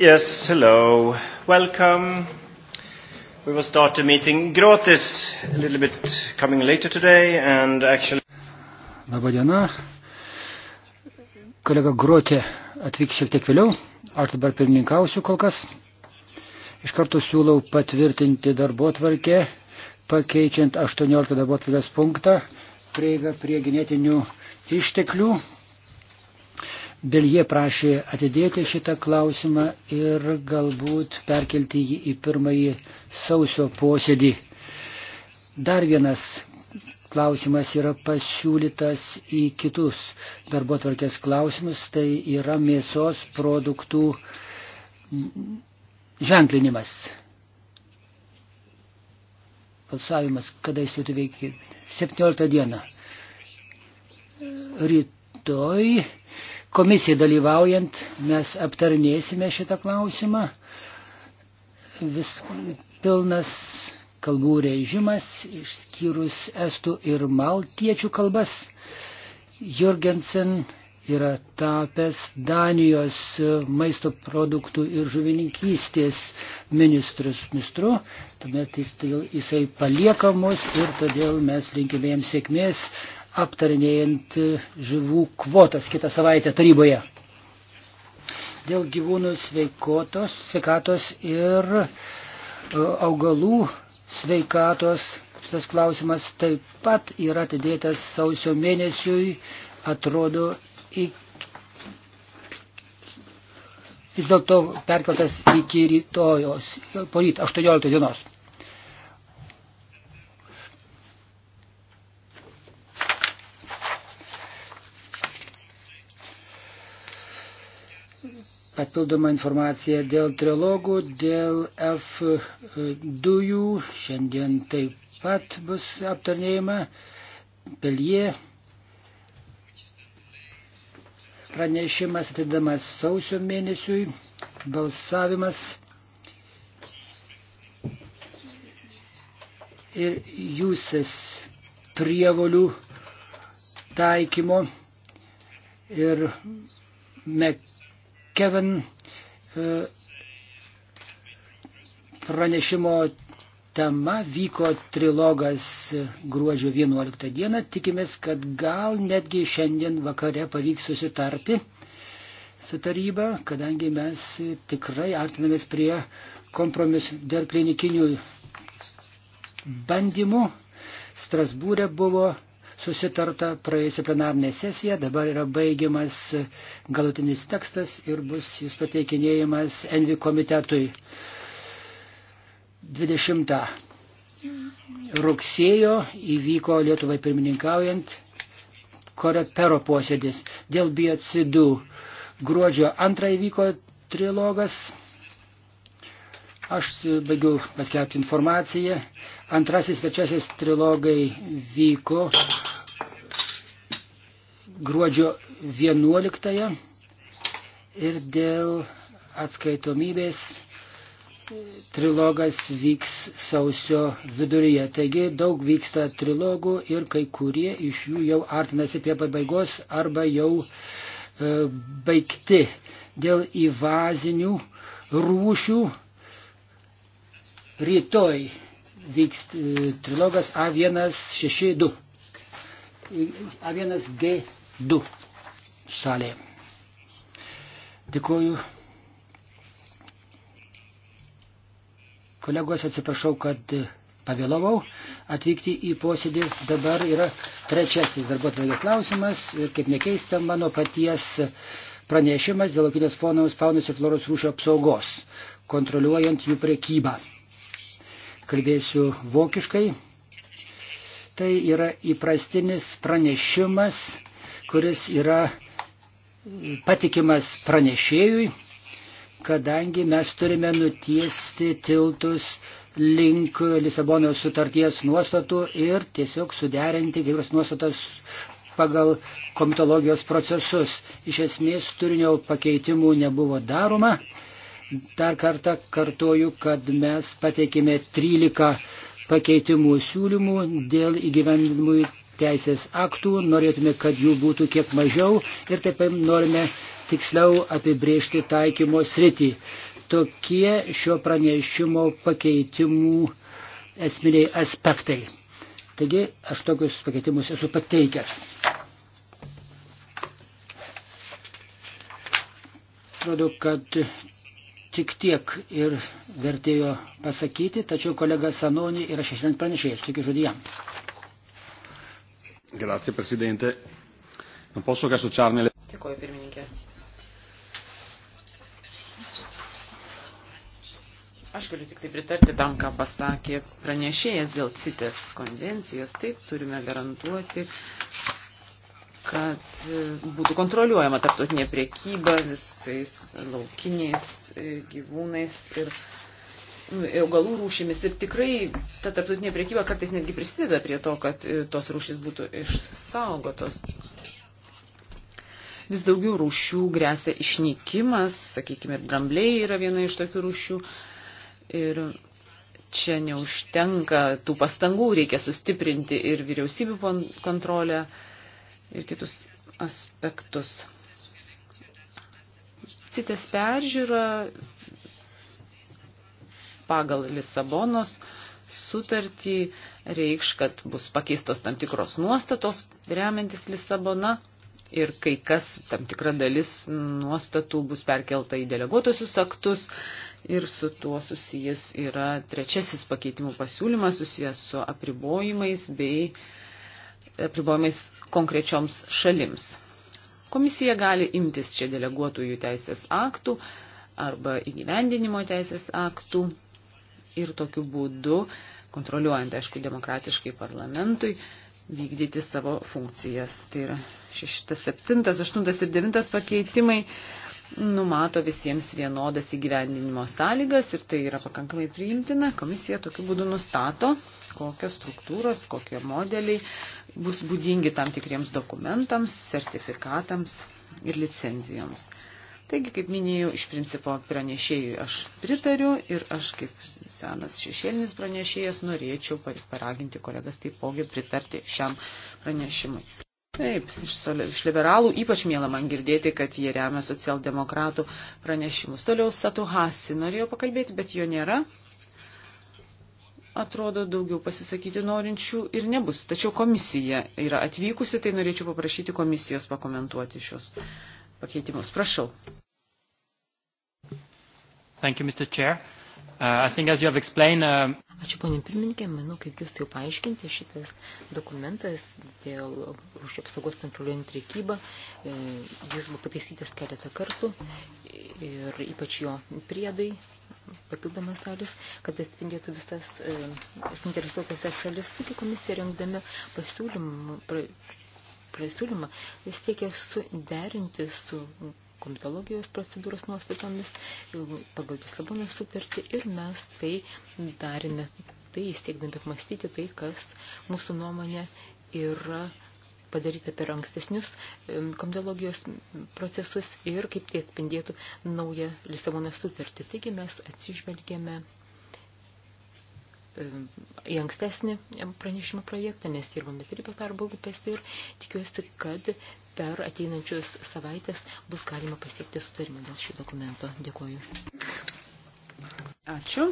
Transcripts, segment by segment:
Yes, hello. Welcome. We will start the meeting gratis, a little bit coming later today, and actually... Labadiena. Kolega Grotė atvyks šiek tiek vėliau. Aš dabar pirmininkausiu kol kas. Iš karto siūlau patvirtinti darbo tvarkę, pakeičiant 18 darbo tvarkės punktą, prieiga prie genetinių išteklių Dėl jie prašė atidėti šitą klausimą ir galbūt perkelti jį į pirmąjį sausio posėdį. Dar vienas klausimas yra pasiūlytas į kitus darbo tvarkės klausimus, tai yra mėsos produktų ženklinimas. Balsavimas, kada jis turėtų veikti? 17 dieną. Rytoj Komisijai dalyvaujant mes aptarnėsime šitą klausimą. Vis pilnas kalbų režimas, išskyrus estų ir maltiečių kalbas. Jurgensen yra tapęs Danijos maisto produktų ir žuvininkystės ministrus ministru, tuomet jis, tai jisai palieka mus ir todėl mes linkime jiems sėkmės aptarinėjant žuvų kvotas kitą savaitę taryboje. Dėl gyvūnų sveikotos, sveikatos ir e, augalų sveikatos šitas klausimas taip pat yra atidėtas sausio mėnesiui, atrodo, iki, vis dėlto perkeltas iki rytojos, poryt 18 dienos. papildomą informaciją dėl trilogų, dėl F dujų. Šiandien taip pat bus aptarnėjama Pelie pranešimas atidamas sausio mėnesiui, balsavimas ir jūsis prievolių taikymo ir mek Kevin e, pranešimo tema vyko trilogas gruodžio 11 dieną. Tikimės, kad gal netgi šiandien vakare pavyks susitarti su taryba, kadangi mes tikrai artinamės prie kompromisų dėl klinikinių bandymų. Strasbūrė buvo susitarta praėjusią plenarnę sesiją, dabar yra baigiamas galutinis tekstas ir bus jis pateikinėjimas Envi komitetui 20 rugsėjo įvyko Lietuvai pirmininkaujant korepero posėdis dėl biocidų. Gruodžio antrą įvyko trilogas. Aš baigiu paskelbti informaciją. Antrasis, trečiasis trilogai vyko gruodžio 11 ir dėl atskaitomybės trilogas vyks sausio viduryje. Taigi daug vyksta trilogų ir kai kurie iš jų jau artinasi prie pabaigos arba jau e, baigti. Dėl invazinių rūšių rytoj vyks e, trilogas A162. E, A1G 2 salėje. Dėkuoju. Kolegos, atsiprašau, kad pavėlavau atvykti į posėdį. Dabar yra trečiasis darbuotojų klausimas ir, kaip nekeista, mano paties pranešimas dėl laukinės faunos, faunos ir floros rūšio apsaugos, kontroliuojant jų prekybą. Kalbėsiu vokiškai. Tai yra įprastinis pranešimas kuris yra patikimas pranešėjui, kadangi mes turime nutiesti tiltus link Lisabonos sutarties nuostatų ir tiesiog suderinti geros nuostatas pagal komitologijos procesus. Iš esmės turinio pakeitimų nebuvo daroma. Dar kartą kartoju, kad mes pateikėme 13 pakeitimų siūlymų dėl įgyvendinimui teisės aktų, norėtume, kad jų būtų kiek mažiau ir taip pat norime tiksliau apibriežti taikymo sritį. Tokie šio pranešimo pakeitimų esminiai aspektai. Taigi aš tokius pakeitimus esu pateikęs. Atrodo, kad tik tiek ir vertėjo pasakyti, tačiau kolega Sanoni yra šešėlint pranešėjas. Tikiu žodį jam. Grazie, Presidente. Non posso che associarmi alle... Dėkuoju, pirmininkė. Aš galiu tik tai pritarti tam, ką pasakė pranešėjas dėl CITES konvencijos. Taip, turime garantuoti, kad būtų kontroliuojama tarptautinė priekyba visais laukiniais e, gyvūnais ir gyvūnais augalų rūšimis ir tikrai ta tarptautinė priekyba kartais netgi prisideda prie to, kad e, tos rūšis būtų išsaugotos. Vis daugiau rūšių grėsia išnykimas, sakykime, ir drambliai yra viena iš tokių rūšių. Ir čia neužtenka tų pastangų, reikia sustiprinti ir vyriausybių kontrolę ir kitus aspektus. CITES peržiūra pagal Lisabonos sutartį reikš, kad bus pakeistos tam tikros nuostatos remiantis Lisabona ir kai kas, tam tikra dalis nuostatų bus perkelta į deleguotusius aktus ir su tuo susijęs yra trečiasis pakeitimų pasiūlymas susijęs su apribojimais bei apribojimais konkrečioms šalims. Komisija gali imtis čia deleguotųjų teisės aktų arba įgyvendinimo teisės aktų ir tokiu būdu, kontroliuojant, aišku, demokratiškai parlamentui, vykdyti savo funkcijas. Tai yra šeštas, septintas, aštuntas ir devintas pakeitimai numato visiems vienodas įgyvendinimo sąlygas ir tai yra pakankamai priimtina. Komisija tokiu būdu nustato, kokios struktūros, kokie modeliai bus būdingi tam tikriems dokumentams, sertifikatams ir licenzijoms. Taigi, kaip minėjau, iš principo pranešėjui aš pritariu ir aš kaip senas šešėlinis pranešėjas norėčiau paraginti kolegas taipogi pritarti šiam pranešimui. Taip, iš, iš liberalų ypač mėla man girdėti, kad jie remia socialdemokratų pranešimus. Toliau Satuhasi norėjo pakalbėti, bet jo nėra. Atrodo, daugiau pasisakyti norinčių ir nebus. Tačiau komisija yra atvykusi, tai norėčiau paprašyti komisijos pakomentuoti šios pakeitimus. Prašau. Thank you, Mr. Chair. Uh, I think as you have explained... Uh... Ačiū, ponė pirmininkė. Manau, kaip jūs tai paaiškinti, šitas dokumentas dėl už apsaugos kontroliuojant priekybą, e, jis buvo pataisytas keletą kartų ir ypač jo priedai, papildomas dalis, kad atspindėtų visas e, suinteresuotas šalis. Taigi komisija rengdami pasiūlymą, pra, pasiūlymą, jis tiekia suderinti su komitologijos procedūros nuostatomis pagal Lisabonos sutartį ir mes tai darėme, tai siekdami apmastyti tai, kas mūsų nuomonė yra padaryta per ankstesnius komdologijos procesus ir kaip tai atspindėtų naują Lisabono sutartį. Taigi mes atsižvelgėme į ankstesnį pranešimo projektą, nes dirbame tarybos darbo grupės ir tikiuosi, kad per ateinančius savaitės bus galima pasiekti sutarimą dėl šio dokumento. Dėkuoju. Ačiū.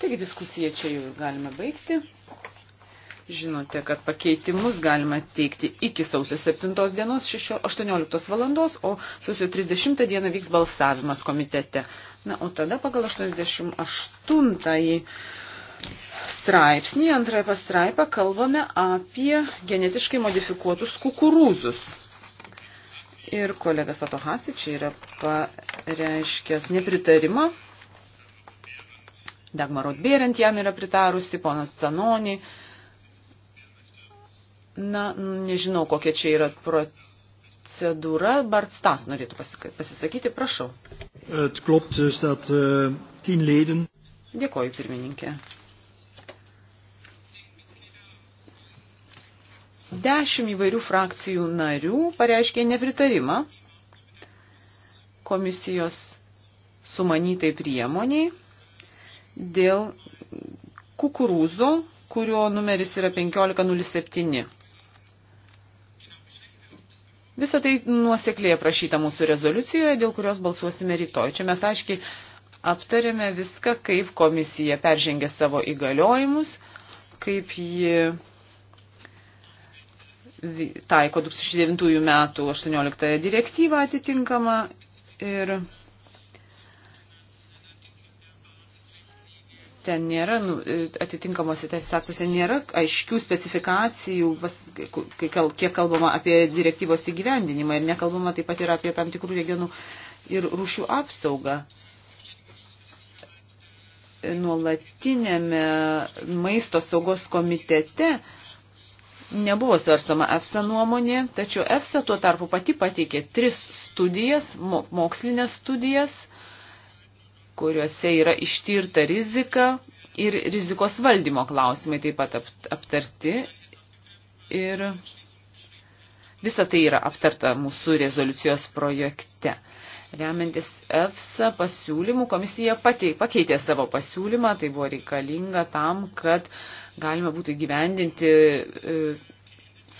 Taigi diskusiją čia jau galime baigti. Žinote, kad pakeitimus galima teikti iki sausio 7 dienos 18 valandos, o sausio 30 dieną vyks balsavimas komitete. Na, o tada pagal 88 straipsnį, antrąją pastraipą, kalbame apie genetiškai modifikuotus kukurūzus. Ir kolega Satohasi čia yra pareiškęs nepritarimą. Dagmarot Bėrent jam yra pritarusi, ponas Canoni. Na, nežinau, kokia čia yra procedūra. Bart Stas norėtų pasisakyti, prašau. Het klopt dus dat uh, äh, tien leden. Dėkoju, pirmininkė. Dešimt įvairių frakcijų narių pareiškė nepritarimą komisijos sumanytai priemoniai dėl kukurūzo, kurio numeris yra 1507. Visą tai nuosekliai aprašyta mūsų rezoliucijoje, dėl kurios balsuosime rytoj. Čia mes aiškiai aptarėme viską, kaip komisija peržengė savo įgaliojimus, kaip ji taiko 2009 metų 18 direktyvą atitinkamą ir ten nėra, nu, e, atitinkamosi teisės aktuose nėra aiškių specifikacijų, pas, kiek kalbama apie direktyvos įgyvendinimą ir nekalbama taip pat ir apie tam tikrų regionų ir rūšių apsaugą. Nuolatinėme maisto saugos komitete uh, nebuvo svarstoma EFSA nuomonė, tačiau EFSA tuo tarpu pati pateikė tris studijas, mokslinės studijas, kuriuose yra ištirta rizika ir rizikos valdymo klausimai taip pat aptarti. Ir visa tai yra aptarta mūsų rezoliucijos projekte. Remiantis EFSA pasiūlymų, komisija pakeitė savo pasiūlymą, tai buvo reikalinga tam, kad uh, galima būtų gyvendinti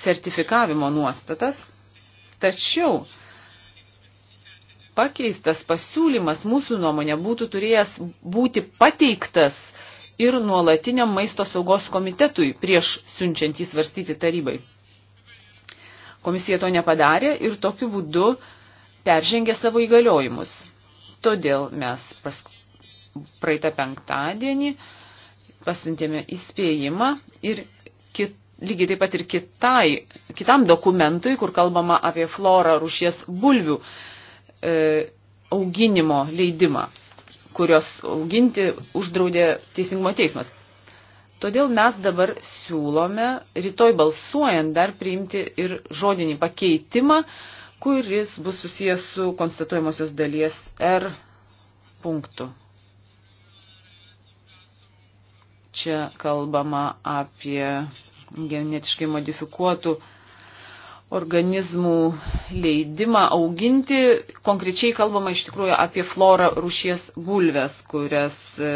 sertifikavimo e, nuostatas. Tačiau pakeistas pasiūlymas mūsų nuomonė būtų turėjęs būti pateiktas ir nuolatiniam maisto saugos komitetui prieš siunčiant jį svarstyti tarybai. Komisija to nepadarė ir tokiu būdu peržengė savo įgaliojimus. Todėl mes praeitą penktadienį uh, pasiuntėme įspėjimą ir kit, lygiai taip pat ir kitai, kitam dokumentui, kur kalbama apie florą rušies bulvių e, auginimo leidimą, kurios auginti uždraudė Teisingumo teismas. Todėl mes dabar siūlome rytoj balsuojant dar priimti ir žodinį pakeitimą, kuris bus susijęs su konstatuojamosios dalies R punktu. Čia kalbama apie genetiškai modifikuotų organizmų leidimą auginti. Konkrečiai kalbama iš tikrųjų apie florą rušies bulves, kurias e,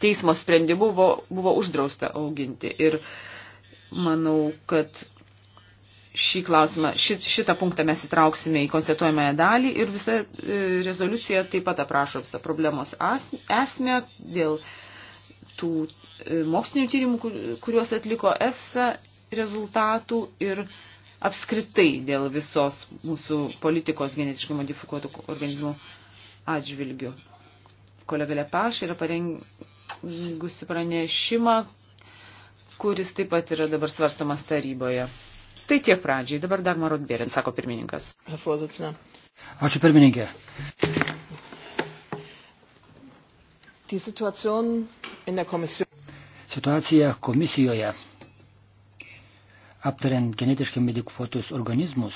teismo sprendimu buvo, buvo uždrausta auginti. Ir manau, kad šį klausimą, šit, šitą punktą mes įtrauksime į konceptuojamąją dalį ir visa e, rezoliucija taip pat aprašo visą problemos esmę dėl tų e, mokslinių tyrimų, kuriuos atliko EFSA rezultatų ir apskritai dėl visos mūsų politikos genetiškai modifikuotų organizmų atžvilgių. Kolega Lepaš yra parengusi pranešimą, kuris taip pat yra dabar svarstomas taryboje. Tai tiek pradžiai, dabar dar Marot Bėrin, sako pirmininkas. Ačiū pirmininkė. Die Situation Situacija komisijoje aptariant genetiškai medikuotus organizmus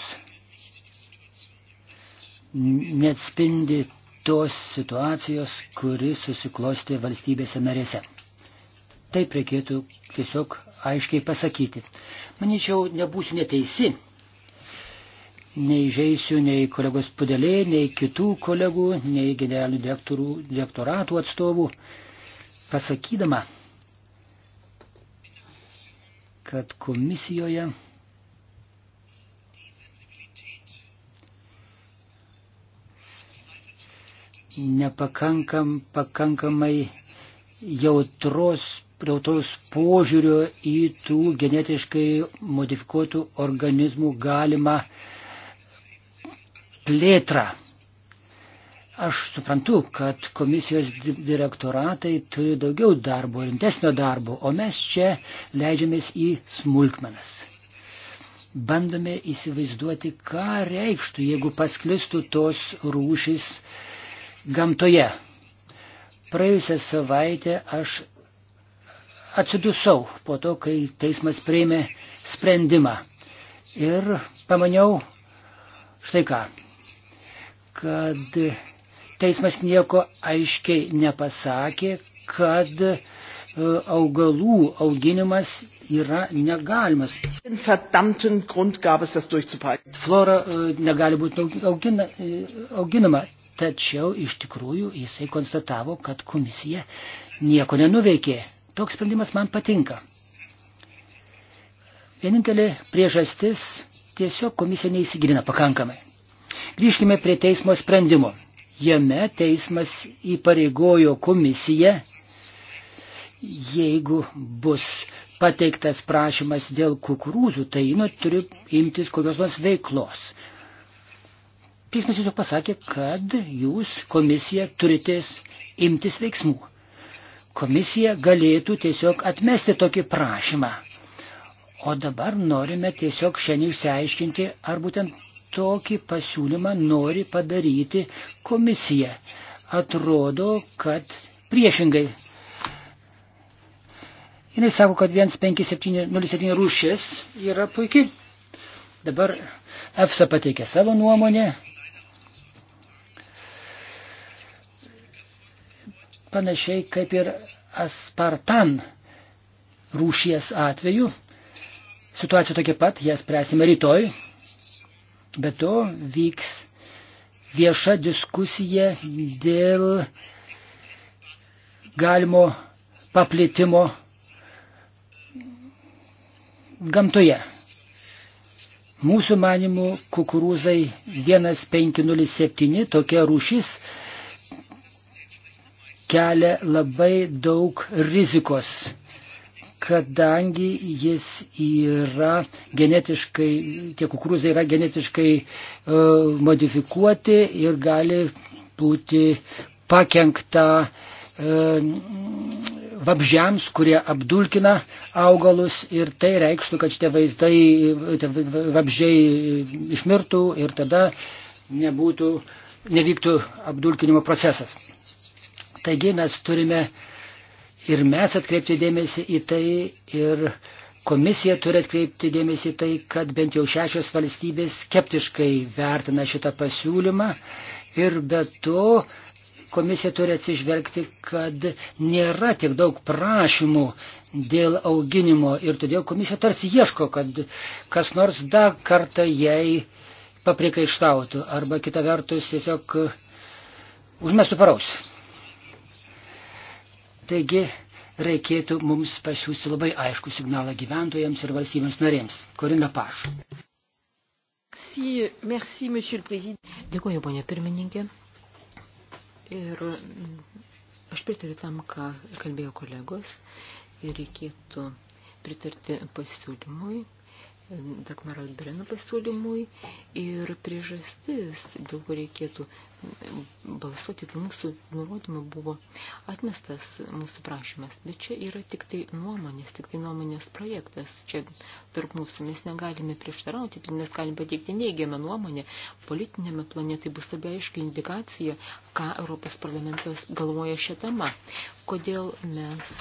neatspindi tos situacijos, kuri susiklosti valstybėse narėse. Taip reikėtų tiesiog aiškiai pasakyti. Manyčiau, nebūsiu neteisi. Neįžeisiu nei kolegos Pudelė, nei kitų kolegų, nei generalinių direktoratų atstovų pasakydama, kad komisijoje nepakankam pakankamai jautros, jautros požiūrio į tų genetiškai modifikuotų organizmų galimą plėtrą. Aš suprantu, kad komisijos direktoratai turi daugiau darbo, rimtesnio darbo, o mes čia leidžiamės į smulkmenas. Bandome įsivaizduoti, ką reikštų, jeigu pasklistų tos rūšys gamtoje. Praėjusią savaitę aš atsidusau po to, kai teismas prieimė sprendimą. Ir pamaniau štai ką, kad Teismas nieko aiškiai nepasakė, kad e, augalų auginimas yra negalimas. Flora e, negali būti augina, e, auginama, tačiau iš tikrųjų jisai konstatavo, kad komisija nieko nenuveikė. Toks sprendimas man patinka. Vienintelė priežastis tiesiog komisija neįsigilina pakankamai. Grįžkime prie teismo sprendimo. Jame teismas įpareigojo komisiją, jeigu bus pateiktas prašymas dėl kukurūzų, tai jinai turi imtis kokios nors veiklos. Teismas tiesiog pasakė, kad jūs komisija turite imtis veiksmų. Komisija galėtų tiesiog atmesti tokį prašymą. O dabar norime tiesiog šiandien išsiaiškinti, ar būtent tokį pasiūlymą nori padaryti komisija. Atrodo, kad priešingai. Jis sako, kad 1507 rūšis yra puikiai. Dabar EFSA pateikė savo nuomonę. Panašiai kaip ir aspartan rūšies atveju. Situacija tokia pat, jas presime rytoj. Be to vyks vieša diskusija dėl galimo paplitimo gamtoje. Mūsų manimų kukurūzai 1507 tokia rūšis kelia labai daug rizikos kadangi jis yra genetiškai, tie kukurūzai yra genetiškai uh, modifikuoti ir gali būti pakengta uh, e, vabžiams, kurie apdulkina augalus ir tai reikštų, kad šitie vaizdai, vabžiai išmirtų ir tada nebūtų, nevyktų apdulkinimo procesas. Taigi mes turime uh, ir mes atkreipti dėmesį į tai ir komisija turi atkreipti dėmesį į tai, kad bent jau šešios valstybės skeptiškai vertina šitą pasiūlymą ir be to komisija turi atsižvelgti, kad nėra tiek daug prašymų dėl auginimo ir todėl komisija tarsi ieško, kad kas nors dar kartą jai paprikaištautų arba kita vertus tiesiog užmestų paraus. Taigi reikėtų mums pasiūsti labai aišku signalą gyventojams ir valstybėms narėms. Korina Paš. Dėkuoju, ponė pirmininkė. Ir mm, aš pritariu tam, ką kalbėjo kolegos. Ir reikėtų pritarti pasiūlymui Dagmaro Breno pasiūlymui ir priežastis, dėl ko reikėtų balsuoti dėl mūsų nurodymų, buvo atmestas mūsų prašymas. Bet čia yra tik tai nuomonės, tik tai nuomonės projektas. Čia tarp mūsų mes negalime prieštarauti, mes galime pateikti neigiamą nuomonę. Politinėme plane tai bus labai aiškiai indikacija, ką Europos parlamentas galvoja šią temą. Kodėl mes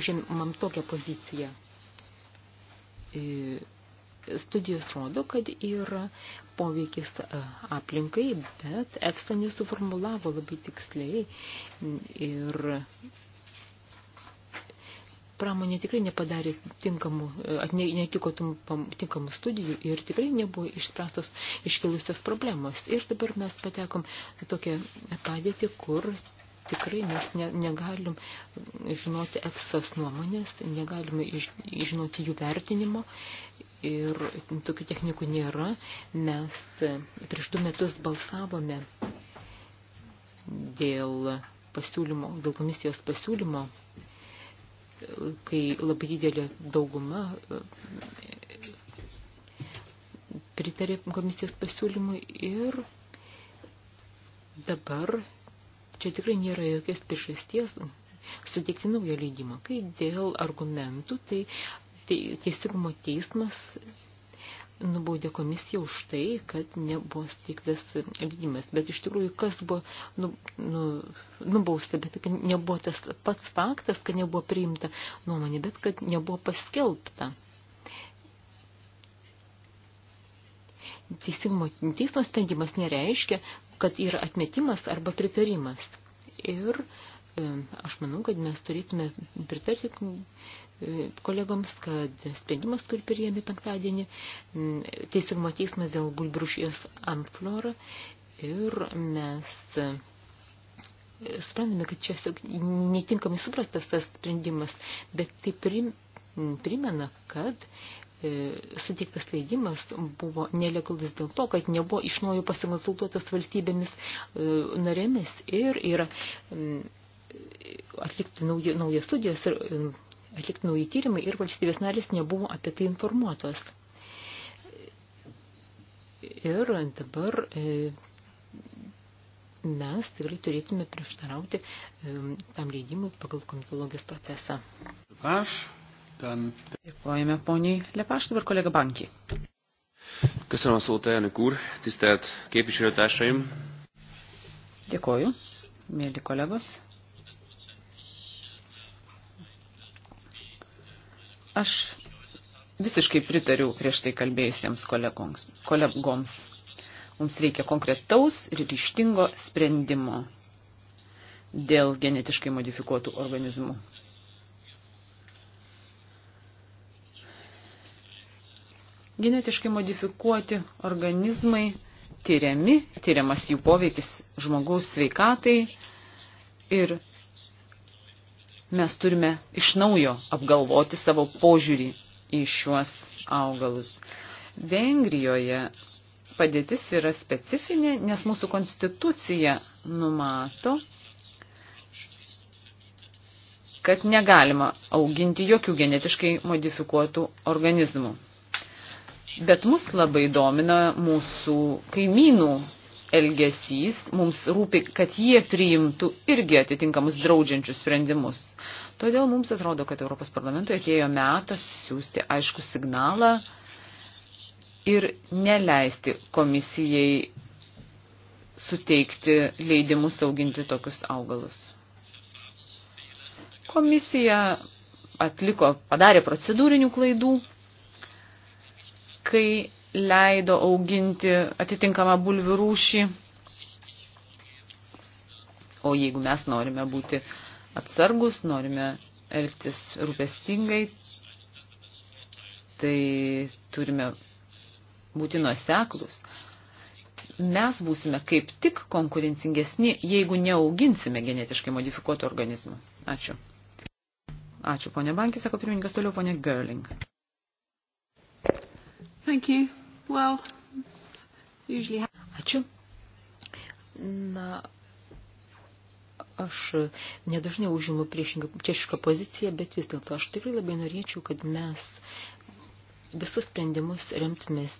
užėmam tokią poziciją. E, studijos rodo, kad yra poveikis e, aplinkai, bet EFSA nesuformulavo labai tiksliai ir pramonė tikrai nepadarė tinkamų, e, netiko tinkamų studijų ir tikrai nebuvo išspręstos iškilusios problemos. Ir dabar mes patekom tokią padėtį, kur tikrai mes ne, negalim žinoti EFSAS nuomonės, negalime iš, žinoti jų vertinimo ir tokių technikų nėra. Mes e, prieš du metus balsavome dėl pasiūlymo, dėl komisijos pasiūlymo, kai labai didelė dauguma e, pritarė komisijos pasiūlymui ir dabar čia tikrai nėra jokios priežasties suteikti naują leidimą. Kai dėl argumentų, tai, tai teisingumo teismas nubaudė komisiją už tai, kad nebuvo suteiktas leidimas. Bet iš tikrųjų, kas buvo nu, nu, nubausta, bet kad nebuvo tas pats faktas, kad nebuvo priimta nuomonė, bet kad nebuvo paskelbta. teisingumo teismo sprendimas nereiškia, kad yra atmetimas arba pritarimas. Ir e, aš manau, kad mes turėtume pritarti e, kolegoms, kad sprendimas, kurį priėmė penktadienį, teisingumo teismas dėl gulbrušijos amflorą ir mes e, suprantame, kad čia netinkamai suprastas tas sprendimas, bet tai primena, kad E, suteiktas leidimas buvo nelegalus dėl to, kad nebuvo iš naujo pasikonsultuotas valstybėmis e, narėmis ir yra atlikti nauji, naujas studijas ir atlikti nauji tyrimai ir valstybės narės nebuvo apie tai informuotos. Ir dabar e, mes tikrai turėtume prieštarauti tam leidimui pagal komitologijos procesą. Aš Tän... Dėkojame poniai Lepaš, dabar kolega Banki. Köszönöm a szót, elnök úr, tisztelt képviselőtársaim. Dėkoju, mėly kolegos. Aš visiškai pritariu prieš tai kalbėjusiems kolegoms. kolegoms. Mums reikia konkretaus ir ryštingo sprendimo dėl genetiškai modifikuotų organizmų. genetiškai modifikuoti organizmai tyriami, tyriamas jų poveikis žmogaus sveikatai ir mes turime iš naujo apgalvoti savo požiūrį į šiuos augalus. Vengrijoje padėtis yra specifinė, nes mūsų konstitucija numato, kad negalima auginti jokių genetiškai modifikuotų organizmų. Bet mus labai domina mūsų kaimynų elgesys, mums rūpi, kad jie priimtų irgi atitinkamus draudžiančius sprendimus. Todėl mums atrodo, kad Europos parlamentui atėjo metas siūsti aišku signalą ir neleisti komisijai suteikti leidimus auginti tokius augalus. Komisija atliko, padarė procedūrinių klaidų, kai leido auginti atitinkamą bulvių rūšį. O jeigu mes norime būti atsargus, norime elgtis rūpestingai, tai turime būti nuoseklus. Mes būsime kaip tik konkurencingesni, jeigu neauginsime genetiškai modifikuotų organizmų. Ačiū. Ačiū, ponė Bankis, sako pirmininkas, toliau ponė Görling. Thank you. Well, usually... Ačiū. Na, aš nedažnai užimu priešišką poziciją, bet vis dėlto aš tikrai labai norėčiau, kad mes visus sprendimus remtumės,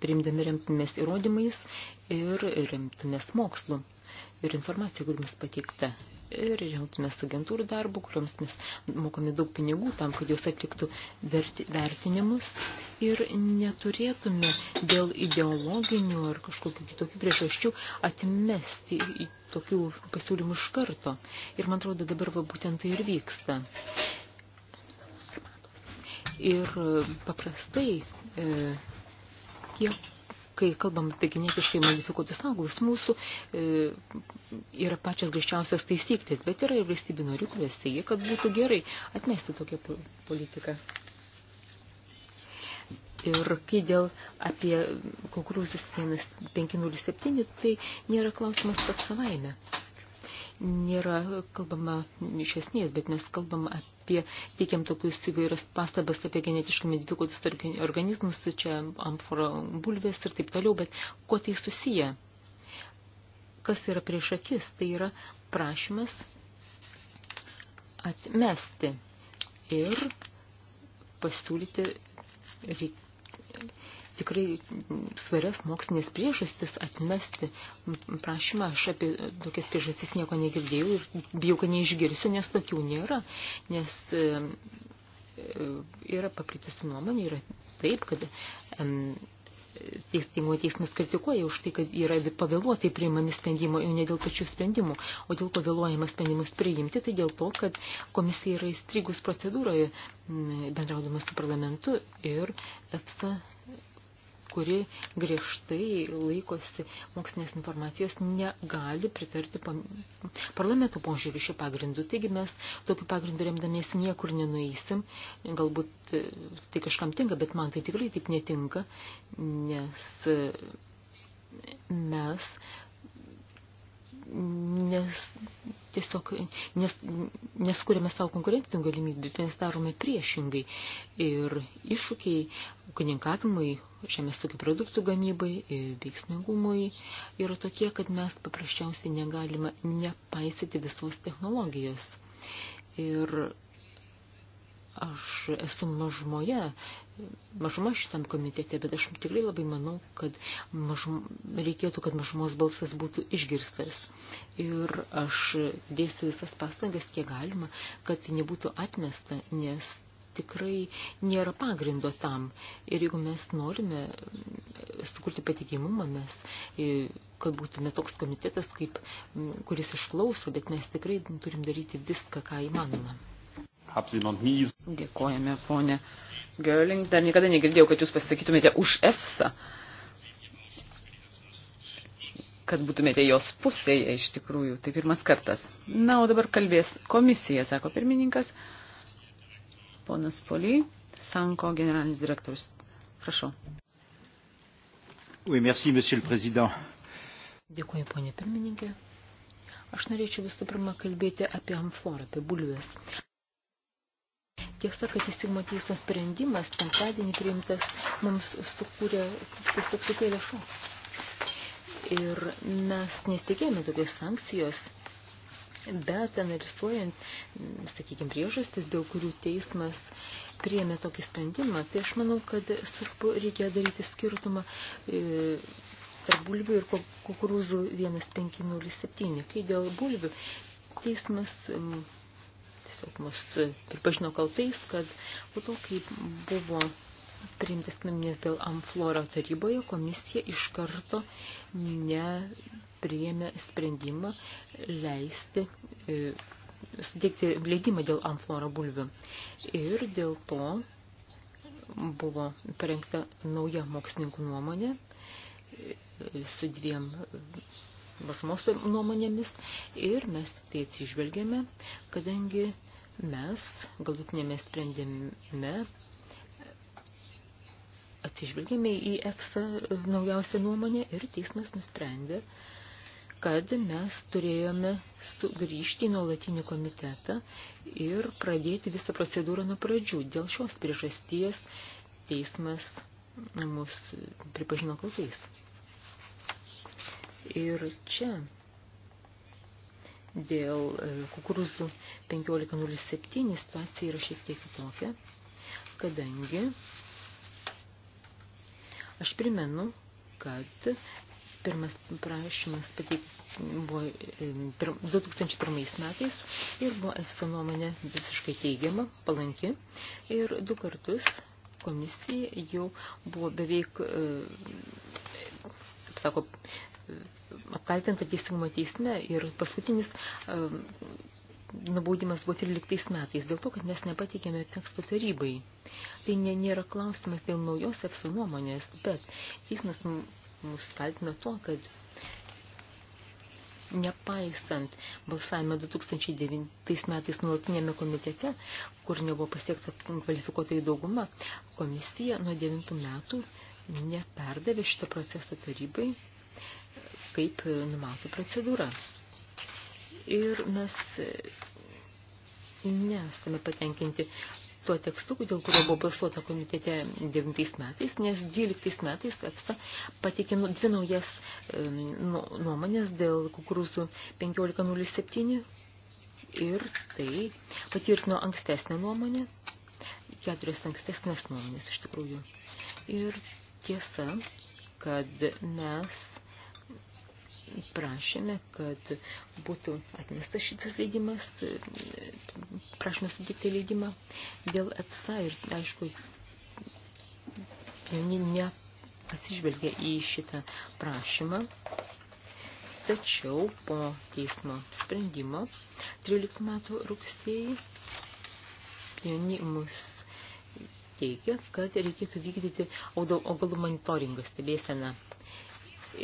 priimdami remtumės įrodymais ir remtumės mokslu ir informacija, kur mums pateikta. Ir remtumės agentūrų darbų, kuriuoms mes mokame daug pinigų tam, kad jos atliktų verti, vertinimus. Ir neturėtume dėl ideologinių ar kažkokių kitokių priežasčių atmesti tokių pasiūlymų iš karto. Ir man atrodo, dabar va, būtent tai ir vyksta. Ir e, paprastai e, tie kai kalbam apie genetiškai modifikuotus augalus, mūsų e, yra pačios grįžčiausias taisyklės, bet yra ir valstybių narių, kurios teigia, kad būtų gerai atmesti tokią politiką. Ir kai dėl apie kukurūzus 1507, tai nėra klausimas pats savaime nėra kalbama iš esmės, bet mes kalbam apie, teikiam tokius įvairias pastabas apie genetiškai medikuotus organizmus, čia amforo bulvės ir taip toliau, bet kuo tai susiję? Kas yra prieš akis? Tai yra prašymas atmesti ir pasiūlyti reikia tikrai svarias mokslinės priežastis atmesti prašymą. Aš apie tokias priežastis nieko negirdėjau ir bijau, kad neišgirsiu, nes tokių nėra. Nes e, e, yra paplitusi nuomonė, yra taip, kad teisingumo teismas kritikuoja už tai, kad yra pavėluotai priimami sprendimai, jau ne dėl pačių sprendimų, o dėl pavėluojama sprendimus priimti, tai dėl to, kad komisija yra įstrigus procedūroje bendraudama su parlamentu ir EFSA kuri griežtai laikosi mokslinės informacijos, negali pritarti parlamento požiūrį šių pagrindų. Taigi mes tokiu pagrindu remdamiesi niekur nenueisim. Galbūt e, tai kažkam tinka, bet man tai tikrai taip netinka, nes e, mes nes tiesiog nes, neskūrėme savo konkurencinių galimybių, tai mes darome priešingai. Ir iššūkiai ūkininkavimui, žemės tokių produktų gamybai, veiksmingumui yra tokie, kad mes paprasčiausiai negalime nepaisyti visos technologijos. Ir Aš esu mažumoje, mažuma šitam komitete, bet aš tikrai labai manau, kad mažum, reikėtų, kad mažumos balsas būtų išgirstas. Ir aš dėsiu visas pastangas, kiek galima, kad tai nebūtų atmesta, nes tikrai nėra pagrindo tam. Ir jeigu mes norime sukurti patikimumą, mes, e, kad būtume toks komitetas, kaip, kuris išklauso, bet mes tikrai turim daryti viską, ką įmanoma. Dėkojame, ponė Görling. Dar niekada negirdėjau, kad jūs pasisakytumėte už EFSA. Kad būtumėte jos pusėje iš tikrųjų. Tai pirmas kartas. Na, o dabar kalbės komisija, sako pirmininkas. Ponas Poly, Sanko generalinis direktorius. Prašau. Oui, merci, monsieur le président. Dėkuoju, ponė pirmininkė. Aš norėčiau visų pirma kalbėti apie amforą, apie bulves. Tiesa, kad įsimo teismo sprendimas, penktadienį priimtas, mums sukūrė, tiesiog sukėlė šoką. Ir mes nesitikėjome tokios sankcijos, bet analizuojant, sakykime, priežastis, dėl kurių teismas priėmė tokį sprendimą, tai aš manau, kad svarbu reikia daryti skirtumą e, tarp bulvių ir kukurūzų 1507. Kai dėl bulvių teismas. E, tiesiog mus pripažino kaltais, kad po to, kai buvo priimtas sprendimas dėl Amfloro taryboje, komisija iš karto nepriėmė sprendimą leisti e, suteikti leidimą dėl Amfloro bulvių. Ir dėl to buvo parengta nauja mokslininkų nuomonė e, su dviem mažumos nuomonėmis ir mes tai atsižvelgėme, kadangi mes galutinėme sprendime atsižvelgėme į EFSA naujausią nuomonę ir teismas nusprendė, kad mes turėjome sugrįžti į nuolatinį komitetą ir pradėti visą procedūrą nuo pradžių. Dėl šios priežasties teismas mus pripažino kaltais. Ir čia Dėl e, kukurūzų 15.07 situacija yra šiek tiek kitokia, kadangi aš primenu, kad pirmas prašymas pateikti buvo 2001 e, metais ir buvo EFSA nuomonė visiškai teigiama, palanki ir du kartus komisija jau buvo beveik, e, kaip sako, apkaltinta teisingumo teisme ir paskutinis e, nubaudimas buvo 13 metais, dėl to, kad mes nepateikėme teksto tarybai. Tai nė, nėra klausimas dėl naujos EFSA nuomonės, bet teismas mus kaltina tuo, kad nepaisant balsavime 2009 metais nuolatinėme komitete, kur nebuvo pasiekta kvalifikuotai dauguma, komisija nuo 9 metų neperdavė šito proceso tarybai kaip numato procedūra. Ir mes nesame patenkinti tuo tekstu, dėl kurio buvo balsuota komitete 9 metais, nes 12 metais tekstą pateikė nu- dvi naujas nu- nuomonės dėl kukurūzų 1507 ir tai patvirtino ankstesnę nuomonę, keturias ankstesnės nuomonės iš tikrųjų. Ir tiesa, kad mes prašėme, kad būtų atmestas šitas leidimas, prašome sutikti leidimą dėl EFSA ir, aišku, neatsižvelgia į šitą prašymą. Tačiau po teismo sprendimo 13 metų rugsėjai pioni mus teigia, kad reikėtų vykdyti augalų monitoringą stebėseną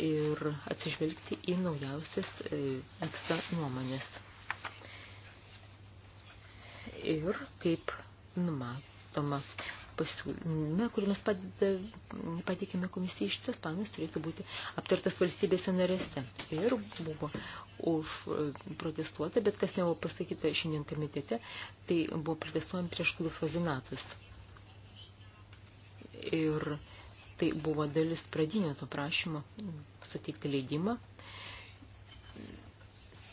ir atsižvelgti į naujausias eksta nuomonės. Ir kaip numatoma pasiūlyme, kurį mes pateikėme komisijai, šitas planas turėtų būti aptartas valstybėse narėse. Ir buvo už e, protestuota, bet kas nebuvo pasakyta šiandien komitete, tai buvo protestuojant prieš glufozinatus. Ir Tai buvo dalis pradinio to prašymo suteikti leidimą.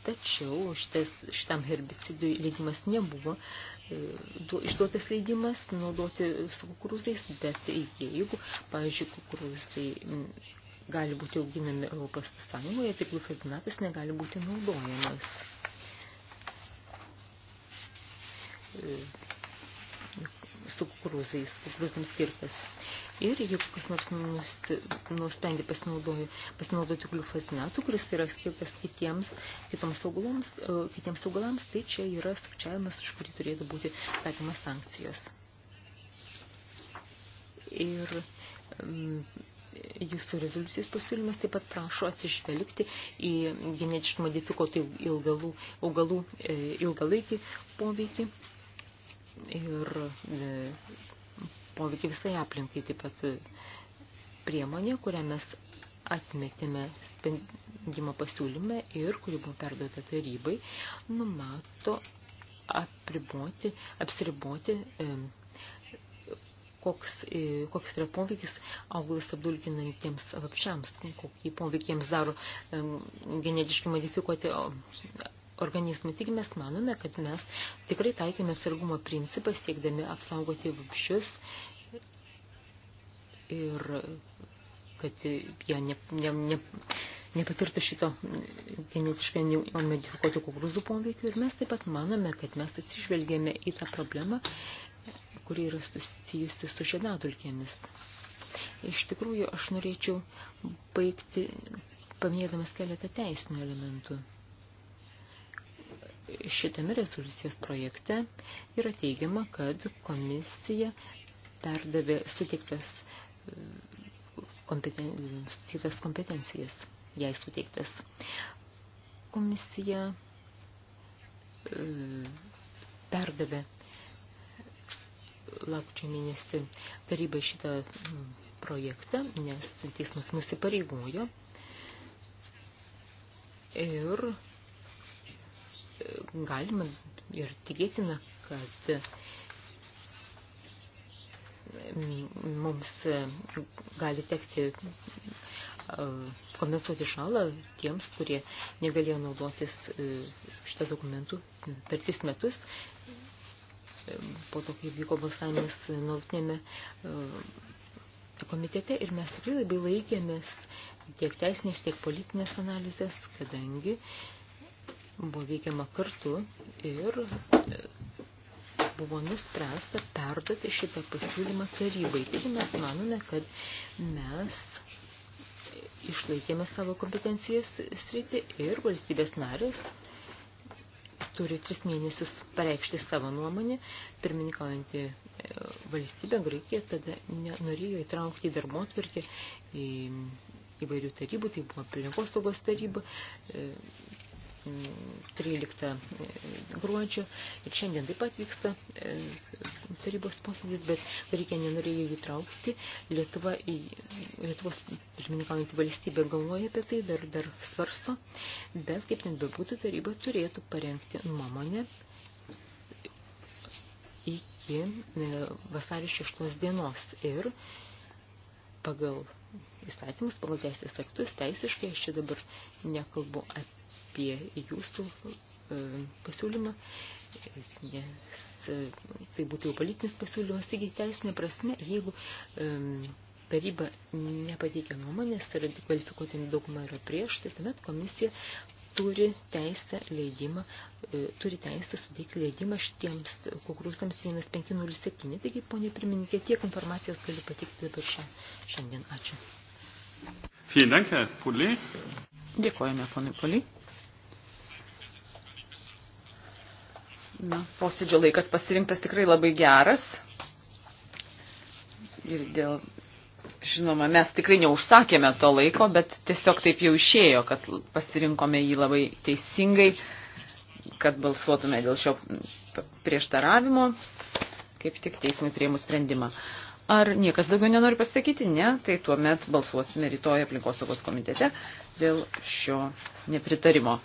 Tačiau šitas, šitam herbicidui leidimas nebuvo e, du, išduotas leidimas naudoti su kukurūzais, bet jeigu, pavyzdžiui, kukurūzai gali būti auginami Europos Sąjungoje, tai glufazinatas negali būti naudojamas. E, su kukurūzais, kukurūzams skirtas. Ir jeigu kas nors nusprendė pasinaudoti gliufosinatu, kuris tai yra skirtas kitiems, kitoms augalams, e, kitiems augalams, tai čia yra sukčiavimas, už kurį turėtų būti taikomas sankcijos. Ir mm, jūsų rezoliucijos pasiūlymas taip pat prašo atsižvelgti į genetiškai modifikuotų ilgalų, augalų e, ilgalaikį poveikį ir e, poveikį visai aplinkai taip pat priemonė, kurią mes atmetėme sprendimo pasiūlyme ir kuri buvo perduota tarybai, numato apriboti, apsiriboti, e, koks, e, koks yra poveikis augalus apdulkinantiems lapšiams, kokį poveikį jiems daro genetiškai modifikuoti organizmai. Taigi mes manome, kad mes tikrai taikėme sargumo principą, siekdami apsaugoti vabšius ir kad jie ne, ne, ne, nepatirtų šito genetiškai modifikuotų kukurūzų poveikio. Ir mes taip pat manome, kad mes atsižvelgėme į tą problemą, kuri yra susijusi su žiedadulkėmis. Iš tikrųjų, aš norėčiau baigti paminėdamas keletą teisinių elementų. Šitame rezoliucijos projekte yra teigiama, kad komisija perdavė suteiktas, kompeten, suteiktas kompetencijas, jai suteiktas. Komisija e, perdavė lapčio mėnesį tarybai šitą projektą, nes teismas mus įpareigojo. Ir galima ir tikėtina, kad e, mums e, gali tekti e, kompensuoti šalą tiems, kurie negalėjo naudotis šitą dokumentų per tris metus. Po to, kai vyko balsavimas nuolatinėme komitete ir mes tikrai labai laikėmės tiek teisinės, tiek politinės analizės, kadangi uh, buvo veikiama kartu ir e, buvo nuspręsta perduoti šitą pasiūlymą tarybai. Ir mes manome, kad mes išlaikėme savo kompetencijos sritį ir valstybės narės turi tris mėnesius pareikšti savo nuomonę, pirmininkaujantį e, valstybę Graikiją tada norėjo įtraukti į darbo atvirkį į įvairių tarybų, tai buvo aplinkosaugos taryba, e, 13 e, gruodžio ir šiandien taip pat vyksta e, tarybos posėdis, bet reikia nenorėjo jų traukti. Lietuva, Lietuvos pirmininkaujantį valstybę galvoja apie tai, dar, dar svarsto, bet kaip ten bebūtų, taryba turėtų parengti nuomonę iki e, vasario 6 dienos ir pagal įstatymus, pagal teisės aktus, teisiškai, aš čia dabar nekalbu apie apie jūsų e, pasiūlymą, nes e, tai būtų jau politinis pasiūlymas, taigi teisinė prasme, jeigu e, taryba nepateikia nuomonės ir tai kvalifikuotinė dauguma yra prieš, tai tuomet komisija turi teisę leidimą, turi teisę suteikti leidimą šitiems kukurūzams 1507. Taigi, ponė pirmininkė, tiek informacijos galiu pateikti dabar šiandien. Ačiū. Vielen Dank, Herr Pulli. Dėkojame, ponai Pulli. Na, posėdžio laikas pasirinktas tikrai labai geras. Ir dėl, žinoma, mes tikrai neužsakėme to laiko, bet tiesiog taip jau išėjo, kad pasirinkome jį labai teisingai, kad balsuotume dėl šio prieštaravimo, kaip tik teismui prieimus sprendimą. Ar niekas daugiau nenori pasakyti? Ne, tai tuomet balsuosime rytoj aplinkosaugos komitete dėl šio nepritarimo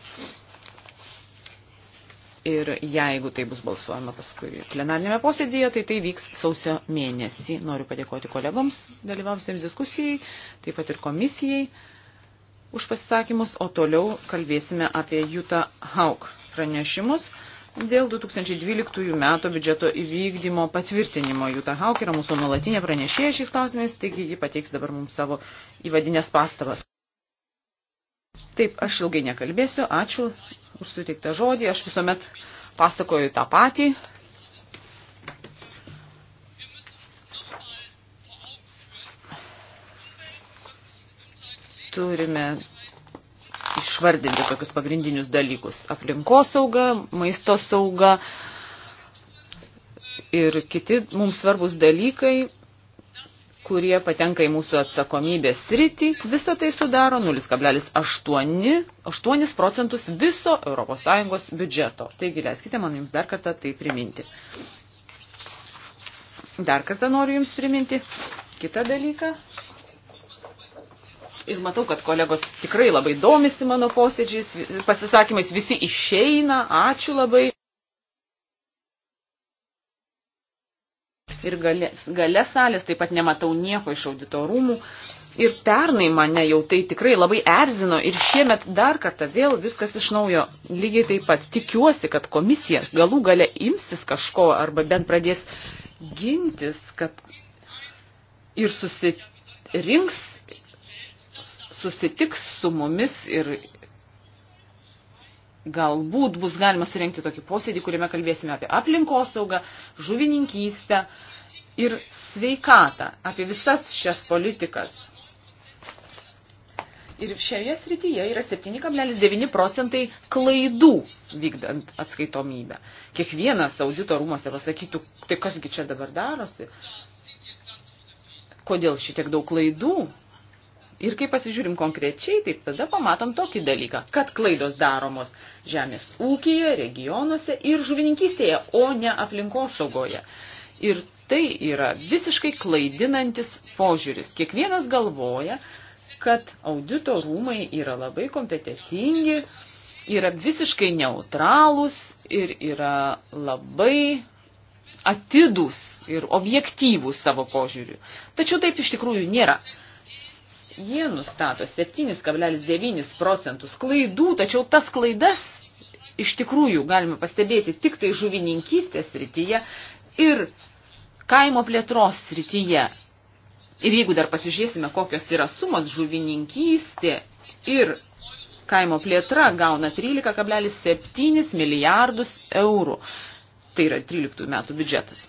ir jeigu tai bus balsuojama paskui plenarinėme posėdėje, tai tai vyks sausio mėnesį. Noriu padėkoti kolegoms dalyvavusiems diskusijai, taip pat ir komisijai už pasisakymus, o toliau kalbėsime apie Jutą Hauk pranešimus dėl 2012 metų biudžeto įvykdymo patvirtinimo. Juta Hauk yra mūsų nuolatinė pranešėja šiais klausimais, taigi ji pateiks dabar mums savo įvadinės pastabas. Taip, aš ilgai nekalbėsiu, ačiū už suteiktą žodį. Aš visuomet pasakoju tą patį. Turime išvardinti tokius pagrindinius dalykus. Aplinkosauga, maisto sauga ir kiti mums svarbus dalykai kurie patenka į mūsų atsakomybės sritį, viso tai sudaro 0,8 procentus viso ES biudžeto. Taigi leiskite man jums dar kartą tai priminti. Dar kartą noriu jums priminti kitą dalyką. Ir matau, kad kolegos tikrai labai domisi mano posėdžiais, pasisakymais, visi išeina, ačiū labai. ir gale, gale salės, taip pat nematau nieko iš auditorumų. Ir pernai mane jau tai tikrai labai erzino ir šiemet dar kartą vėl viskas iš naujo lygiai taip pat. Tikiuosi, kad komisija galų gale imsis kažko arba bent pradės gintis, kad ir susirinks, susitiks su mumis ir galbūt bus galima surenkti tokį posėdį, kuriame kalbėsime apie aplinkosaugą, žuvininkystę, uh, ir sveikatą, apie visas šias politikas. Ir šioje srityje yra 7,9 procentai klaidų vykdant atskaitomybę. Kiekvienas audito rūmose pasakytų, tai kasgi čia dabar darosi, kodėl šitiek daug klaidų. Ir kai pasižiūrim konkrečiai, taip tada pamatom tokį dalyką, kad klaidos daromos žemės ūkyje, regionuose ir žuvininkystėje, o ne aplinkosaugoje. Ir Tai yra visiškai klaidinantis požiūris. Kiekvienas galvoja, kad audito rūmai yra labai kompetitingi, yra visiškai neutralūs ir yra labai atidus ir objektyvūs savo požiūriu. Tačiau taip iš tikrųjų nėra. Jie nustato 7,9 procentus klaidų, tačiau tas klaidas iš tikrųjų galime pastebėti tik tai žuvininkystės rytyje ir kaimo plėtros srityje. Ir jeigu dar pasižiūrėsime, kokios yra sumos žuvininkystė ir kaimo plėtra gauna 13,7 milijardus eurų. Tai yra 13 metų biudžetas.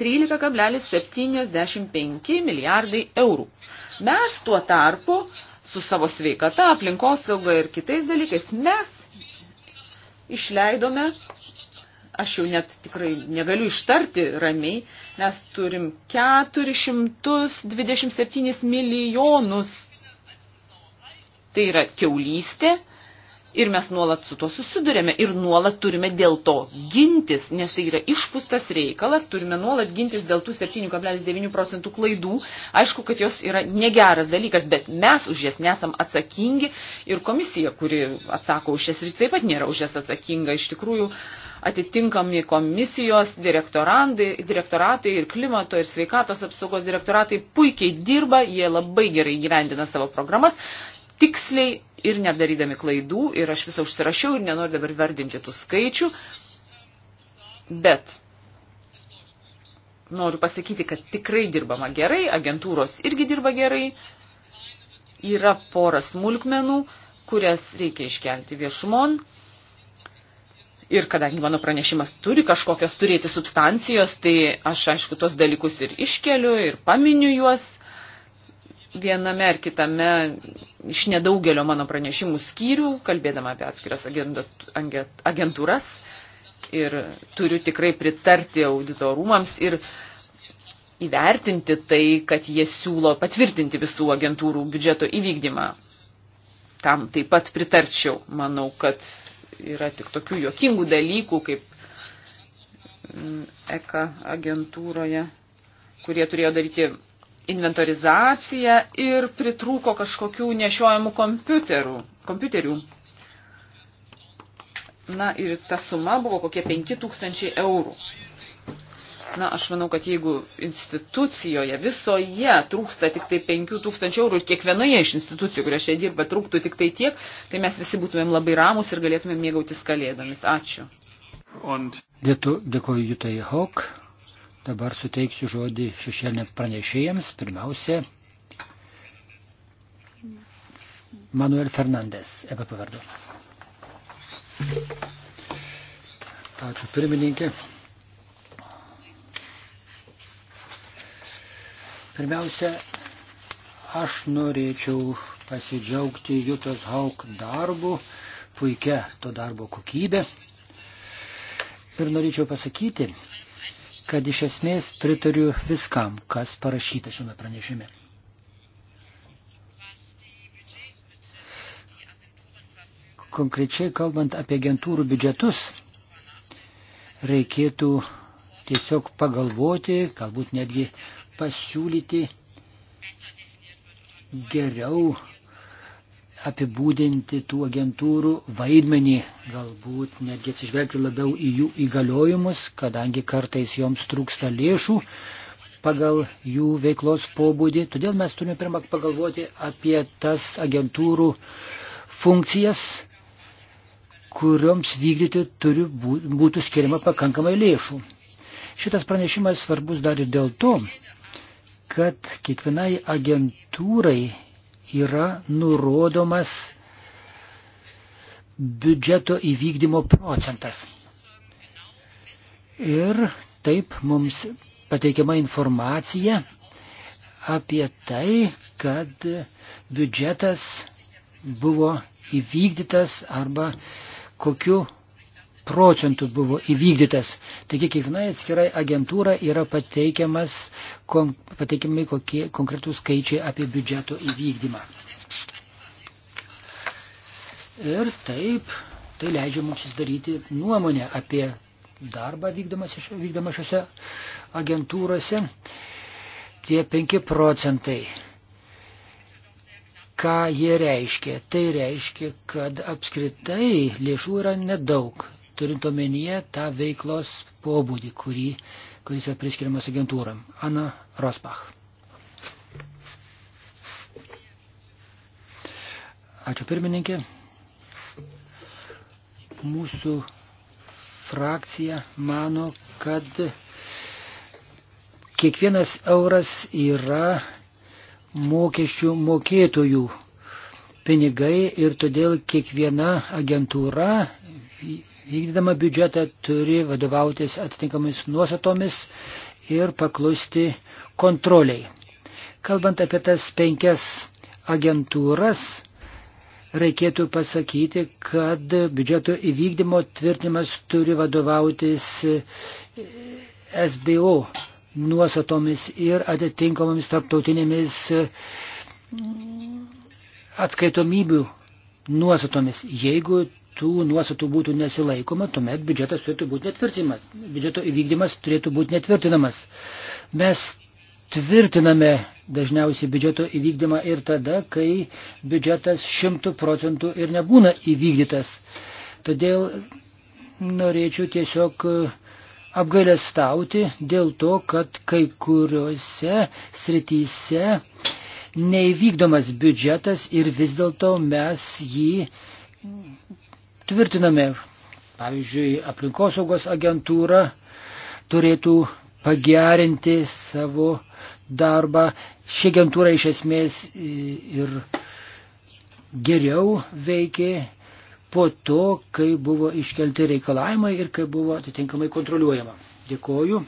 13,75 milijardai eurų. Mes tuo tarpu su savo sveikata, aplinkosauga ir kitais dalykais mes išleidome aš jau net tikrai negaliu ištarti ramiai, mes turim 427 milijonus. Tai yra keulystė, Ir mes nuolat su tuo susidurėme ir nuolat turime dėl to gintis, nes tai yra išpūstas reikalas, turime nuolat gintis dėl tų 7,9 procentų klaidų. Aišku, kad jos yra negeras dalykas, bet mes už jas nesam atsakingi ir komisija, kuri atsako už jas ir taip pat nėra už jas atsakinga. Iš tikrųjų, atitinkami komisijos direktoratai ir klimato ir sveikatos apsaugos direktoratai puikiai dirba, jie labai gerai gyvendina savo programas, tiksliai ir nedarydami klaidų, ir aš visą užsirašiau ir nenoriu dabar vardinti tų skaičių, bet noriu pasakyti, kad tikrai dirbama gerai, agentūros irgi dirba gerai, yra pora smulkmenų, kurias reikia iškelti viešumon. Ir kadangi mano pranešimas turi kažkokios turėti substancijos, tai aš aišku tos dalykus ir iškeliu, ir paminiu juos, viename ar kitame iš nedaugelio mano pranešimų skyrių, kalbėdama apie atskiras agentūras. Ir turiu tikrai pritarti auditorumams ir įvertinti tai, kad jie siūlo patvirtinti visų agentūrų biudžeto įvykdymą. Tam taip pat pritarčiau. Manau, kad yra tik tokių juokingų dalykų, kaip mm, ECA agentūroje, kurie turėjo daryti inventorizaciją ir pritrūko kažkokių nešiojamų kompiuterių. kompiuterių. Na ir ta suma buvo kokie 5000 eurų. Na, aš manau, kad jeigu institucijoje visoje trūksta tik tai 5000 eurų ir kiekvienoje iš institucijų, kurie šiandien dirba, trūktų tik tai tiek, tai mes visi būtumėm labai ramus ir galėtumėm mėgautis kalėdomis. Ačiū. Und... Dėkoju Jutai Hok. Dabar suteiksiu žodį šešėlėms pranešėjams. Pirmiausia, Manuel Fernandes, EPP vardu. Ačiū pirmininkė. Pirmiausia, aš norėčiau pasidžiaugti Jutos Hauk darbu, puikia to darbo kokybė. Ir norėčiau pasakyti, kad iš esmės pritariu viskam, kas parašyta šiame pranešime. Konkrečiai kalbant apie agentūrų biudžetus, reikėtų tiesiog pagalvoti, galbūt netgi pasiūlyti geriau apibūdinti tų agentūrų vaidmenį, galbūt netgi atsižvelgti labiau į jų įgaliojimus, kadangi kartais joms trūksta lėšų pagal jų veiklos pobūdį. Todėl mes turime pirmą pagalvoti apie tas agentūrų funkcijas, kurioms vykdyti turi būtų skiriama pakankamai lėšų. Šitas pranešimas svarbus dar ir dėl to, kad kiekvienai agentūrai yra nurodomas biudžeto įvykdymo procentas. Ir taip mums pateikiama informacija apie tai, kad biudžetas buvo įvykdytas arba kokiu procentų buvo įvykdytas. Taigi kiekvienai atskirai agentūra yra pateikiamas, kom, pateikiami kokie konkretų skaičiai apie biudžeto įvykdymą. Ir taip, tai leidžia mums susidaryti nuomonę apie darbą vykdomą šiuose agentūrose. Tie 5 procentai ką jie reiškia. Tai reiškia, kad apskritai lėšų yra nedaug turint omenyje tą veiklos pobūdį, kurį, kuris yra priskiriamas agentūram. Ana Rosbach. Ačiū pirmininkė. Mūsų frakcija mano, kad kiekvienas euras yra mokesčių mokėtojų pinigai ir todėl kiekviena agentūra vykdydama biudžetą turi vadovautis atitinkamomis nuostatomis ir paklusti kontroliai. Kalbant apie tas penkias agentūras, reikėtų pasakyti, kad biudžeto įvykdymo tvirtinimas turi vadovautis SBO nuostatomis ir atitinkamomis tarptautinėmis atskaitomybių nuostatomis. Jeigu tų nuostatų būtų nesilaikoma, tuomet biudžetas turėtų būti netvirtinamas. Biudžeto įvykdymas turėtų būti netvirtinamas. Mes tvirtiname dažniausiai biudžeto įvykdymą ir tada, kai biudžetas šimtų procentų ir nebūna įvykdytas. Todėl norėčiau tiesiog e, apgailestauti dėl to, kad kai kuriuose srityse neįvykdomas biudžetas ir vis dėlto mes jį tvirtiname. Pavyzdžiui, aplinkosaugos agentūra turėtų pagerinti savo darbą. Ši agentūra iš esmės ir geriau veikė po to, kai buvo iškelti reikalavimai ir kai buvo atitinkamai kontroliuojama. Dėkoju.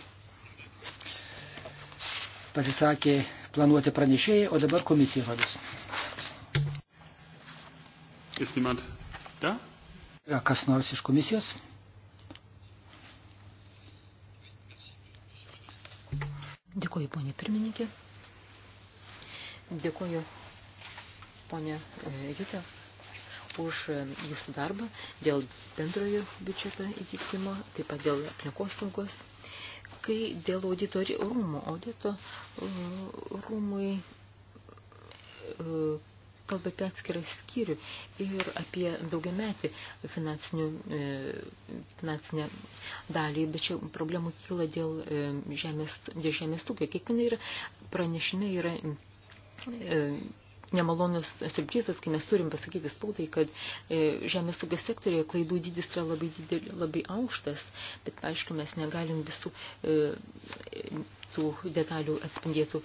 Pasisakė planuoti pranešėjai, o dabar komisija žodis. Ist jemand da? Kas nors iš komisijos? Dėkuoju, ponė pirmininkė. Dėkuoju, ponė e, Jutė, už e, jūsų darbą dėl bendrojo biudžeto įvykdymo, taip pat dėl aplinkos saugos kai dėl auditorių rūmų, audito e, rūmai kalba apie atskirą skyrių ir apie daugiametį e, finansinę dalį, bet čia problemų kyla dėl e, žemės, dėl žemės tūkio. Kiekviena yra pranešime yra e, nemalonius surprizas, kai mes turim pasakyti spaudai, kad e, žemės ūkio sektorėje klaidų dydis yra labai, didelį, labai aukštas, bet aišku, mes negalim visų e, tų detalių atspindėtų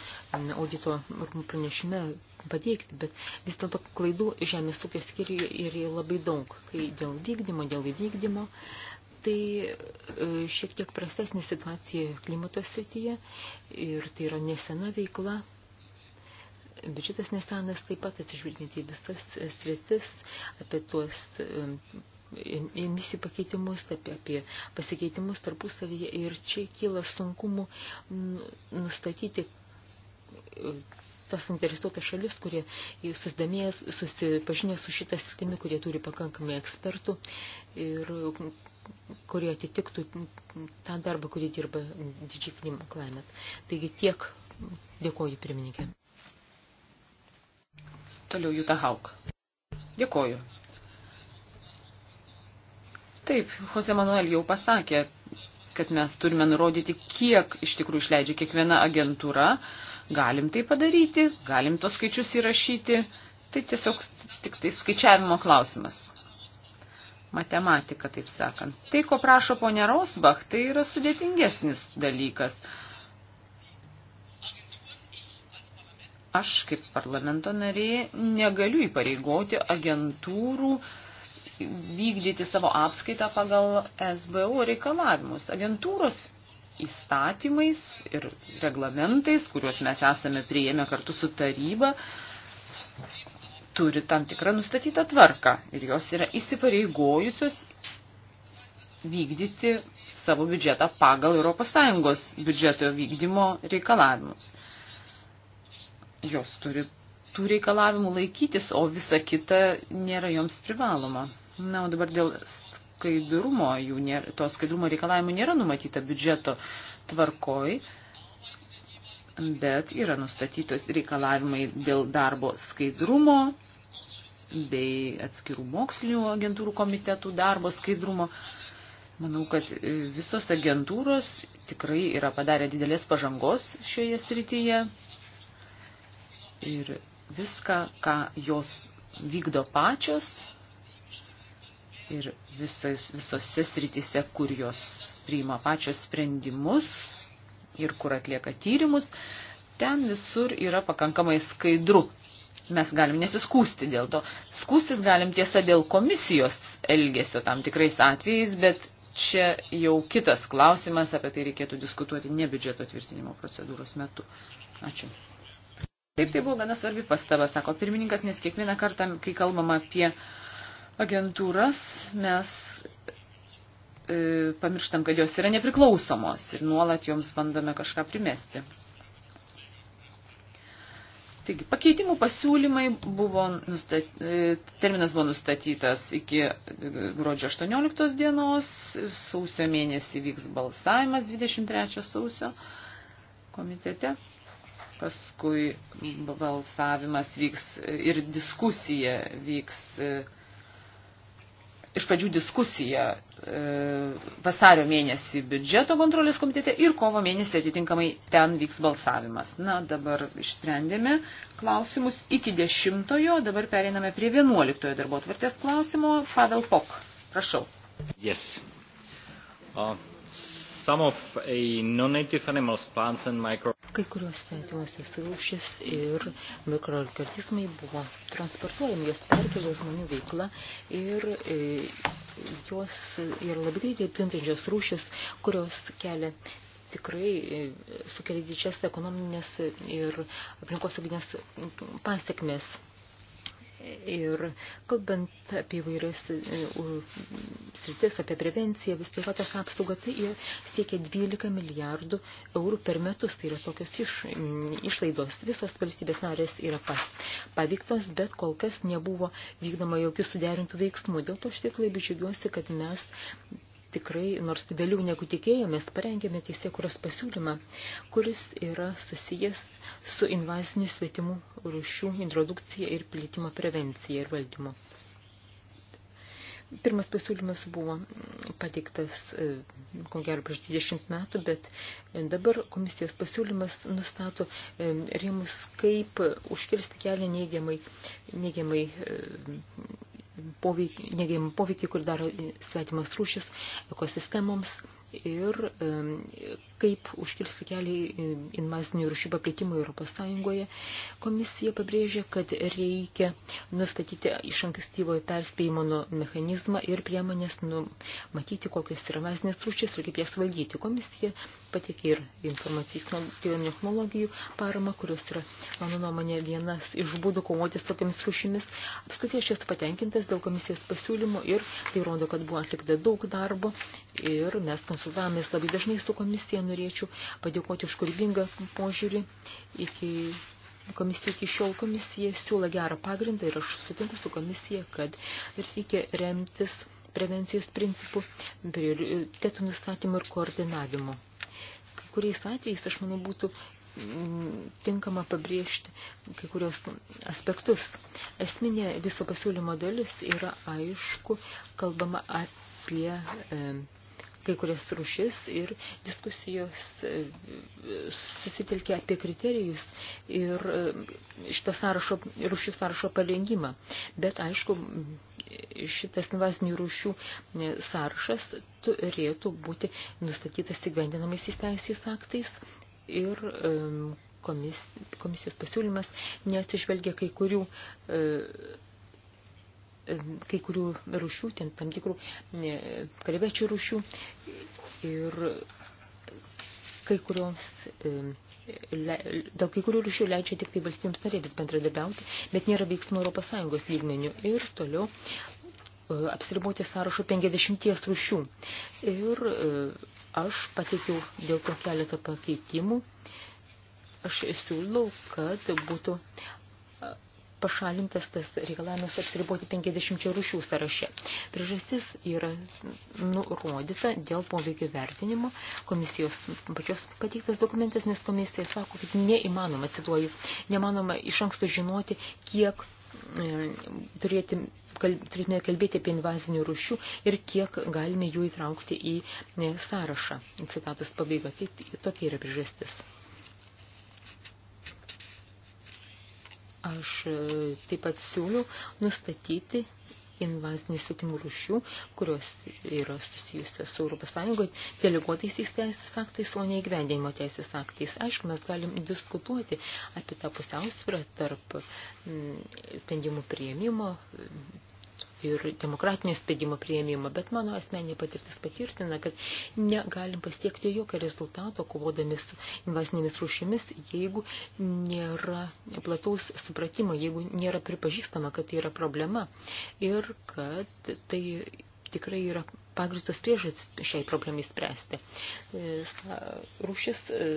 audito pranešime pateikti, bet vis dėlto klaidų žemės ūkio skiriuje yra labai daug, kai dėl vykdymo, dėl įvykdymo tai e, šiek tiek prastesnė situacija klimato srityje ir tai yra nesena veikla, biudžetas nesenas taip pat atsižvelgiant į visas sritis apie tuos emisijų pakeitimus, apie, apie pasikeitimus tarpusavyje ir čia kyla sunkumų nustatyti e, tas interesuotas šalis, kurie susidomėjęs, susipažinę su šitą sistemą, kurie turi pakankamai ekspertų ir kurie atitiktų tą darbą, kurį dirba Didžiai Climate. Taigi tiek dėkoju pirmininkė. Toliau Juta Hauk. Dėkoju. Taip, Jose Manuel jau pasakė, kad mes turime nurodyti, kiek iš tikrųjų išleidžia kiekviena agentūra. Galim tai padaryti, galim tos skaičius įrašyti. Tai tiesiog tik tai skaičiavimo klausimas. Matematika, taip sakant. Tai, ko prašo ponia Rosbach, tai yra sudėtingesnis dalykas. aš kaip parlamento narė negaliu įpareigoti agentūrų vykdyti savo apskaitą pagal SBO reikalavimus. Agentūros įstatymais ir reglamentais, kuriuos mes esame prieėmę kartu su taryba, turi tam tikrą nustatytą tvarką ir jos yra įsipareigojusios vykdyti savo biudžetą pagal ES biudžeto vykdymo reikalavimus jos turi tų reikalavimų laikytis, o visa kita nėra joms privaloma. Na, o dabar dėl skaidrumo, jų nėra, to skaidrumo reikalavimų nėra numatyta biudžeto tvarkoj, bet yra nustatytos reikalavimai dėl darbo skaidrumo bei atskirų mokslinių agentūrų komitetų darbo skaidrumo. Manau, kad visos agentūros tikrai yra padarę didelės pažangos šioje srityje ir viską, ką jos vykdo pačios ir visos, visose srityse, kur jos priima pačios sprendimus ir kur atlieka tyrimus, ten visur yra pakankamai skaidru. Mes galim nesiskūsti dėl to. Skūstis galim tiesa dėl komisijos elgesio tam tikrais atvejais, bet čia jau kitas klausimas, apie tai reikėtų diskutuoti ne biudžeto tvirtinimo procedūros metu. Ačiū. Taip, tai buvo gana svarbi pastaba, sako pirmininkas, nes kiekvieną kartą, kai kalbam apie agentūras, mes e, pamirštam, kad jos yra nepriklausomos ir nuolat joms bandome kažką primesti. Taigi, pakeitimų pasiūlymai buvo nustat... E, terminas buvo nustatytas iki e, gruodžio 18 dienos, sausio mėnesį vyks balsavimas 23 sausio komitete paskui balsavimas vyks ir diskusija vyks. E, iš pradžių diskusija e, vasario mėnesį biudžeto kontrolės komitete ir kovo mėnesį atitinkamai ten vyks balsavimas. Na, dabar išsprendėme klausimus iki dešimtojo, dabar pereiname prie vienuoliktojo darbo tvarkės klausimo. Pavel Pok, prašau. Yes. Uh, micro... Kai kurios svetimasis rūšis ir mikroorganizmai buvo transportuojami, jos perkelė žmonių veiklą ir e, jos yra labai greitai plintančios rūšis, kurios kelia tikrai e, sukelia didžias ekonominės ir aplinkosauginės pasiekmes. Ir kalbant apie vairias e, sritis, apie prevenciją, vis taip pat tas apsauga, tai siekia 12 milijardų eurų per metus. Tai yra tokios iš, išlaidos. Visos valstybės narės yra pas, pavyktos, bet kol kas nebuvo vykdoma jokių suderintų veiksmų. Dėl to aš tikrai džiugiuosi, kad mes tikrai, nors vėliau negu tikėjomės, parengėme teisėkuros pasiūlymą, kuris yra susijęs su invazinių svetimų rūšių introdukcija ir plitimo prevencija ir valdymo. Pirmas pasiūlymas buvo pateiktas, e, ko gero, prieš 20 metų, bet e, dabar komisijos pasiūlymas nustato e, rėmus, kaip užkirsti kelią neigiamai, neigiamai poveikį, neigiamą poveikį, kur daro svetimas rūšis ekosistemoms ir kaip užkirsti kelią invazinių rūšių paplitimui Europos Sąjungoje. Komisija pabrėžia, kad reikia nustatyti iš ankstyvojo perspėjimo nu, mechanizmą ir priemonės numatyti, kokios yra invazinės rūšys ir kaip jas valdyti. Komisija patikė ir informacijų technologijų paramą, kurios yra, mano nuomonė, vienas iš būdų kovoti su tokiamis rūšimis. Apskritai aš esu patenkintas dėl komisijos pasiūlymo ir tai rodo, kad buvo atlikta daug darbo ir mes konsultuojame konsultavomės labai dažnai su komisija, norėčiau padėkoti už kūrybingą požiūrį iki komisija iki šiol komisija siūla gerą pagrindą ir aš sutinku su komisija, kad reikia remtis prevencijos principų, prioritetų nustatymų ir koordinavimo. Kai kuriais atvejais, aš manau, būtų mm, tinkama pabrėžti kai kurios aspektus. Esminė viso pasiūlymo dalis yra aišku, kalbama apie e, kai kurias rušis ir diskusijos e, susitelkė apie kriterijus ir e, šito sąrašo, rušių sąrašo parengimą. Bet aišku, šitas invazinių rušių e, sąrašas turėtų būti nustatytas tik vendinamaisiais teisės aktais ir komisijos pasiūlymas neatsižvelgia kai kurių kai kurių rušių, ten tam tikrų e, kalvečių rušių ir kai kurioms e, dėl kai kurių rušių leidžia tik tai valstybėms narėms bendradarbiauti, bet nėra veiksmų Europos Sąjungos lygmenių. Ir toliau e, apsiriboti sąrašų 50 rušių. Ir aš pateikiau dėl to keletą pakeitimų. Aš siūlau, kad būtų pašalintas tas reikalavimas apsiriboti 50 rūšių sąraše. Priežastis yra nurodyta dėl poveikio vertinimo komisijos pačios pateiktas dokumentas, nes komisija sako, kad neįmanoma, cituoju, nemanoma iš anksto žinoti, kiek e, turėti, kal, turėtume kalbėti apie invazinių rūšių ir kiek galime jų įtraukti į e, sąrašą. Citatos pabaiga. Tai tokia yra priežastis. Aš e, taip pat siūliu nustatyti invazinių svetimų rūšių, kurios yra susijusios su Europos Sąjungoje, deleguotais teisės aktais, o ne įgyvendinimo teisės aktais. Aišku, mes galim diskutuoti apie tą pusiausvyrą tarp sprendimų prieimimo, ir demokratinio sprendimo prieimimą, bet mano asmeninė patirtis patvirtina, kad negalim pasiekti jokio rezultato kovodami su invazinėmis rūšimis, jeigu nėra plataus supratimo, jeigu nėra pripažįstama, kad tai yra problema ir kad tai tikrai yra pagristos priežastis šiai problemai spręsti. E, rūšis e,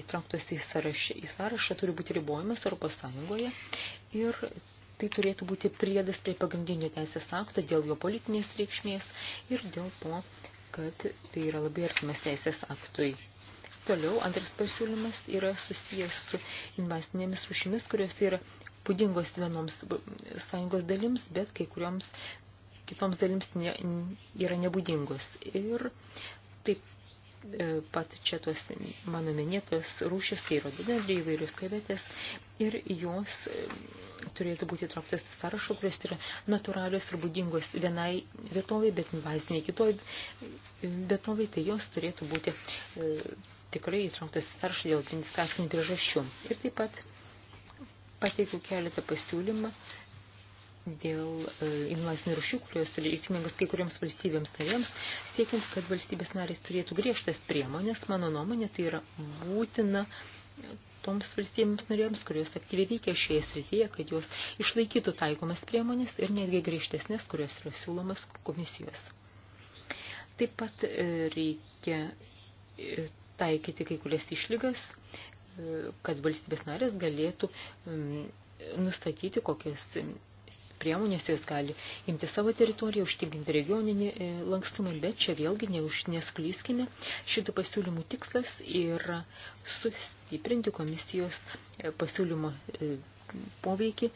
įtrauktos į sąrašą, į sąrašą turi būti ribojamas Europos Sąjungoje ir tai turėtų būti priedas prie pagrindinio teisės akto dėl jo politinės reikšmės ir dėl to, kad tai yra labai artimas teisės aktui. Toliau antras pasiūlymas yra susijęs su invasinėmis rūšimis, kurios yra būdingos vienoms sąjungos dalims, bet kai kurioms kitoms dalims ne, yra nebūdingos. Ir taip e, pat čia tos mano minėtos rūšis, tai rododendrai, įvairius krevetės, ir jos turėtų būti įtrauktos į sąrašą, kurios yra natūralios ir būdingos vienai vietovai, bet invaziniai kitoj vietovai, tai jos turėtų būti e, tikrai įtrauktos į sąrašą dėl administracinių priežasčių. Ir taip pat pateikiau keletą pasiūlymą dėl e, invazinių rūšių, kurios reikmingos kai kuriems valstybėms narėms, siekiant, kad valstybės narės turėtų griežtas priemonės, mano nuomonė, tai yra būtina toms valstybėms norėjams, kurios aktyviai veikia šioje srityje, kad jos išlaikytų taikomas priemonės ir netgi griežtesnės, kurios yra siūlomas komisijos. Taip pat e, reikia e, taikyti kai kurias išlygas, e, kad valstybės narės galėtų nustatyti, kokias priemonės, jis gali imti savo teritoriją, užtikrinti regioninį e, lankstumą, bet čia vėlgi neuž, nesklyskime. Šitų pasiūlymų tikslas yra sustiprinti komisijos e, pasiūlymo e, poveikį,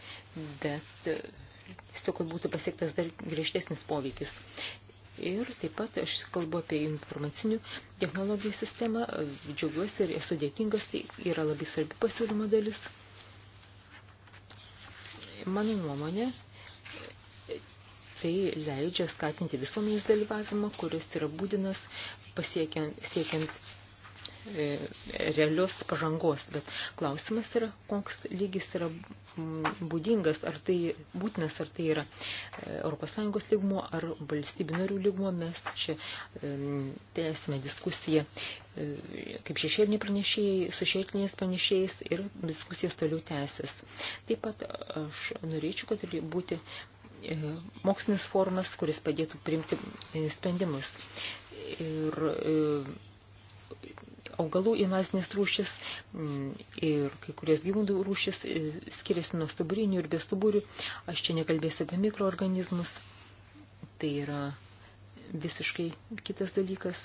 bet tiesiog, kad būtų pasiektas dar griežtesnis poveikis. Ir taip pat aš kalbu apie informacinių technologijų sistemą, džiaugiuosi ir esu dėkingas, tai yra labai svarbi pasiūlymo dalis. Mano nuomonė, tai leidžia skatinti visuomenės dalyvavimą, kuris yra būdinas pasiekiant, siekiant e, realios pažangos, bet klausimas yra, koks lygis yra mm, būdingas, ar tai būtinas, ar tai yra ES lygmo, ar valstybių narių lygmo, mes čia e, tęsime diskusiją e, kaip šešėliniai pranešėjai, su šešėliniais pranešėjais ir diskusijos toliau tęsis. Taip pat aš norėčiau, kad būti E, mokslinis formas, kuris padėtų priimti e, sprendimus. Ir e, augalų invazinės rūšis ir kai kurios gyvūnų rūšis skiriasi nuo stuburinių ir bestuburių. Aš čia nekalbėsiu apie mikroorganizmus. Tai yra visiškai kitas dalykas.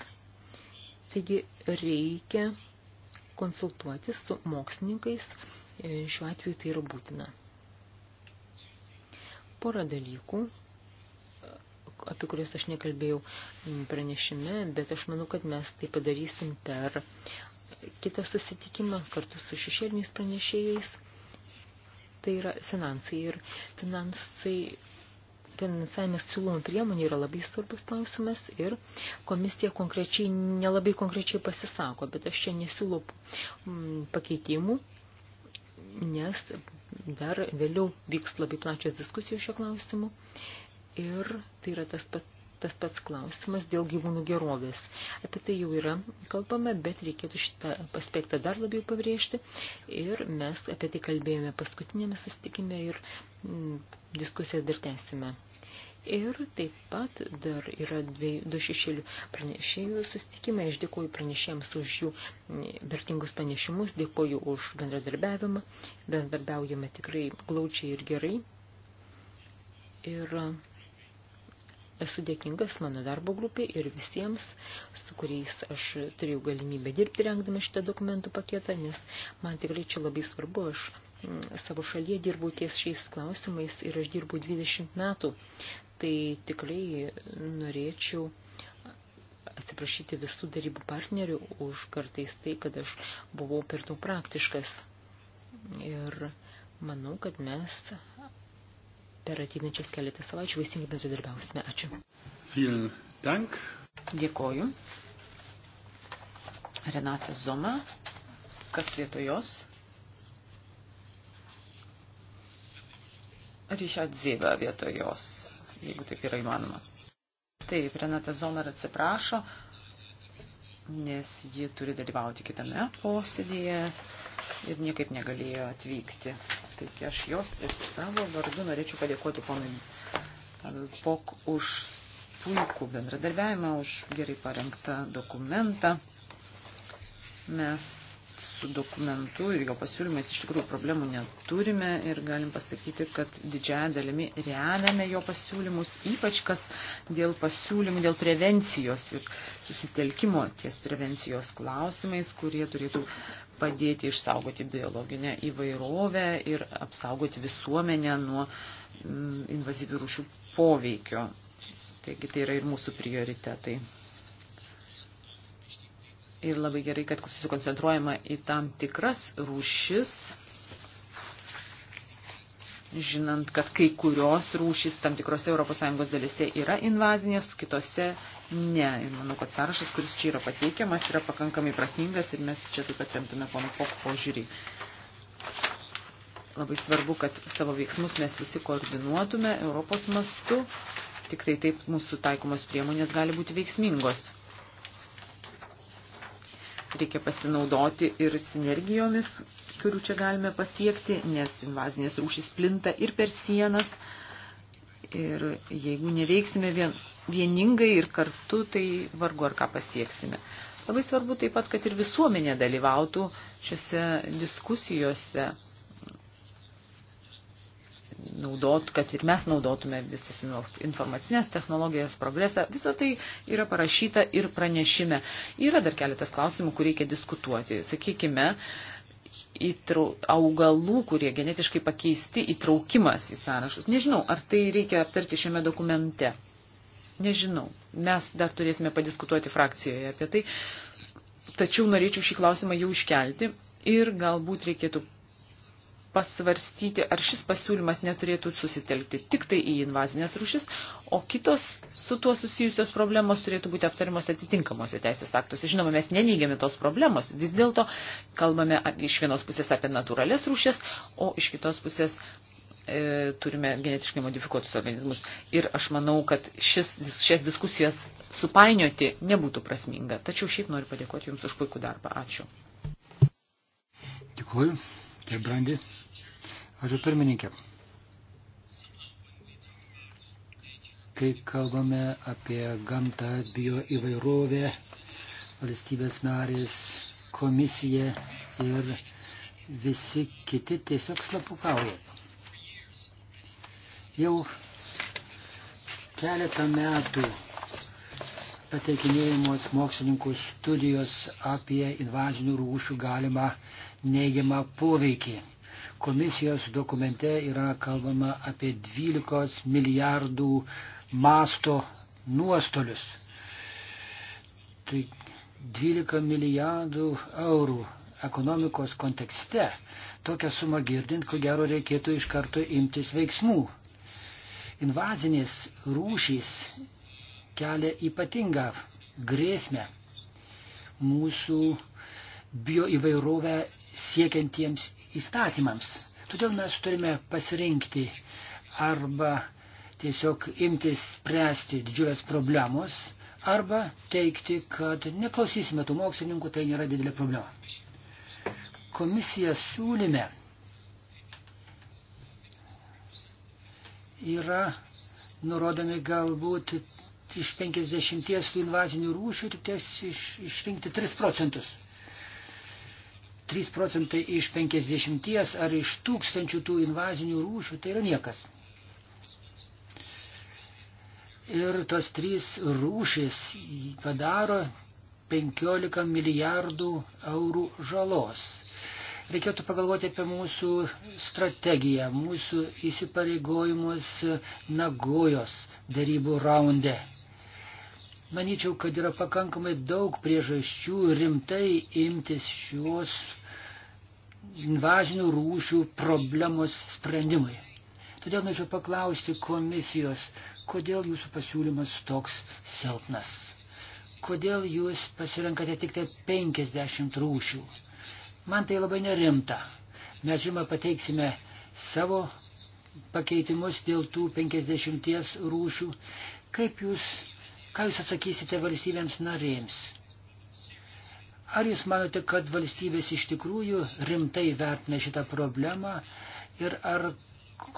Taigi reikia konsultuotis su mokslininkais. Šiuo atveju tai yra būtina porą dalykų, apie kuriuos aš nekalbėjau pranešime, bet aš manau, kad mes tai padarysim per kitą susitikimą kartu su šešėliniais pranešėjais. Tai yra finansai ir finansai finansavimas siūlomų priemonių yra labai svarbus klausimas ir komisija konkrečiai, nelabai konkrečiai pasisako, bet aš čia nesiūlau mm, pakeitimų, nes dar vėliau vyks labai plačios diskusijos šio klausimu. Ir tai yra tas pats tas pats klausimas dėl gyvūnų gerovės. Apie tai jau yra kalbama, bet reikėtų šitą aspektą dar labiau pabrėžti. Ir mes apie tai kalbėjome paskutinėme sustikime ir mm, diskusijas dar tęsime. Ir taip pat dar yra dviejų, du šešėlių pranešėjų susitikimai. Aš dėkoju pranešėjams už jų vertingus pranešimus, dėkoju už bendradarbiavimą. Bendradarbiaujame tikrai glaučiai ir gerai. Ir esu dėkingas mano darbo grupė ir visiems, su kuriais aš turėjau galimybę dirbti rengdama šitą dokumentų paketą, nes man tikrai čia labai svarbu. Aš savo šalyje dirbau ties šiais klausimais ir aš dirbau 20 metų, tai tikrai norėčiau atsiprašyti visų darybų partnerių už kartais tai, kad aš buvau per daug praktiškas. Ir manau, kad mes per ateinančias keletą savaičių vaisingai bendradarbiausime. Ačiū. Vielen Dank. Dėkoju. Renata Zoma, kas vietoj jos? Ryšio Dzėvę vietoj jos, jeigu taip yra įmanoma. Taip, Renata Zomer atsiprašo, nes ji turi dalyvauti kitame posėdėje ir niekaip negalėjo atvykti. Taigi aš jos ir savo vardu norėčiau padėkoti ponui Pok už puikų bendradarbiavimą, už gerai parengtą dokumentą. Mes su dokumentu ir jo pasiūlymais iš tikrųjų problemų neturime ir galim pasakyti, kad didžiąją dalimi remiame jo pasiūlymus, ypač kas dėl pasiūlymų, dėl prevencijos ir susitelkimo ties prevencijos klausimais, kurie turėtų padėti išsaugoti biologinę įvairovę ir apsaugoti visuomenę nuo mm, invazyvių rūšių poveikio. Taigi tai yra ir mūsų prioritetai. Ir labai gerai, kad susikoncentruojama į tam tikras rūšis, žinant, kad kai kurios rūšys tam tikrose ES dalise yra invazinės, kitose ne. Ir manau, kad sąrašas, kuris čia yra pateikiamas, yra pakankamai prasmingas ir mes čia taip pat remtume pono Pok požiūrį. Labai svarbu, kad savo veiksmus mes visi koordinuotume Europos mastu, tik tai taip mūsų taikomos priemonės gali būti veiksmingos reikia pasinaudoti ir sinergijomis, kurių čia galime pasiekti, nes invazinės rūšys plinta ir per sienas. Ir jeigu neveiksime vien, vieningai ir kartu, tai vargu ar ką pasieksime. Labai svarbu taip pat, kad ir visuomenė dalyvautų šiuose diskusijose naudot, kad ir mes naudotume visas informacinės technologijas, progresą. Visa tai yra parašyta ir pranešime. Yra dar keletas klausimų, kur reikia diskutuoti. Sakykime, įtrau, augalų, kurie genetiškai pakeisti įtraukimas į sąrašus. Nežinau, ar tai reikia aptarti šiame dokumente. Nežinau. Mes dar turėsime padiskutuoti frakcijoje apie tai. Tačiau norėčiau šį klausimą jau iškelti ir galbūt reikėtų pasvarstyti, ar šis pasiūlymas neturėtų susitelkti tik tai į invazinės rušis, o kitos su tuo susijusios problemos turėtų būti aptarimos atitinkamuose teisės aktuose. Žinoma, mes neneigiame tos problemos, vis dėlto kalbame iš vienos pusės apie natūrales rušis, o iš kitos pusės e, turime genetiškai modifikuotus organizmus. Ir aš manau, kad šis, šias diskusijas supainioti nebūtų prasminga. Tačiau šiaip noriu padėkoti Jums už puikų darbą. Ačiū. Dėkuoju. Gerbrandis. Ačiū pirmininkė. Kai kalbame apie gamtą, bio įvairovę, valstybės narės, komisiją ir visi kiti tiesiog slapukauja. Jau keletą metų pateikinėjimos mokslininkų studijos apie invazinių rūšių galimą neigiamą poveikį. Komisijos dokumente yra kalbama apie 12 milijardų masto nuostolius. Tai 12 milijardų eurų ekonomikos kontekste. Tokią sumą girdint, ko gero reikėtų iš karto imtis veiksmų. Invazinės rūšys kelia ypatingą grėsmę mūsų bioįvairovę siekiantiems įstatymams. Todėl mes turime pasirinkti arba tiesiog imtis spręsti didžiulės problemos, arba teikti, kad neklausysime tų mokslininkų, tai nėra didelė problema. Komisija siūlyme yra nurodomi galbūt iš 50 invazinių rūšių tik ties iš, išrinkti 3 procentus. 3 procentai iš 50 ar iš tūkstančių tų invazinių rūšių, tai yra niekas. Ir tos trys rūšys padaro 15 milijardų eurų žalos. Reikėtų pagalvoti apie mūsų strategiją, mūsų įsipareigojimus Nagojos darybų raunde. Manyčiau, kad yra pakankamai daug priežasčių rimtai imtis šios invazinių rūšių problemos sprendimui. Todėl norėčiau paklausti komisijos, kodėl jūsų pasiūlymas toks silpnas. Kodėl jūs pasirenkate tik tai 50 rūšių? Man tai labai nerimta. Mes, žinoma, pateiksime savo pakeitimus dėl tų 50 rūšių. Kaip jūs Ką Jūs atsakysite valstybėms narėms? Ar Jūs manote, kad valstybės iš tikrųjų rimtai vertina šitą problemą ir ar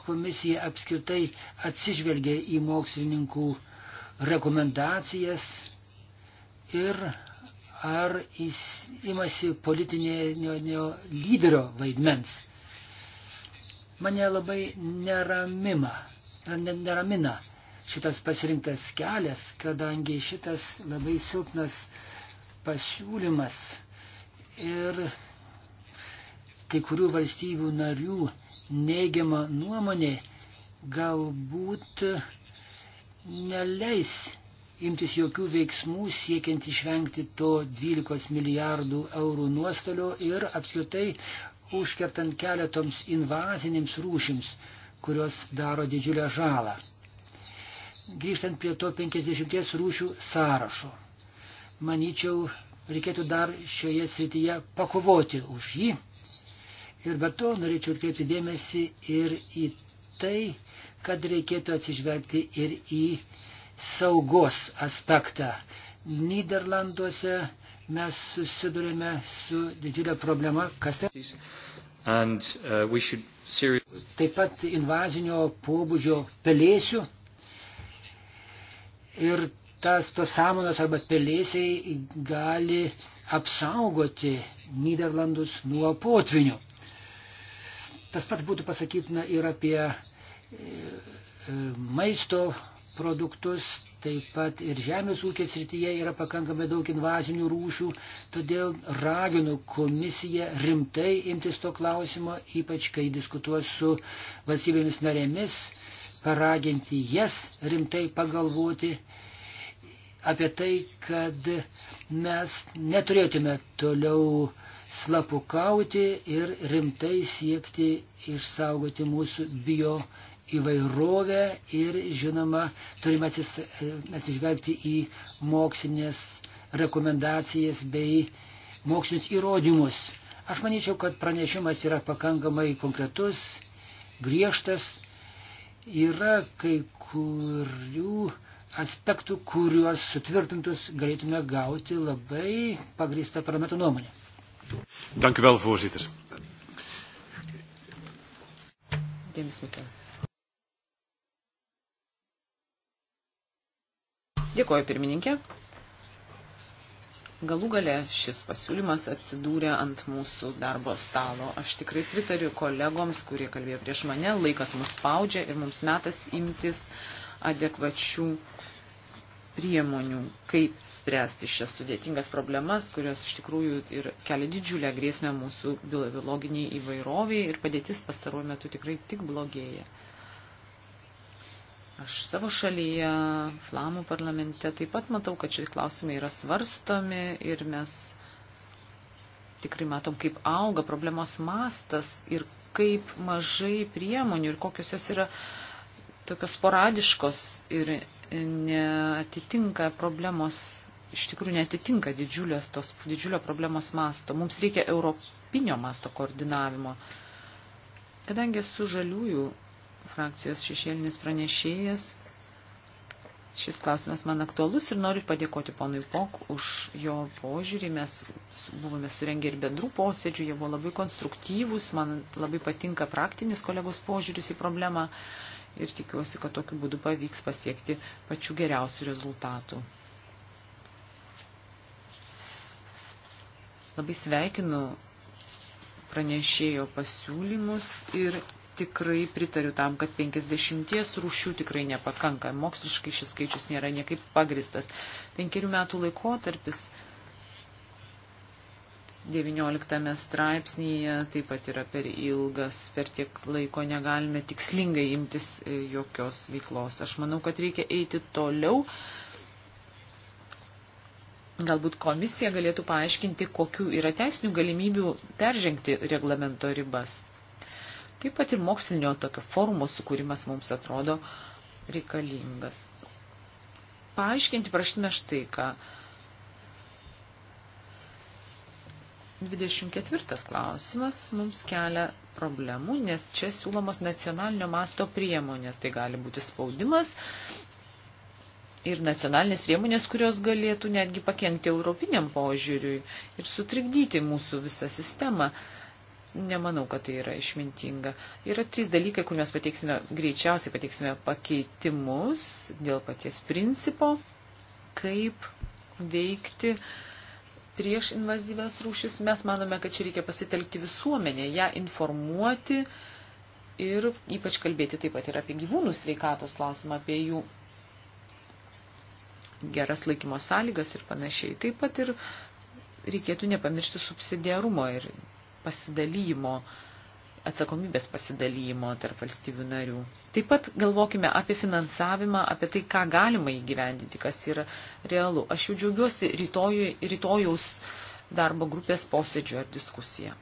komisija apskritai atsižvelgia į mokslininkų rekomendacijas ir ar jis imasi politinio lyderio vaidmens. Mane labai neramima, neramina šitas pasirinktas kelias, kadangi šitas labai silpnas pasiūlymas ir kai kurių valstybių narių neigiama nuomonė galbūt neleis imtis jokių veiksmų siekiant išvengti to 12 milijardų eurų nuostolio ir apskritai užkertant keletoms invazinėms rūšims, kurios daro didžiulę žalą grįžtant prie to 50 rūšių sąrašo. Manyčiau, reikėtų dar šioje srityje pakovoti už jį. Ir be to norėčiau atkreipti dėmesį ir į tai, kad reikėtų atsižvelgti ir į saugos aspektą. Niderlanduose mes susidurėme su didžiulė problema, kas tai. And, uh, should... Taip pat invazinio pobūdžio pelėsių ir tas tos samonas arba pelėsiai gali apsaugoti Niderlandus nuo potvinių. Tas pats būtų pasakytina ir apie e, e, maisto produktus, taip pat ir žemės ūkės rytyje yra pakankamai daug invazinių rūšių, todėl raginu komisiją rimtai imtis to klausimo, ypač kai diskutuos su valstybėmis narėmis paraginti jas rimtai pagalvoti apie tai, kad mes neturėtume toliau slapukauti ir rimtai siekti išsaugoti mūsų bio įvairovę ir, žinoma, turime atsižvelgti į mokslinės rekomendacijas bei mokslinius įrodymus. Aš manyčiau, kad pranešimas yra pakankamai konkretus, griežtas, Yra kai kurių aspektų, kuriuos sutvirtintus galėtume gauti labai pagrįstą parlamento nuomonę. Dank u wel, voorzitter. Dėkuoju, pirmininkė. Galų gale šis pasiūlymas atsidūrė ant mūsų darbo stalo. Aš tikrai pritariu kolegoms, kurie kalbėjo prieš mane, laikas mus spaudžia ir mums metas imtis adekvačių priemonių, kaip spręsti šias sudėtingas problemas, kurios iš tikrųjų ir kelia didžiulę grėsmę mūsų biologiniai įvairoviai ir padėtis pastaruoju metu tikrai tik blogėja. Aš savo šalyje, Flamų parlamente, taip pat matau, kad šie klausimai yra svarstomi ir mes tikrai matom, kaip auga problemos mastas ir kaip mažai priemonių ir kokios jos yra tokios sporadiškos ir neatitinka problemos, iš tikrųjų neatitinka didžiulės tos didžiulio problemos masto. Mums reikia europinio masto koordinavimo. Kadangi esu žaliųjų frakcijos šešėlinis pranešėjas. Šis klausimas man aktualus ir noriu padėkoti ponui Pok už jo požiūrį. Mes buvome surengę ir bendrų posėdžių, jie buvo labai konstruktyvūs, man labai patinka praktinis kolegos požiūris į problemą ir tikiuosi, kad tokiu būdu pavyks pasiekti pačių geriausių rezultatų. Labai sveikinu pranešėjo pasiūlymus ir tikrai pritariu tam, kad 50 rūšių tikrai nepakanka. Moksliškai šis skaičius nėra niekaip pagristas. Penkerių metų laikotarpis 19 straipsnėje taip pat yra per ilgas, per tiek laiko negalime tikslingai imtis e, jokios veiklos. Aš manau, kad reikia eiti toliau galbūt komisija galėtų paaiškinti, kokiu yra teisinių galimybių peržengti reglamento ribas. Taip pat ir mokslinio tokio forumo sukūrimas mums atrodo reikalingas. Paaiškinti prašytume štai ką. 24 klausimas mums kelia problemų, nes čia siūlomos nacionalinio masto priemonės. Tai gali būti spaudimas ir nacionalinės priemonės, kurios galėtų netgi pakengti europiniam požiūriui ir sutrikdyti mūsų visą sistemą. Nemanau, kad tai yra išmintinga. Yra trys dalykai, kur mes pateiksime, greičiausiai pateiksime pakeitimus dėl paties principo, kaip veikti prieš invazyvės rūšis. Mes manome, kad čia reikia pasitelkti visuomenę, ją informuoti ir ypač kalbėti taip pat ir apie gyvūnų sveikatos klausimą, apie jų geras laikymo sąlygas ir panašiai. Taip pat ir reikėtų nepamiršti subsidiarumo ir pasidalymo, atsakomybės pasidalymo tarp valstybių narių. Taip pat galvokime apie finansavimą, apie tai, ką galima įgyvendinti, kas yra realu. Aš jau džiaugiuosi rytoj, rytojaus darbo grupės posėdžio ar diskusiją.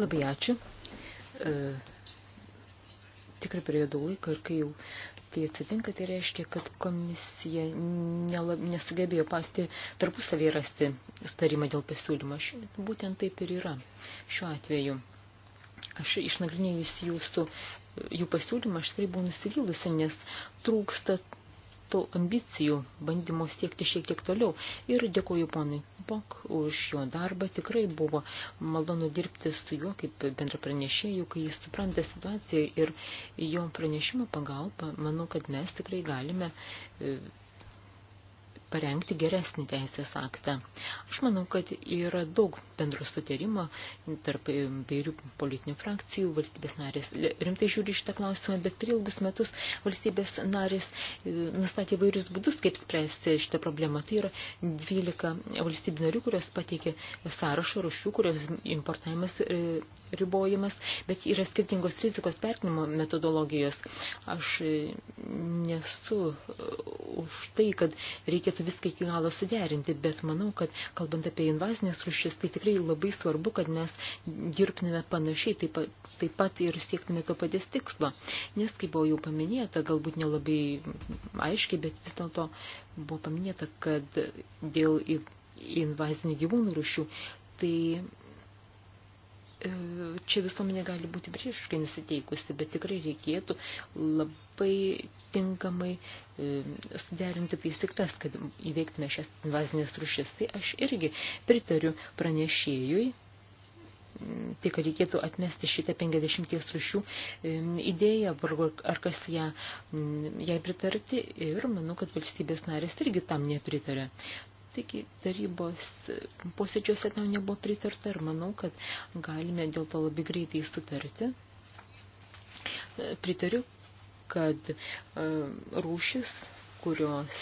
Labai ačiū. E, tikrai priedo laiko ir kai jau tai atsitinka, tai reiškia, kad komisija nelab, nesugebėjo pati tarpusavį rasti sutarimą dėl pasiūlymo. Ši, būtent taip ir yra šiuo atveju. Aš išnagrinėjus jūsų jų pasiūlymą, aš tikrai buvau nusivylusi, nes trūksta tų ambicijų, bandymų siekti šiek tiek toliau. Ir dėkuoju ponui Bok už jo darbą. Tikrai buvo malonu dirbti su juo kaip bendra pranešėjų, kai jis supranta situaciją ir jo pranešimo pagalba, manau, kad mes tikrai galime e, parengti geresnį teisės aktą. Aš manau, kad yra daug bendro sutarimo tarp vairių politinių frakcijų, valstybės narės rimtai žiūri šitą klausimą, bet per ilgus metus valstybės narės e, nustatė vairius būdus, kaip spręsti šitą problemą. Tai yra 12 valstybių narių, kurios pateikė sąrašą rušių, kurios importavimas e, ribojimas, bet yra skirtingos rizikos vertinimo metodologijos. Aš e, nesu už tai, kad reikėtų reikėtų viską iki galo suderinti, bet manau, kad kalbant apie invazinės rušis, tai tikrai labai svarbu, kad mes dirbtume panašiai, taip, pat, taip pat ir siektume to paties tikslo. Nes, kaip buvo jau paminėta, galbūt nelabai aiškiai, bet vis dėlto buvo paminėta, kad dėl invazinių gyvūnų rušių, tai E, čia visuomenė gali būti priešiškai nusiteikusi, bet tikrai reikėtų labai tinkamai e, suderinti taisyklės, kad įveiktume šias invazinės rušis. Tai aš irgi pritariu pranešėjui, tai kad reikėtų atmesti šitą 50 rušių e, idėją, ar kas ją, jai pritarti, ir manau, kad valstybės narės irgi tam nepritarė. Taigi tarybos posėdžiuose tam nebuvo pritarta ir manau, kad galime dėl to labai greitai sutarti. Pritariu, kad e, rūšis kurios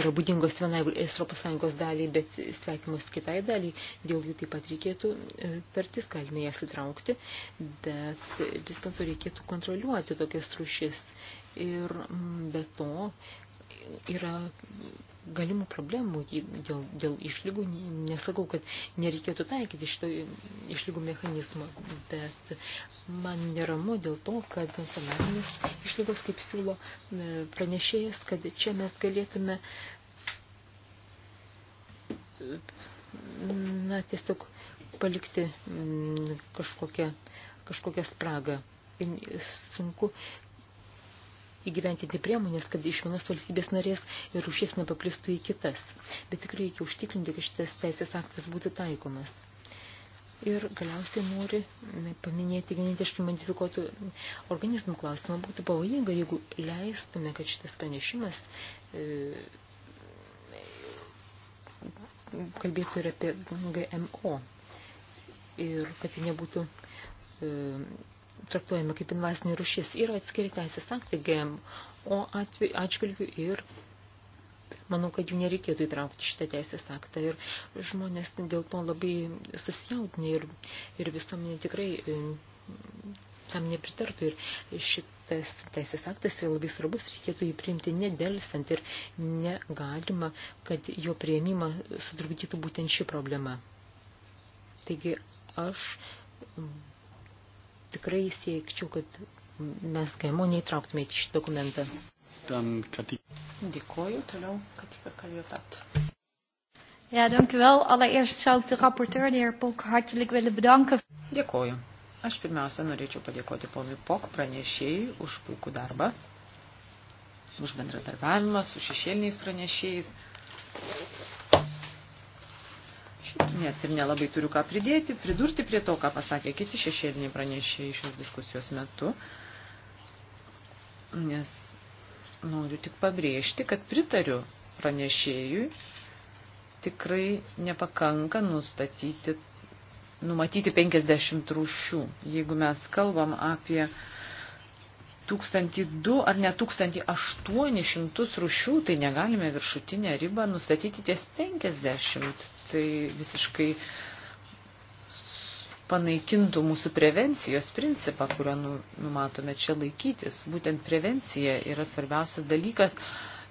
yra būdingos vienai Europos Sąjungos daliai, bet sveikimus kitai daliai, dėl jų taip pat reikėtų e, tartis, galime jas įtraukti, bet vis dėlto reikėtų kontroliuoti tokias rušis. Ir be to yra galimų problemų dėl, dėl išlygų. Nesakau, kad nereikėtų taikyti šito išlygų mechanizmą, bet man neramu dėl to, kad nacionalinės išlygos, kaip siūlo e, pranešėjas, kad čia mes galėtume na, tiesiog palikti kažkokią, kažkokią spragą sunku įgyventinti priemonės, kad iš vienos valstybės narės ir rušis nepaplistų į kitas. Bet tikrai reikia užtikrinti, kad šitas teisės aktas būtų taikomas. Ir galiausiai nori paminėti genetiškai modifikuotų organizmų klausimą. Būtų pavojinga, jeigu leistume, kad šitas pranešimas e, kalbėtų ir apie GMO. Ir kad tai nebūtų e, traktuojama kaip invazinė rušis, yra atskiri teisės aktai GMO atžvilgių ir manau, kad jų nereikėtų įtraukti šitą teisės aktą ir žmonės dėl to labai susijaudinė ir, ir visuomenė tikrai e, tam nepritartų ir šitas teisės aktas yra labai svarbus, reikėtų jį priimti nedelsant ir negalima, kad jo prieimimą sutrukdytų būtent ši problema. Taigi aš tikrai siekčiau, kad mes GMO neįtrauktumėte šį dokumentą. Dėkoju, toliau, kad tik kalbėtat. Ja, dank u wel. Allereerst zou ik de rapporteur, de heer Polk, hartelijk willen bedanken. Dėkoju. Aš pirmiausia norėčiau padėkoti ponui Pok pranešėjai už puikų darbą, už bendradarbiavimą su šešėliniais pranešėjais net ir nelabai turiu ką pridėti, pridurti prie to, ką pasakė kiti šešėliniai pranešėjai šios diskusijos metu, nes noriu tik pabrėžti, kad pritariu pranešėjui, tikrai nepakanka nustatyti, numatyti 50 rūšių. Jeigu mes kalbam apie 1002 ar ne 1800 rūšių, tai negalime viršutinę ribą nustatyti ties 50 tai visiškai panaikintų mūsų prevencijos principą, kurio nu, numatome čia laikytis. Būtent prevencija yra svarbiausias dalykas.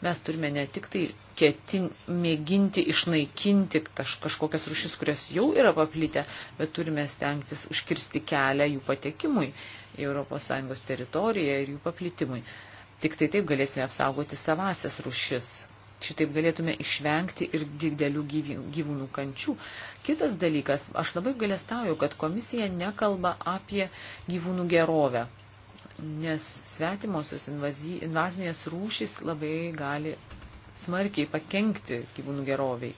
Mes turime ne tik tai ketin, mėginti išnaikinti kažkokias rušis, kurios jau yra paplitę, bet turime stengtis užkirsti kelią jų patekimui į ES teritoriją ir jų paplitimui. Tik tai taip galėsime apsaugoti savasias rušis. Šitaip galėtume išvengti ir didelių gyvūnų kančių. Kitas dalykas, aš labai galėstauju, kad komisija nekalba apie gyvūnų gerovę, nes svetimosios invazinės rūšys labai gali smarkiai pakenkti gyvūnų geroviai.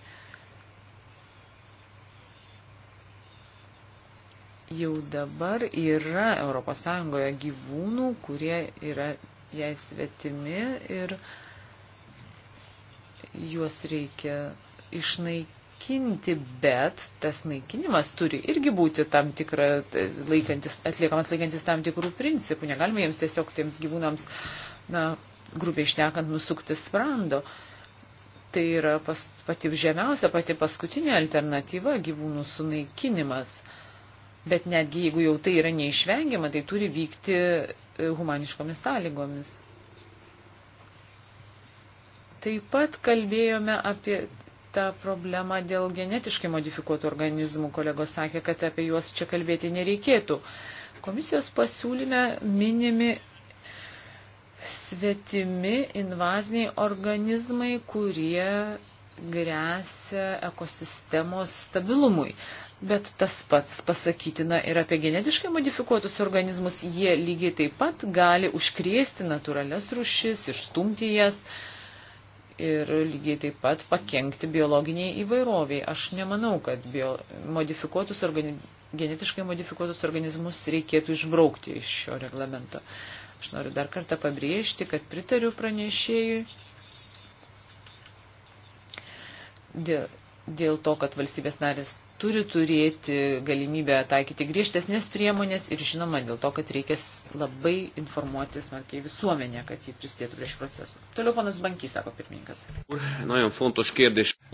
Jau dabar yra ES gyvūnų, kurie yra jai svetimi ir uh, juos reikia išnaikinti, bet tas naikinimas turi irgi būti tam tikra, laikantis, atliekamas laikantis tam tikrų principų. Negalima jiems tiesiog tiems gyvūnams, na, grubiai išnekant, nusukti sprando. Tai yra pas, pati žemiausia, pati paskutinė alternatyva gyvūnų sunaikinimas. Bet netgi jeigu jau tai yra neišvengiama, tai turi vykti e, humaniškomis sąlygomis. Taip pat kalbėjome apie tą problemą dėl genetiškai modifikuotų organizmų. Kolegos sakė, kad apie juos čia kalbėti nereikėtų. Komisijos pasiūlyme minimi svetimi invaziniai organizmai, kurie grėsia ekosistemos stabilumui. Bet tas pats pasakytina ir apie genetiškai modifikuotus organizmus, jie lygiai taip pat gali užkrėsti natūrales rušis, išstumti jas, uh, ir lygiai taip pat pakengti biologiniai įvairoviai. Aš nemanau, kad bio, modifikuotus organi, genetiškai modifikuotus organizmus reikėtų išbraukti iš šio reglamento. Aš noriu dar kartą pabrėžti, kad pritariu pranešėjui dėl, dėl to, kad valstybės narės turi turėti galimybę taikyti griežtesnės priemonės ir žinoma dėl to, kad reikės labai informuoti smarkiai visuomenę, kad jį prisidėtų prie šių procesų. Toliau ponas Bankys, sako pirmininkas.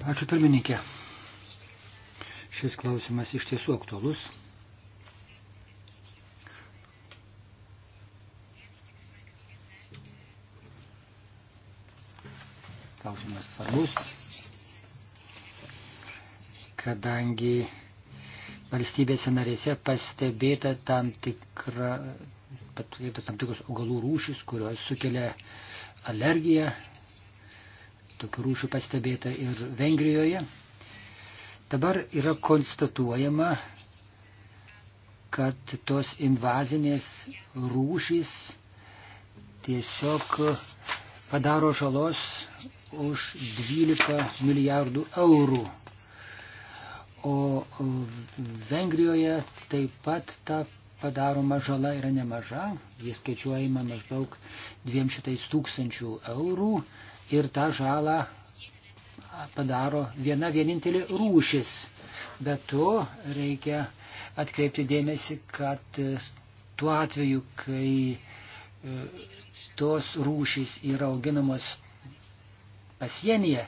Ačiū pirmininkė. Šis klausimas iš tiesų aktualus. Klausimas svarbus kadangi valstybėse narėse pastebėta tam, tikra, tam tikros augalų rūšis, kurios sukelia alergiją. Tokių rūšių pastebėta ir Vengrijoje. Dabar yra konstatuojama, kad tos invazinės rūšys tiesiog padaro žalos už 12 milijardų eurų O Vengrijoje taip pat ta padaroma žala yra nemaža, jis skaičiuojama maždaug 200 tūkstančių eurų ir tą žalą padaro viena vienintelė rūšis. Bet to reikia atkreipti dėmesį, kad e, tuo atveju, kai e, tos rūšys yra auginamos pasienyje,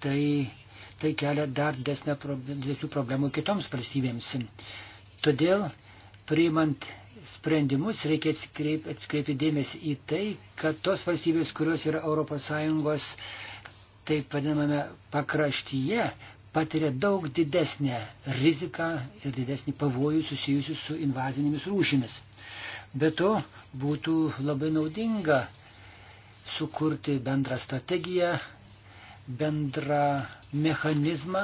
tai tai kelia dar didesnių problemų kitoms valstybėms. Todėl, priimant sprendimus, reikia atskreip, atskreipti dėmesį į tai, kad tos valstybės, kurios yra ES, taip vadinamame pakraštyje, patiria daug didesnę riziką ir didesnį pavojų susijusių su invazinėmis rūšimis. Be to, būtų labai naudinga sukurti bendrą strategiją bendrą mechanizmą,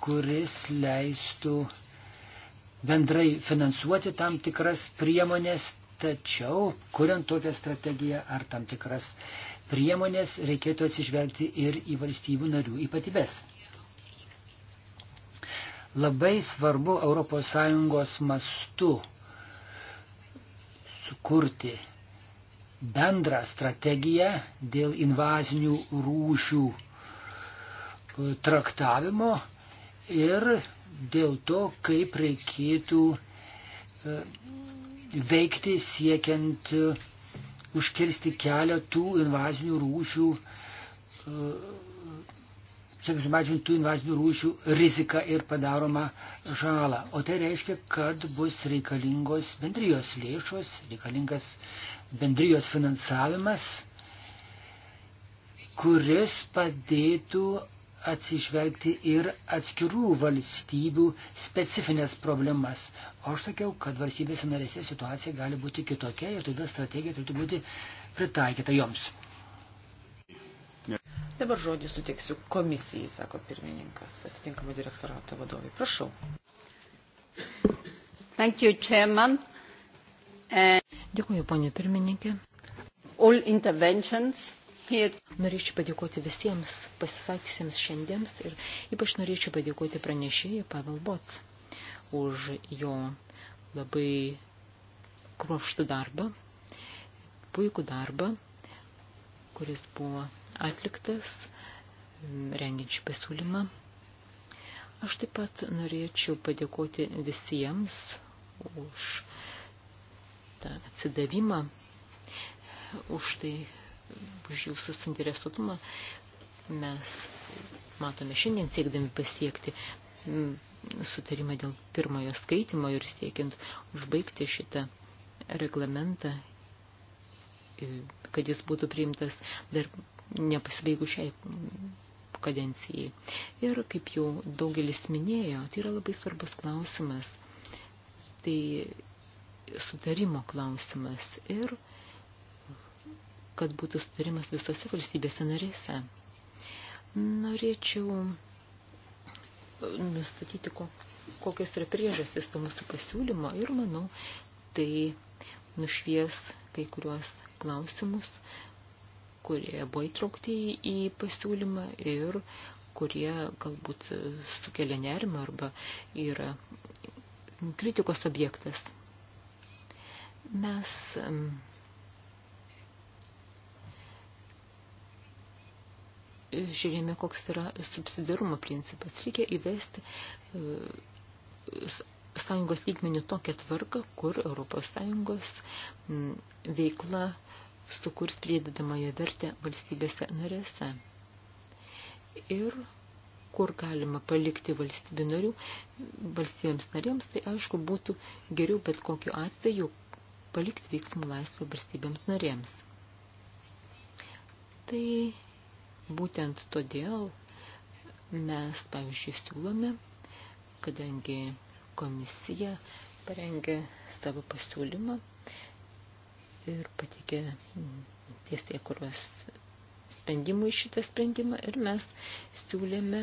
kuris leistų bendrai finansuoti tam tikras priemonės, tačiau, kuriant tokią strategiją ar tam tikras priemonės, reikėtų atsižvelgti ir į valstybių narių ypatybės. Labai svarbu ES mastu sukurti bendrą strategiją dėl invazinių rūšių e, traktavimo ir dėl to, kaip reikėtų e, veikti siekiant e, užkirsti kelią tų invazinių rūšių, siekiant sumažinti tų invazinių rūšių riziką ir padaromą žalą. O tai reiškia, kad bus reikalingos bendrijos lėšos, reikalingas bendrijos finansavimas, kuris padėtų atsižvelgti ir atskirų valstybių specifines problemas. O aš sakiau, kad valstybėse narėse situacija gali būti kitokia ir todėl strategija turėtų būti pritaikyta joms. Dabar žodį suteiksiu komisijai, sako pirmininkas, atitinkamo direktorato vadovai. Prašau. Thank you, Chairman. Dėkuoju, ponė pirmininkė. Norėčiau padėkoti visiems pasisakysiems šiandiems ir ypač norėčiau padėkoti pranešėjai Pavel Bots už jo labai kruopštų darbą, puikų darbą, kuris buvo atliktas rengiančių pasiūlymą. Aš taip pat norėčiau padėkoti visiems už tą atsidavimą, už tai, už jūsų suinteresuotumą, mes matome šiandien siekdami pasiekti sutarimą dėl pirmojo skaitimo ir siekiant užbaigti šitą reglamentą, kad jis būtų priimtas dar nepasibaigu šiai kadencijai. Ir kaip jau daugelis minėjo, tai yra labai svarbus klausimas. Tai sutarimo klausimas ir kad būtų sutarimas visose valstybėse narėse. Norėčiau nustatyti, kokios yra priežastys to mūsų pasiūlymo ir manau, tai nušvies kai kuriuos klausimus, kurie buvo įtraukti į pasiūlymą ir kurie galbūt sukelia nerimą arba yra kritikos objektas. Mes žiūrėjome, koks yra subsidiarumo principas. Reikia įvesti e, sąjungos lygmenių tokią tvarką, kur Europos sąjungos veikla sukurs pridedamąją vertę valstybėse narėse. Ir kur galima palikti valstybių narių, valstybėms narėms, tai aišku būtų geriau bet kokiu atveju, palikti veiksmų laisvę valstybėms narėms. Tai būtent todėl mes, pavyzdžiui, siūlome, kadangi komisija parengė savo pasiūlymą ir patikė tiesiai kuros sprendimui šitą sprendimą ir mes siūlėme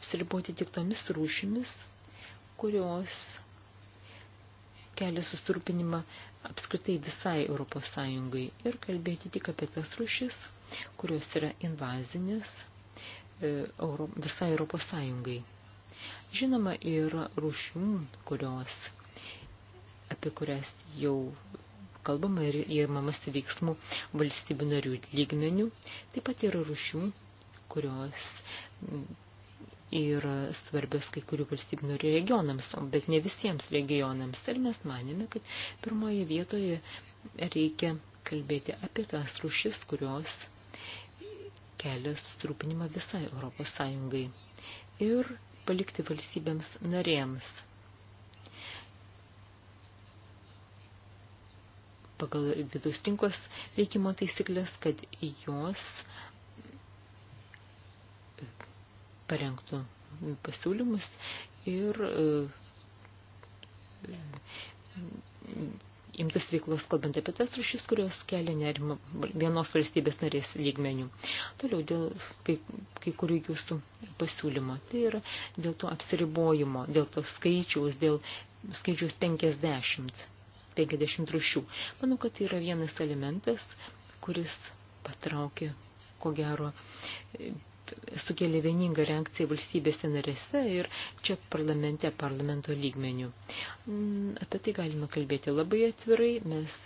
apsiriboti tik tomis rūšimis, kurios kelia susirūpinimą apskritai visai Europos Sąjungai ir kalbėti tik apie tas rušis, kurios yra invazinės e, Euro, visai Europos Sąjungai. Žinoma, yra rušių, kurios, apie kurias jau kalbama ir įmamasi veiksmų valstybių narių lygmenių. Taip pat yra rušių, kurios yra svarbios kai kurių valstybinių regionams, bet ne visiems regionams. Ir mes manėme, kad pirmoje vietoje reikia kalbėti apie tas rušis, kurios kelia susirūpinimą visai Europos Sąjungai ir palikti valstybėms narėms. Pagal vidus tinkos veikimo taisyklės, kad jos uh, parengtų pasiūlymus ir e, imtis veiklos, kalbant apie tas rušis, kurios kelia nerimą vienos valstybės narės lygmenių. Toliau dėl kai, kai kurių jūsų pasiūlymo. Tai yra dėl to apsiribojimo, dėl to skaičiaus, dėl skaičiaus 50, 50 rušių. Manau, kad tai yra vienas elementas, kuris patraukė, ko gero, sukėlė vieningą reakciją valstybėse narėse ir čia parlamente, parlamento lygmenių. Mm, apie tai galime kalbėti labai atvirai, mes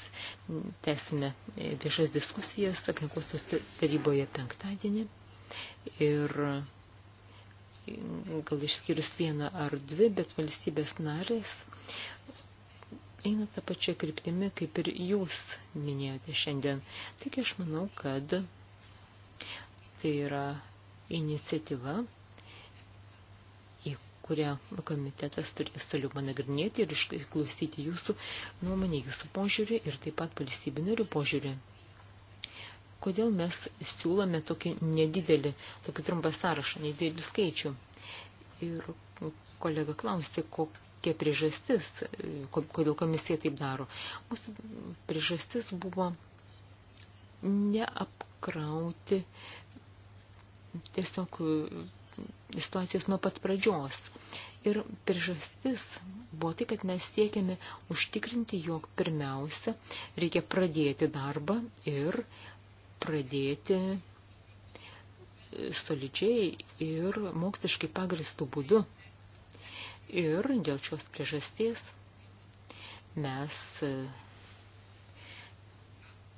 tęsime viešas diskusijas aplinkos taryboje penktadienį ir gal išskyrus vieną ar dvi, bet valstybės narės eina tą pačią kryptimį, kaip ir jūs minėjote šiandien. Tik aš manau, kad tai yra iniciatyva, į kurią komitetas turės toliau panagrinėti ir išklausyti jūsų nuomonę, jūsų požiūrį ir taip pat valstybinio požiūrį. Kodėl mes siūlome tokį nedidelį, tokį trumpą sąrašą, nedidelį skaičių? Ir kolega klausė, kokia priežastis, kodėl komisija taip daro. Mūsų priežastis buvo neapkrauti tiesiog e, situacijas nuo pat pradžios. Ir priežastis buvo tai, kad mes siekiame užtikrinti, jog pirmiausia reikia pradėti darbą ir pradėti e, solidžiai ir moksliškai pagristų būdu. Ir dėl šios priežasties mes e,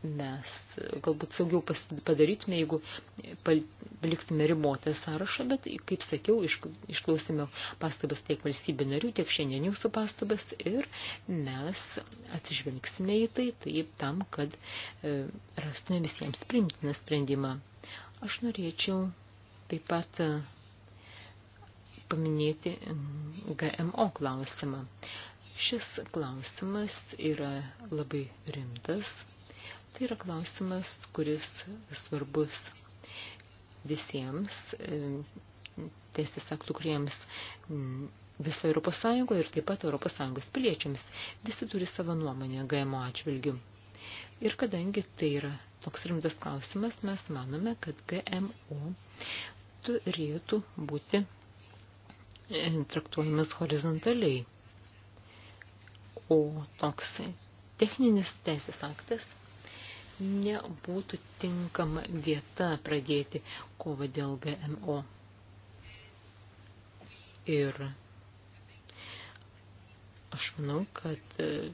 mes galbūt saugiau padarytume, jeigu paliktume ribotą sąrašą, bet, kaip sakiau, išklausėme pastabas tiek valstybių narių, tiek šiandien jūsų pastabas ir mes atsižvelgsime į tai taip tam, kad e, rastume visiems primtiną sprendimą. Aš norėčiau taip pat e, paminėti GMO klausimą. Šis klausimas yra labai rimtas Tai yra klausimas, kuris svarbus visiems e, teisės aktų kuriems mm, viso Europos Sąjungoje ir taip pat Europos Sąjungos piliečiams. Visi turi savo nuomonę GMO atžvilgių. Ir kadangi tai yra toks rimtas klausimas, mes manome, kad GMO turėtų būti e, traktuojamas horizontaliai. O toks techninis teisės aktas nebūtų tinkama vieta pradėti kovą dėl GMO. Ir aš manau, kad e,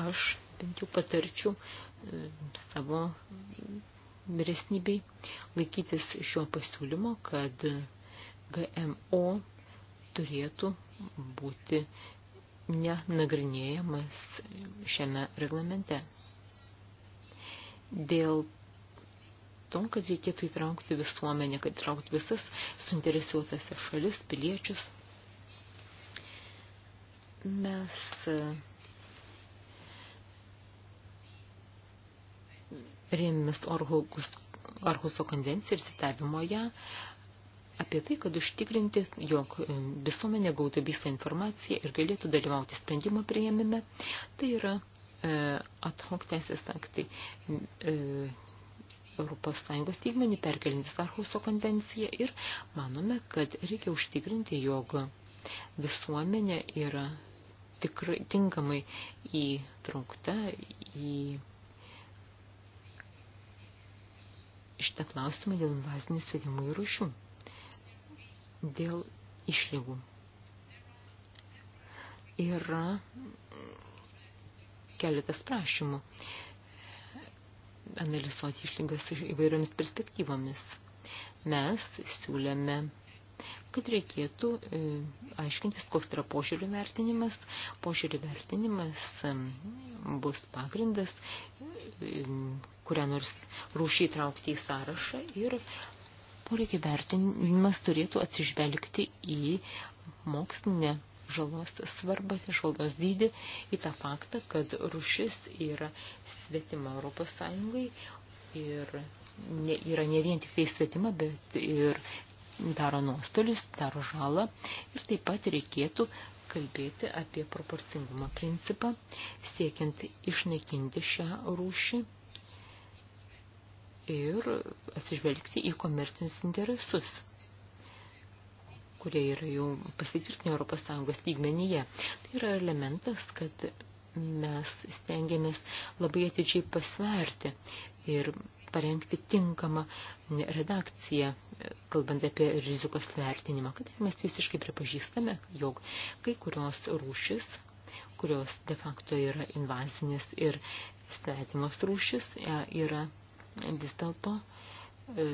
aš bent jau patarčiau e, savo vyresnybei laikytis šio pasiūlymo, kad GMO turėtų būti nenagrinėjamas šiame reglamente dėl to, kad reikėtų įtraukti visuomenę, kad įtraukti visas suinteresuotasias šalis, piliečius. Mes e, rėmėmės Orhuso konvenciją ir citavimo ją apie tai, kad užtikrinti, jog e, visuomenė gautų visą informaciją ir galėtų dalyvauti sprendimo prieimime. Tai yra E, ad hoc teisės aktai e, Europos Sąjungos lygmenį perkelintis Arhuso konvenciją ir manome, kad reikia užtikrinti, jog visuomenė yra tikrai tinkamai įtraukta į šitą klausimą dėl invazinių svetimųjų rūšių, dėl išlygų. Yra keletas prašymų analizuoti išlygas įvairiomis perspektyvomis. Mes siūlėme kad reikėtų e, aiškintis, koks yra požiūrių vertinimas. Požiūrių vertinimas e, bus pagrindas, e, kurią nors rūšį traukti į sąrašą ir poreikį vertinimas turėtų atsižvelgti į mokslinę žalos svarbą, žalos dydį, į tą faktą, kad rušis yra svetima Europos Sąjungai ir ne, yra ne vien tik tai svetima, bet ir daro nuostolius, daro žalą ir taip pat reikėtų kalbėti apie proporcingumo principą, siekiant išnaikinti šią rūšį ir atsižvelgti į komercinius interesus kurie yra jau pasitvirtinę Europos Sąjungos lygmenyje. Tai yra elementas, kad mes stengiamės labai atidžiai pasverti ir parengti tinkamą redakciją, kalbant apie rizikos vertinimą, kad mes visiškai pripažįstame, jog kai kurios rūšis, kurios de facto yra invazinės ir svetimos rūšis, e, yra vis dėlto e,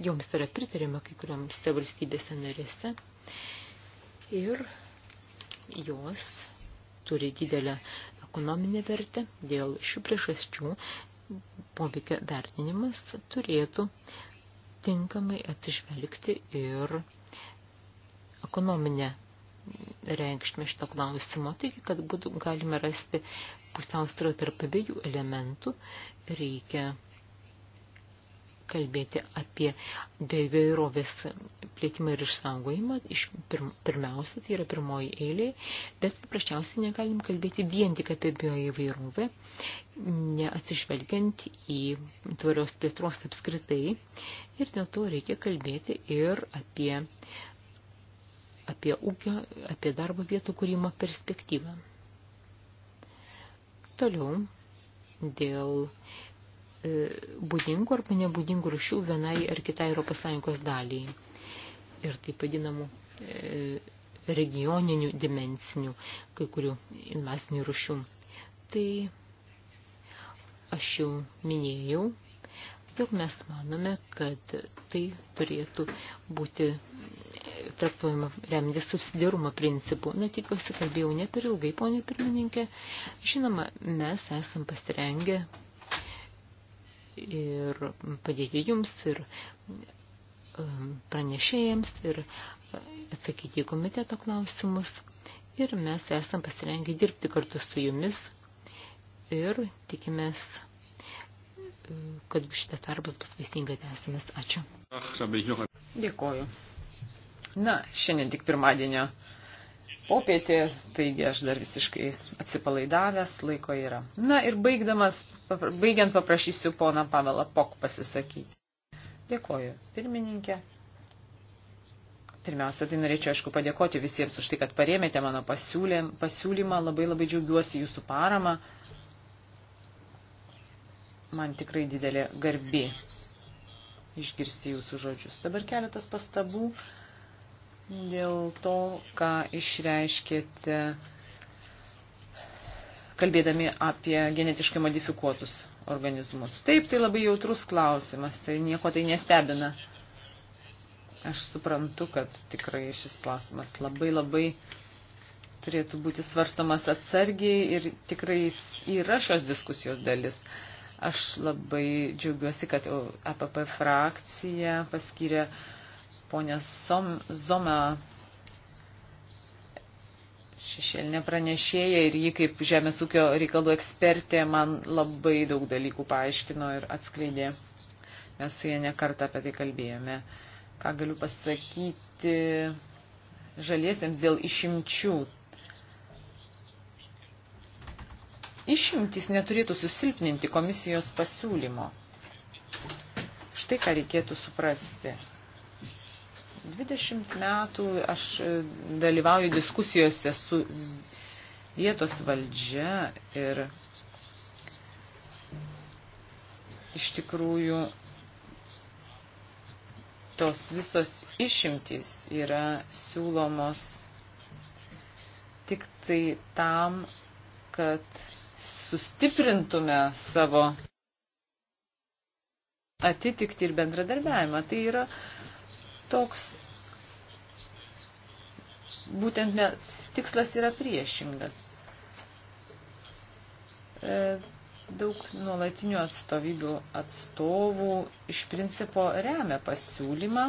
joms yra pritariama kai kuriams valstybėse narėse ir jos turi didelę ekonominę vertę. Dėl šių priežasčių poveikio vertinimas turėtų tinkamai atsižvelgti ir ekonominę reikšmę šito klausimo, taigi, kad būtų galima rasti pusiausvyrą tarp abiejų elementų, reikia kalbėti apie bioįvairovės plėtimą ir išsaugojimą, iš pirm, pirmiausia, tai yra pirmoji eilė, bet paprasčiausiai negalim kalbėti vien tik apie bioįvairovę, neatsižvelgiant į tvarios plėtros apskritai ir dėl to reikia kalbėti ir apie, apie ūkio, apie darbo vietų kūrimo perspektyvą. Toliau dėl E, būdingų arba nebūdingų rūšių vienai ar kitai Europos Sąjungos daliai. Ir taip vadinamų e, regioninių dimensinių kai kurių invazinių rūšių. Tai aš jau minėjau, jog mes manome, kad tai turėtų būti e, traktuojama remdis subsidiarumo principu. Na, tikiuosi, kalbėjau ne per ilgai, ponė pirmininkė. Žinoma, mes esam pasirengę ir padėti jums ir um, pranešėjams ir uh, atsakyti į komiteto klausimus. Ir mes esam pasirengę dirbti kartu su jumis ir tikimės, uh, kad šitas darbas bus vaisingai tęsiamas. Ačiū. Dėkoju. Na, šiandien tik pirmadienio popietė, taigi aš dar visiškai atsipalaidavęs, laiko yra. Na ir baigdamas, baigiant paprašysiu poną Pavelą Pok pasisakyti. Dėkoju, pirmininkė. Pirmiausia, tai norėčiau, aišku, padėkoti visiems už tai, kad parėmėte mano pasiūlė, pasiūlymą. Labai labai džiaugiuosi jūsų paramą. Man tikrai didelė garbė išgirsti jūsų žodžius. Dabar keletas pastabų dėl to, ką išreiškėte kalbėdami apie genetiškai modifikuotus organizmus. Taip, tai labai jautrus klausimas, tai nieko tai nestebina. Aš suprantu, kad tikrai šis klausimas labai labai turėtų būti svarstomas atsargiai ir tikrai yra šios diskusijos dalis. Aš labai džiaugiuosi, kad APP e frakcija paskyrė uh, ponė Zoma šešėlinė pranešėja ir ji kaip žemės ūkio reikalų ekspertė man labai daug dalykų paaiškino ir atskleidė. Mes su jie nekartą apie tai kalbėjome. Ką galiu pasakyti žaliesiems dėl išimčių. Išimtys neturėtų susilpninti komisijos pasiūlymo. Štai ką reikėtų suprasti. 20 metų aš e, dalyvauju diskusijose su vietos valdžia ir iš tikrųjų tos visos išimtys yra siūlomos tik tai tam, kad sustiprintume savo atitikti ir bendradarbiavimą. Tai yra uh, toks būtent ne, tikslas yra priešingas. E, daug nuolatinių atstovybių atstovų iš principo remia pasiūlymą,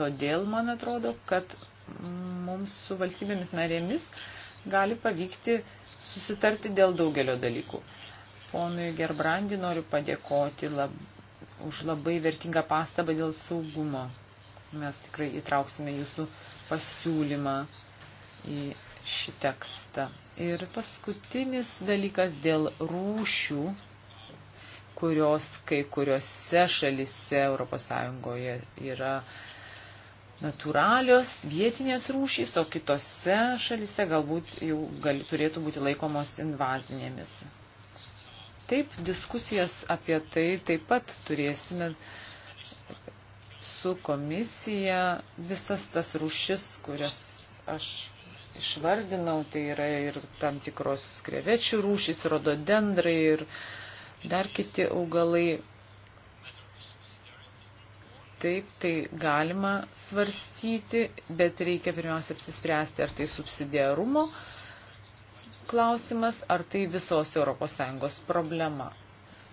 todėl, man atrodo, kad mums su valstybėmis narėmis gali pavykti susitarti dėl daugelio dalykų. Ponui Gerbrandi noriu padėkoti lab, už labai vertingą pastabą dėl saugumo. Mes tikrai įtrauksime jūsų pasiūlymą į šį tekstą. Ir paskutinis dalykas dėl rūšių, kurios kai kuriuose šalise ES yra natūralios vietinės rūšys, o kitose šalise galbūt jau gali, turėtų būti laikomos invazinėmis. Taip, diskusijas apie tai taip pat turėsime su komisija visas tas rušis, kurias aš išvardinau, tai yra ir tam tikros krevečių rūšys, rododendrai ir dar kiti augalai. Taip, tai galima svarstyti, bet reikia pirmiausia apsispręsti, ar tai subsidiarumo klausimas, ar tai visos ES problema.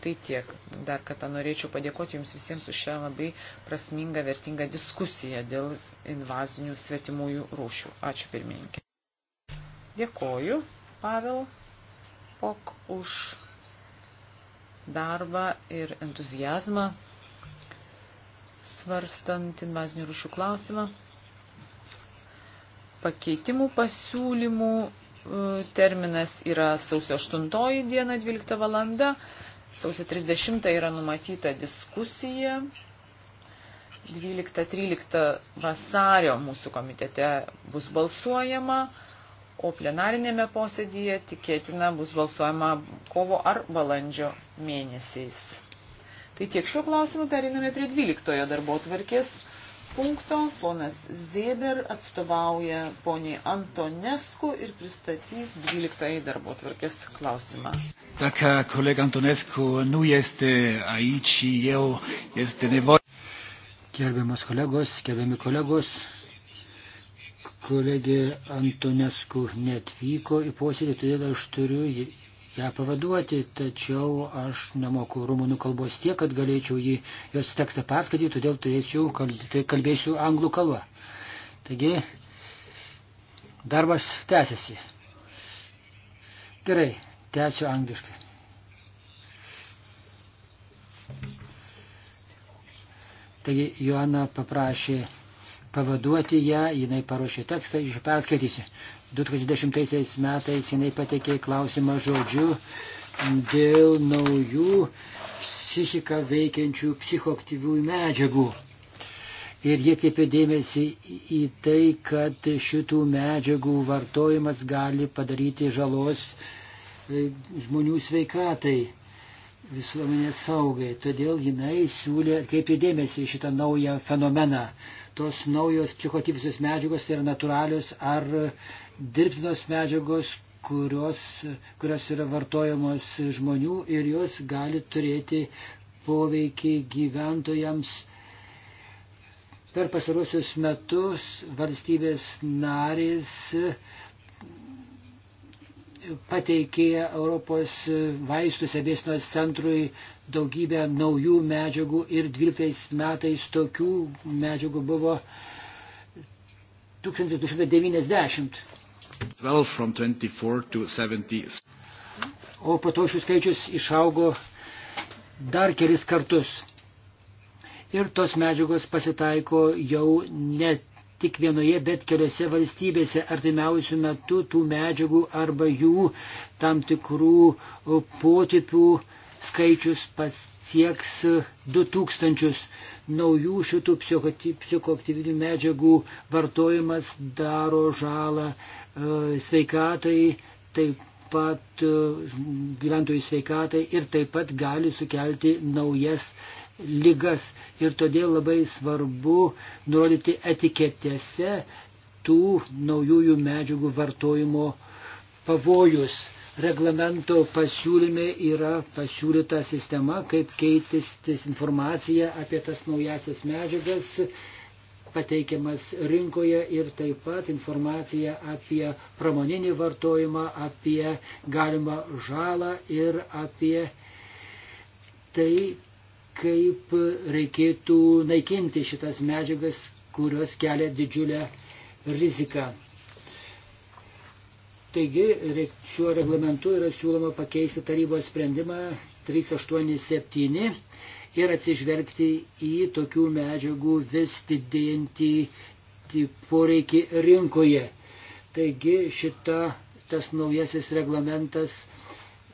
Tai tiek. Dar kartą norėčiau padėkoti Jums visiems už šią labai prasmingą, vertingą diskusiją dėl invazinių svetimųjų rūšių. Ačiū pirmininkė. Dėkoju, Pavel Pok, už darbą ir entuzijazmą svarstant invazinių rūšių klausimą. Pakeitimų pasiūlymų terminas yra sausio 8 diena 12 valanda, sausio 30 yra numatyta diskusija, 12-13 vasario mūsų komitete bus balsuojama, o plenarinėme posėdyje tikėtina bus balsuojama kovo ar balandžio mėnesiais. Tai tiek šiuo klausimu periname prie 12 darbo tvarkės punkto ponas Zėber atstovauja poniai Antonesku ir pristatys 12 darbo tvarkės klausimą. Daka, kolega Antonescu, nu este aici, eu este nevoie. Gerbiamas kolegos, gerbiami kolegos, kolegė Antonescu netvyko į posėdį, todėl aš turiu ją pavaduoti, tačiau aš nemoku rumunų kalbos tiek, kad galėčiau jį, jos tekstą perskaityti, todėl turėčiau, tai kalbėsiu anglų kalbą. Taigi, darbas tęsiasi. Gerai, tęsiu angliškai. Taigi, Joana paprašė pavaduoti ją, jinai paruošė tekstą, iš perskaitysiu. 2010 metais jinai pateikė klausimą žodžiu dėl naujų psichiką veikiančių psichoktyvių medžiagų. Ir jie kreipė dėmesį į tai, kad šitų medžiagų vartojimas gali padaryti žalos e, žmonių sveikatai, visuomenės saugai. Todėl jinai siūlė atkreipti dėmesį į šitą naują fenomeną tos naujos psichotyvusios medžiagos tai yra natūralios ar dirbtinos medžiagos, kurios, kurios yra vartojamos žmonių ir jos gali turėti poveikį gyventojams. Per pasarosius metus valstybės narės pateikė Europos vaistų stebėsinos centrui daugybę naujų medžiagų ir 12 metais tokių medžiagų buvo 1290. 12 o po to šių skaičius išaugo dar kelis kartus. Ir tos medžiagos pasitaiko jau net tik vienoje, bet keliose valstybėse artimiausių metų tų medžiagų arba jų tam tikrų potipių skaičius pasieks 2000. Naujų šitų psichoaktyvinių medžiagų vartojimas daro žalą e, sveikatai, taip pat e, gyventojų sveikatai ir taip pat gali sukelti naujas lygas ir todėl labai svarbu nurodyti etiketėse tų naujųjų medžiagų vartojimo pavojus. Reglamento pasiūlyme yra pasiūlyta sistema, kaip keistis informacija apie tas naujasias medžiagas pateikiamas rinkoje ir taip pat informacija apie pramoninį vartojimą, apie galimą žalą ir apie tai, kaip reikėtų naikinti šitas medžiagas, kurios kelia didžiulę riziką. Taigi šiuo reglamentu yra siūloma pakeisti tarybos sprendimą 387 ir atsižvelgti į tokių medžiagų vis didėjantį poreikį rinkoje. Taigi šita, tas naujasis reglamentas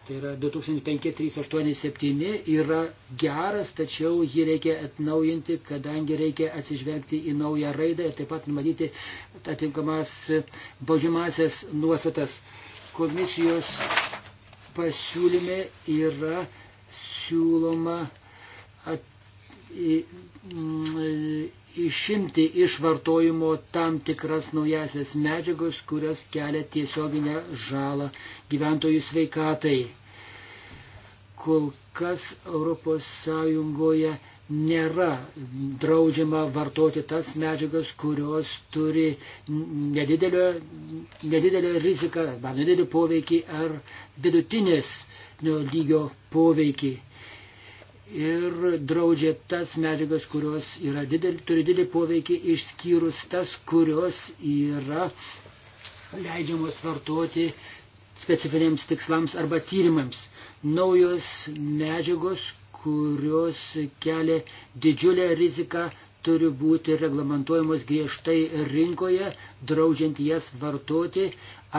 tai yra 2005-387 yra geras, tačiau jį reikia atnaujinti, kadangi reikia atsižvelgti į naują raidą ir taip pat numatyti atitinkamas baudžiamasias nuostatas. Komisijos pasiūlyme yra siūloma at, Mm, išimti iš vartojimo tam tikras naujasias medžiagas, kurios kelia tiesioginę žalą gyventojų sveikatai. Kol kas ES nėra draudžiama vartoti tas medžiagas, kurios turi nedidelio, nedidelio riziką, nedidelį poveikį ar vidutinės nu, lygio poveikį ir draudžia tas medžiagas, kurios yra didel, turi didelį poveikį, išskyrus tas, kurios yra leidžiamos vartoti specifinėms tikslams arba tyrimams. Naujos medžiagos, kurios kelia didžiulę riziką, turi būti reglamentuojamos griežtai rinkoje, draudžiant jas vartoti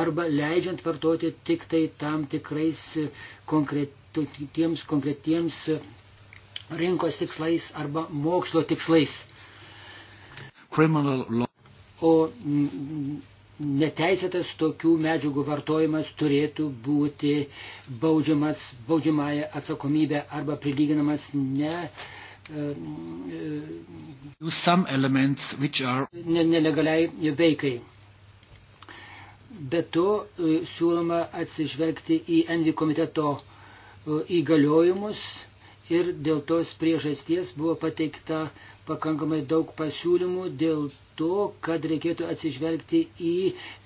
arba leidžiant vartoti tik tai tam tikrais konkretiems konkretiems rinkos tikslais arba mokslo tikslais. O mm, neteisėtas tokių medžiagų vartojimas turėtų būti baudžiamas baudžiamąją atsakomybę arba prilyginamas ne, e, e, ne nelegaliai veikai. Be to e, siūloma atsižvelgti į Envi komiteto įgaliojimus ir dėl tos priežasties buvo pateikta pakankamai daug pasiūlymų dėl to, kad reikėtų atsižvelgti į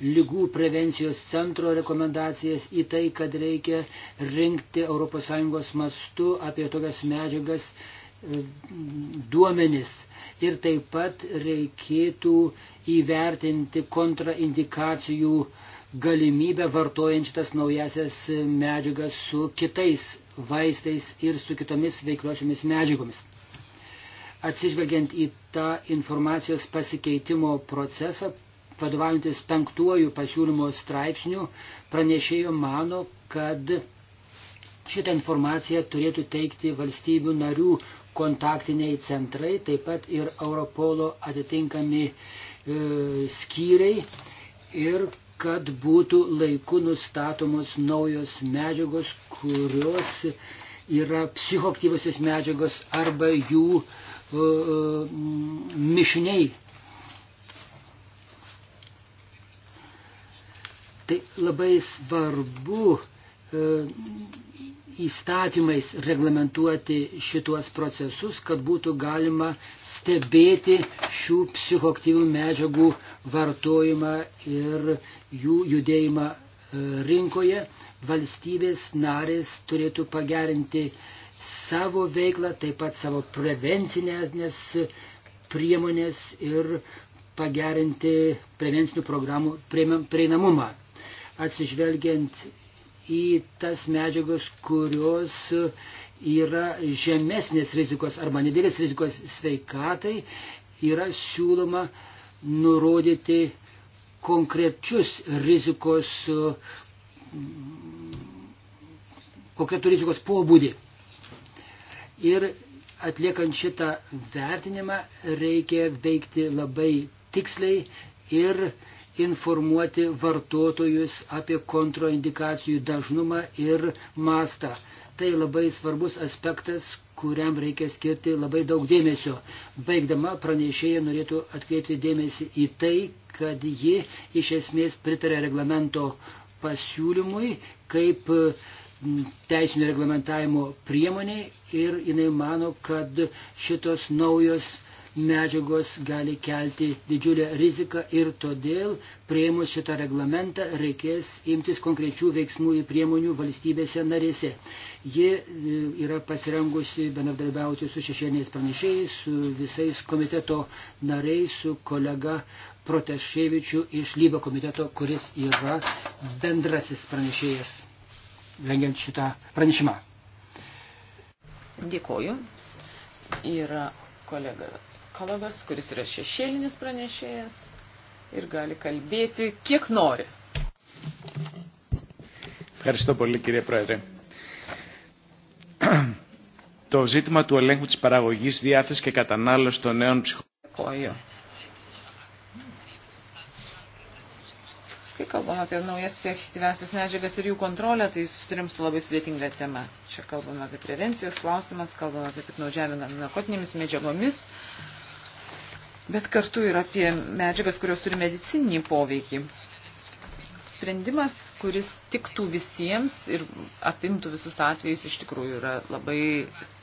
lygų prevencijos centro rekomendacijas, į tai, kad reikia rinkti ES mastu apie tokias medžiagas e, duomenis ir taip pat reikėtų įvertinti kontraindikacijų uh, galimybę vartojant šitas naujasias medžiagas su kitais vaistais ir su kitomis veikliuosiomis medžiagomis. Atsižvelgiant į tą informacijos pasikeitimo procesą, vadovaujantis penktuoju pasiūlymo straipsniu, pranešėjo mano, kad šitą informaciją turėtų teikti valstybių narių kontaktiniai centrai, taip pat ir Europolo atitinkami e, skyriai ir kad būtų laiku nustatomos naujos medžiagos, kurios yra psichoktyvusios medžiagos arba jų uh, mišiniai. Tai labai svarbu uh, E, įstatymais reglamentuoti šituos procesus, kad būtų galima stebėti šių psichoktyvių medžiagų vartojimą ir jų judėjimą e, rinkoje. Valstybės narės turėtų pagerinti savo veiklą, taip pat savo prevencinės priemonės ir pagerinti prevencinių programų prieinamumą. Atsižvelgiant į tas medžiagas, kurios yra žemesnės rizikos arba nedėlės rizikos sveikatai, yra siūloma nurodyti konkrečius rizikos, konkretų rizikos pobūdį. Ir atliekant šitą vertinimą reikia veikti labai tiksliai ir informuoti vartotojus apie kontraindikacijų dažnumą ir mastą. Tai labai svarbus aspektas, kuriam reikia skirti labai daug dėmesio. Baigdama pranešėja norėtų atkreipti dėmesį į tai, kad ji iš esmės pritarė reglamento pasiūlymui kaip teisinio reglamentavimo priemonė ir jinai mano, kad šitos naujos medžiagos gali kelti didžiulę riziką ir todėl prieimus šitą reglamentą reikės imtis konkrečių veiksmų ir priemonių valstybėse narėse. Ji e, yra pasirengusi bendradarbiauti su šešėliniais pranešėjais, su visais komiteto nariais, su kolega Protaševičiu iš Lybo komiteto, kuris yra bendrasis pranešėjas rengiant šitą pranešimą. Dėkoju. Yra kolega Nikolavas, kuris yra šešėlinis pranešėjas ir gali kalbėti kiek nori. Ευχαριστώ πολύ κύριε Πρόεδρε. Το ζήτημα του ελέγχου της παραγωγής, διάθεσης και κατανάλωσης των νέων ψυχολογικών. Kai kalbame apie naujas psichaktyviasias medžiagas ir jų kontrolę, tai susirim su labai sudėtinga tema. Čia kalbame apie prevencijos klausimas, kalbame apie piknaudžiavimą narkotinėmis medžiagomis, bet kartu ir apie medžiagas, kurios turi medicininį poveikį. Sprendimas, kuris tiktų visiems ir apimtų visus atvejus, iš tikrųjų yra labai,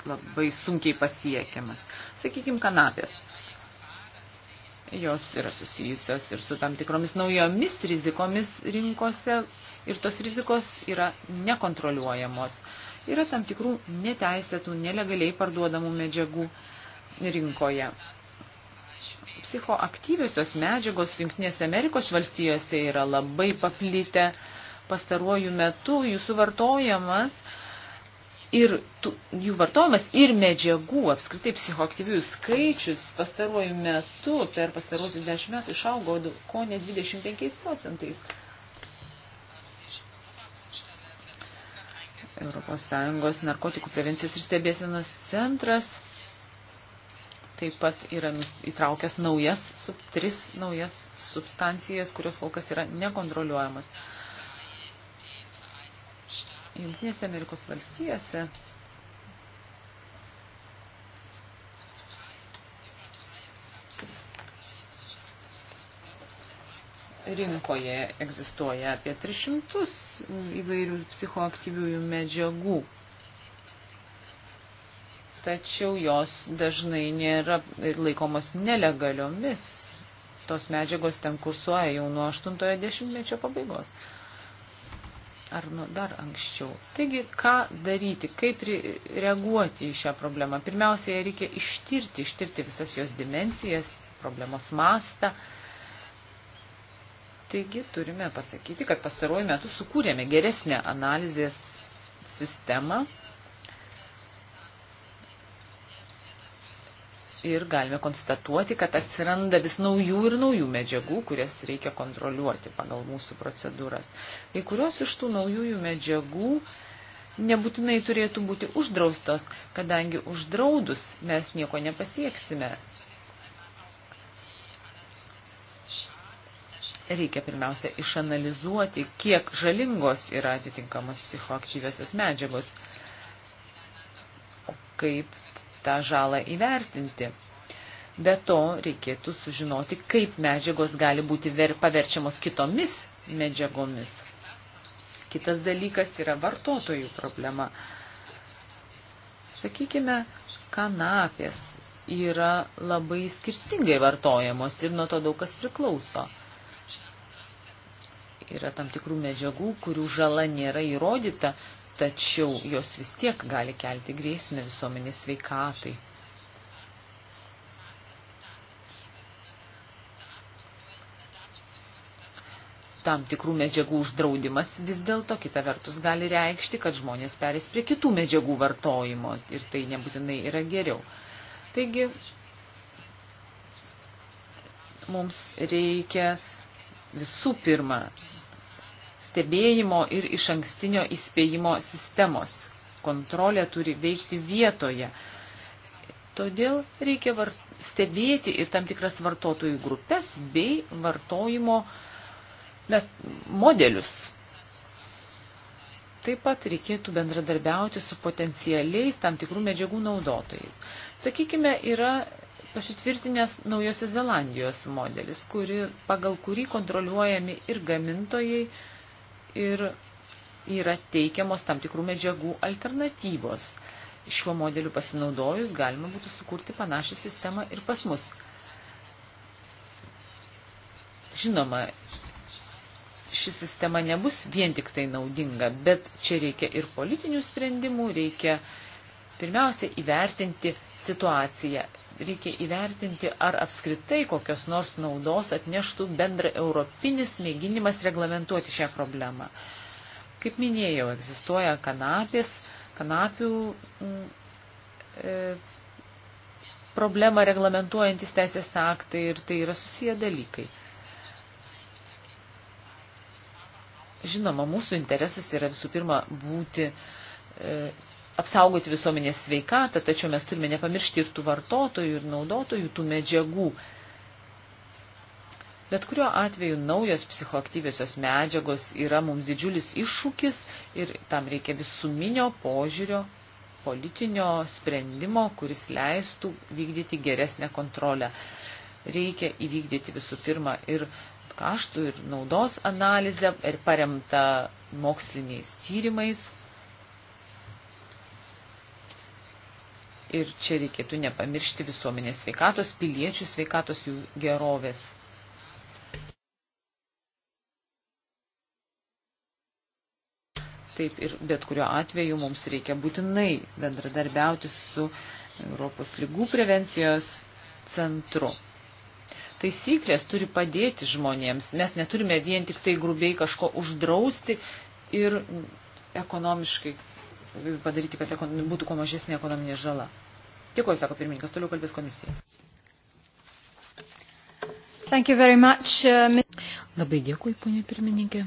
labai sunkiai pasiekiamas. Sakykime, kanapės jos yra susijusios ir su tam tikromis naujomis rizikomis rinkose ir tos rizikos yra nekontroliuojamos. Yra tam tikrų neteisėtų, nelegaliai parduodamų medžiagų rinkoje psichoaktyviosios medžiagos Junktinėse Amerikos valstijose yra labai paplitę pastaruoju metu, jų suvartojamas ir tų, jų vartojimas ir medžiagų, apskritai psichoaktyvių skaičius pastaruoju metu, per pastaruosius 10 metų išaugo ko ne 25 procentais. Europos Sąjungos narkotikų prevencijos ir stebėsenos centras taip pat yra įtraukęs naujas, sub, tris naujas substancijas, kurios kol kas yra nekontroliuojamas. Junktinėse Amerikos valstijose rinkoje egzistuoja apie 300 įvairių psichoaktyviųjų medžiagų tačiau jos dažnai nėra laikomos nelegaliomis. Tos medžiagos ten kursuoja jau nuo 80-mečio pabaigos. Ar nu, dar anksčiau. Taigi, ką daryti, kaip reaguoti į šią problemą? Pirmiausia, reikia ištirti, ištirti visas jos dimensijas, problemos mastą. Taigi turime pasakyti, kad pastaruoju metu sukūrėme geresnę analizės sistemą ir galime konstatuoti, kad atsiranda vis naujų ir naujų medžiagų, kurias reikia kontroliuoti pagal mūsų procedūras. Kai kurios iš tų naujųjų medžiagų nebūtinai turėtų būti uždraustos, kadangi uždraudus mes nieko nepasieksime. Reikia pirmiausia išanalizuoti, kiek žalingos yra atitinkamos psichoaktyviosios medžiagos, o kaip tą žalą įvertinti. Be to reikėtų sužinoti, kaip medžiagos gali būti ver, paverčiamos kitomis medžiagomis. Kitas dalykas yra vartotojų problema. Sakykime, kanapės yra labai skirtingai vartojamos ir nuo to daug kas priklauso. Yra tam tikrų medžiagų, kurių žala nėra įrodyta, tačiau jos vis tiek gali kelti grėsmę visuomenės sveikatai. Tam tikrų medžiagų uždraudimas vis dėlto kita vertus gali reikšti, kad žmonės perės prie kitų medžiagų vartojimo ir tai nebūtinai yra geriau. Taigi mums reikia visų pirma stebėjimo ir iš ankstinio įspėjimo sistemos. Kontrolė turi veikti vietoje. Todėl reikia stebėti ir tam tikras vartotojų grupės bei vartojimo modelius. Taip pat reikėtų bendradarbiauti su potencialiais tam tikrų medžiagų naudotojais. Sakykime, yra pasitvirtinęs naujosios Zelandijos modelis, kuri, pagal kurį kontroliuojami ir gamintojai, ir yra teikiamos tam tikrų medžiagų alternatyvos. Šiuo modeliu pasinaudojus galima būtų sukurti panašią sistemą ir pas mus. Žinoma, ši sistema nebus vien tik tai naudinga, bet čia reikia ir politinių sprendimų, reikia pirmiausia įvertinti situaciją reikia įvertinti, ar apskritai kokios nors naudos atneštų bendra europinis mėginimas reglamentuoti šią problemą. Kaip minėjau, egzistuoja kanapės, kanapių mm, e, problemą reglamentuojantis teisės aktai ir tai yra susiję dalykai. Žinoma, mūsų interesas yra visų pirma būti e, apsaugoti visuomenės sveikatą, tačiau mes turime nepamiršti ir tų vartotojų, ir naudotojų, tų medžiagų. Bet kuriuo atveju naujos psichoaktyviosios medžiagos yra mums didžiulis iššūkis ir tam reikia visuminio požiūrio, politinio sprendimo, kuris leistų vykdyti geresnę kontrolę. Reikia įvykdyti visų pirma ir kaštų ir naudos analizę ir paremta moksliniais tyrimais, ir čia reikėtų nepamiršti visuomenės sveikatos, piliečių sveikatos, jų gerovės. Taip ir bet kuriuo atveju mums reikia būtinai bendradarbiauti su Europos lygų prevencijos centru. Taisyklės turi padėti žmonėms. Mes neturime vien tik tai grubiai kažko uždrausti ir ekonomiškai padaryti, kad būtų kuo mažesnė ekonominė žala. Dėkuoju, sako pirmininkas, toliau kalbės komisija. Thank you very much. Uh, labai dėkui, ponė pirmininkė.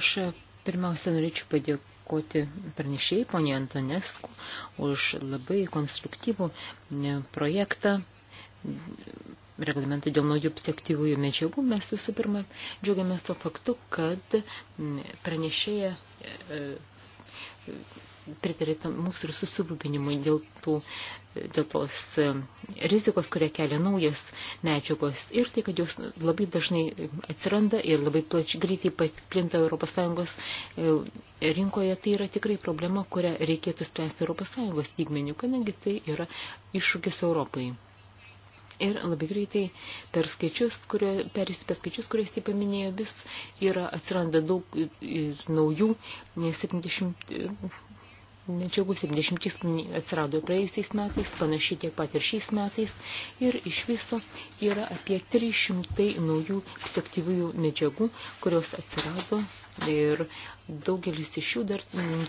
Aš uh, pirmiausia norėčiau padėkoti pranešėjai, ponė Antonesku, už labai konstruktyvų projektą reglamentą dėl naujų psichaktyvųjų medžiagų, mes visų pirma džiaugiamės to faktu, kad pranešėja e, e, pritarėte mūsų ir susirūpinimui dėl, tų, dėl tos e, rizikos, kurią kelia naujas medžiagos ir tai, kad jos labai dažnai atsiranda ir labai plačiai greitai patplinta ES e, rinkoje, tai yra tikrai problema, kurią reikėtų spręsti ES lygmenių, kadangi tai yra iššūkis Europai. Ir labai greitai per skaičius, kurio, per skaičius, kuriuos jį paminėjo, vis yra atsiranda daug e, naujų, 70 medžiagų 70 atsirado praėjusiais metais, panašiai tiek pat ir šiais metais ir iš viso yra apie 300 naujų psichaktyvių medžiagų, kurios atsirado ir daugelis iš jų dar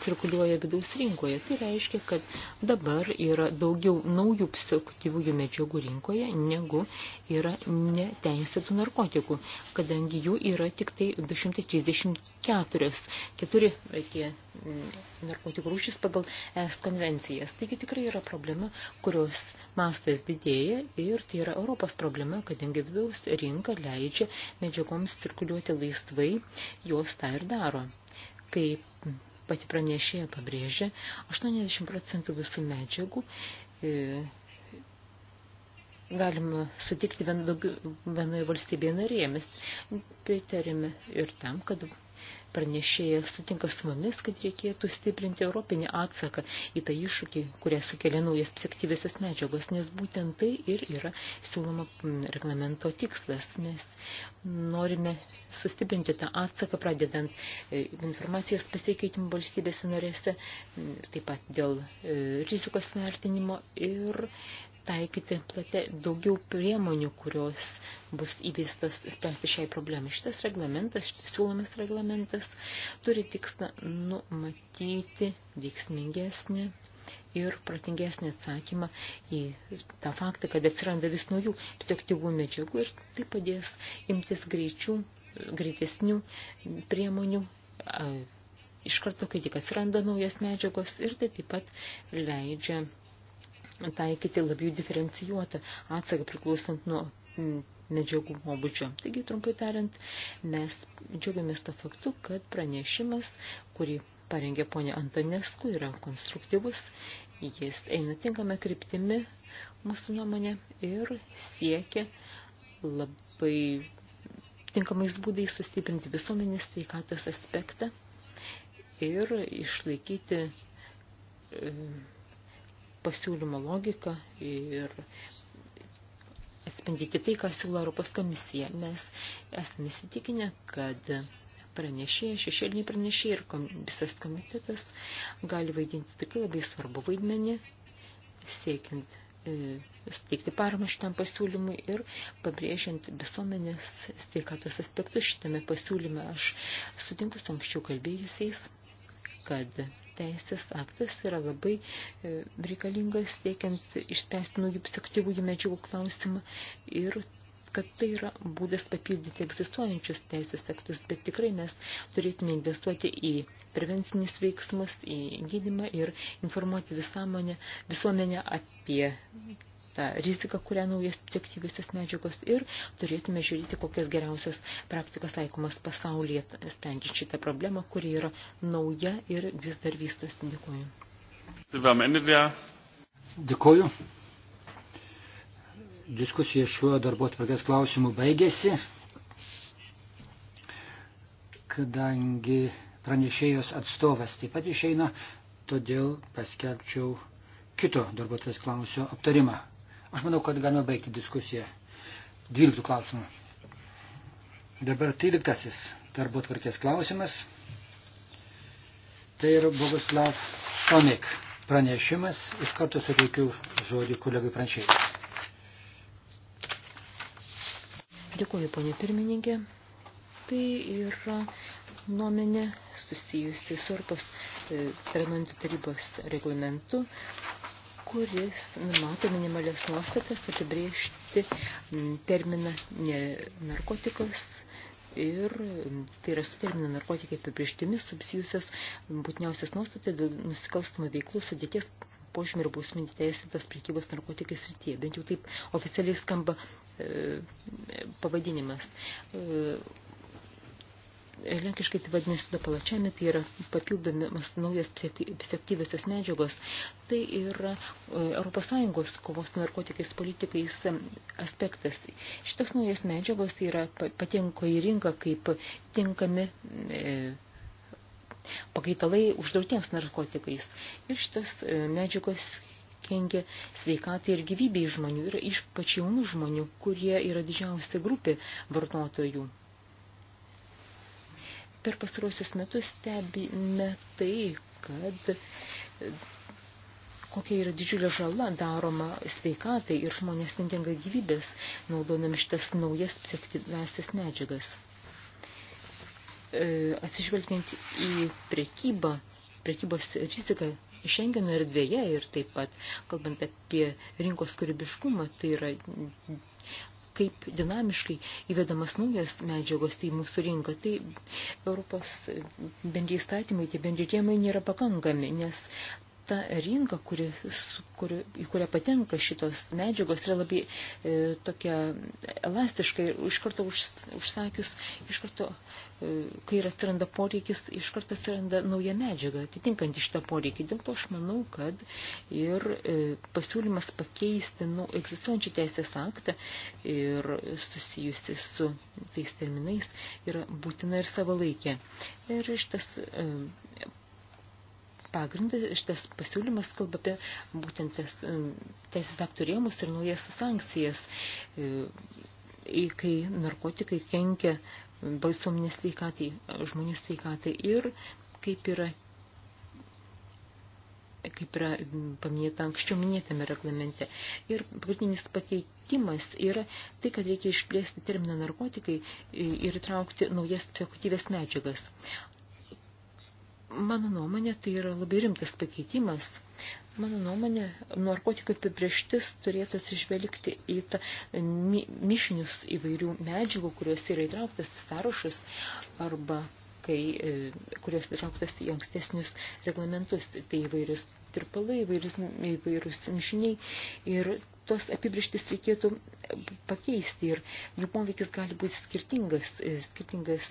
cirkuliuoja vidaus rinkoje. Tai reiškia, kad dabar yra daugiau naujų psichoaktyviųjų medžiagų rinkoje negu yra neteisėtų narkotikų, kadangi jų yra tik tai 234 keturi tie mm, narkotikų rūšis pagal ES konvencijas. Taigi tikrai yra problema, kurios mastas didėja ir tai yra Europos problema, kadangi vidaus rinka leidžia medžiagoms cirkuliuoti laisvai, jos tai ir daro. Kaip pati pranešėja pabrėžė, 80 procentų visų medžiagų e, galima sutikti vienoje valstybėje narėje. Mes pritarėme ir tam, kad pranešėjas sutinka su mumis, kad reikėtų stiprinti europinį atsaką į tą iššūkį, kurią sukelia naujas psichtyvisios medžiagos, nes būtent tai ir yra siūloma reglamento tikslas. Mes norime sustiprinti tą atsaką, pradedant e, informacijos pasikeitimu valstybėse narėse, taip pat dėl e, rizikos vertinimo ir taikyti plate daugiau priemonių, kurios bus įvestas spręsti šiai problemai. Šitas reglamentas, šitas siūlomas reglamentas turi tikslą numatyti veiksmingesnį ir protingesnį atsakymą į tą faktą, kad atsiranda vis naujų psichoktyvų medžiagų ir tai padės imtis greičių, greitesnių priemonių iš karto, kai tik atsiranda naujas medžiagos ir tai taip pat leidžia taikyti labiau diferencijuotą atsaką priklausant nuo medžiagų pobūdžio. Taigi, trumpai tariant, mes džiaugiamės to faktu, kad pranešimas, kurį parengė ponė Antonesku, yra konstruktyvus, jis eina tinkame kryptimi mūsų nuomonė ir siekia labai tinkamais būdais sustiprinti visuomenės sveikatos aspektą ir išlaikyti e, pasiūlymo logiką ir atspindyti tai, ką siūlo Europos komisija. Mes esame įsitikinę, kad pranešėjai, šešėliniai pranešėjai ir kom, visas komitetas gali vaidinti tikrai labai svarbu vaidmenį, siekiant e, suteikti paramą šitam pasiūlymui ir pabrėžiant visuomenės sveikatos aspektus šitame pasiūlyme. Aš sutinku su anksčiau kalbėjusiais, kad teisės aktas yra labai e, reikalingas siekiant išspręsti naujų psichaktyvųjų medžiagų klausimą ir kad tai yra būdas papildyti egzistuojančius teisės aktus, bet tikrai mes turėtume investuoti į prevencinius veiksmus, į gydimą ir informuoti visuomenę, visuomenę apie tą riziką, kurią naujas aktyvistas medžiagos ir turėtume žiūrėti, kokias geriausias praktikas taikomas pasaulyje, sprendžiant šitą problemą, kuri yra nauja ir vis dar vystosi. Dėkuoju. Dėkuoju. Diskusija šiuo darbo tvarkės klausimu baigėsi, kadangi pranešėjos atstovas taip pat išeina, todėl paskelbčiau kito darbo tvarkės klausimo aptarimą. Aš manau, kad galime baigti diskusiją. 12 klausimų. Dabar 13 darbo tvarkės klausimas. Tai yra Boguslav Tonik pranešimas. Iš karto suteikiu žodį kolegai prančiai. Dėkuoju, ponė pirmininkė. Tai yra nuomenė susijusi su Europos e, parlamento tarybos reglamentu kuris numato minimalias nuostatas apibriežti mm, terminą ne narkotikas ir mm, tai yra su terminu narkotikai apibrieštimis subsijusios mm, būtiniausios nuostatai dėl nusikalstamų veiklų sudėties požymį ir bausmį teisėtos prekybos narkotikais srityje. Bent jau taip oficialiai skamba e, pavadinimas. E, lenkiškai tai vadinasi dopalačiami, tai yra papildomas naujas psiaktyvisios medžiagos. Tai yra ES kovos narkotikais politikais e, aspektas. Šitas naujas medžiagos yra patenko į rinką kaip tinkami e, pakaitalai uždrautiems narkotikais. Ir šitas e, medžiagos kenkia sveikatai ir gyvybei žmonių, ir iš pačių jaunų žmonių, kurie yra didžiausia grupė vartotojų per pastarosius metus stebime tai, kad e, kokia yra didžiulė žala daroma sveikatai ir žmonės netenka gyvybės, naudodami šitas naujas psichaktyvesias medžiagas. E, atsižvelgiant į prekybą, prekybos riziką Šengeno erdvėje ir taip pat, kalbant apie rinkos kūrybiškumą, tai yra kaip dinamiškai įvedamas naujas medžiagos tai mūsų rinka. Tai Europos bendri įstatymai, tie bendri rėmai nėra pakankami, nes ta rinka, kuri, kuri, į kurią patenka šitos medžiagos, yra labai e, tokia elastiška ir iš karto už, užsakius, iš karto, e, kai yra atsiranda poreikis, iš karto atsiranda nauja medžiaga, atitinkant iš tą poreikį. Dėl to aš manau, kad ir e, pasiūlymas pakeisti nu, egzistuojančią teisės aktą ir susijusi su tais terminais yra būtina ir savalaikė. Ir šitas e, pagrindas, šitas pasiūlymas kalba apie būtent teisės aktų rėmus ir naujas sankcijas, e, kai narkotikai kenkia baisuomenės sveikatai, žmonių sveikatai ir kaip yra kaip yra paminėta anksčiau minėtame reglamente. Ir pagrindinis pakeitimas yra tai, kad reikia išplėsti terminą narkotikai ir įtraukti naujas psichotyvės medžiagas. Mano nuomonė, tai yra labai rimtas pakeitimas. Mano nuomonė, narkotikų apibrieštis turėtų atsižvelgti į tą mi mišinius įvairių medžiagų, kurios yra įtrauktas į sąrašus arba kai, e, kurios įtrauktas į ankstesnius reglamentus, tai įvairius tirpalai, įvairius, įvairius mišiniai ir tos apibrištis reikėtų pakeisti ir jų poveikis gali būti skirtingas, e, skirtingas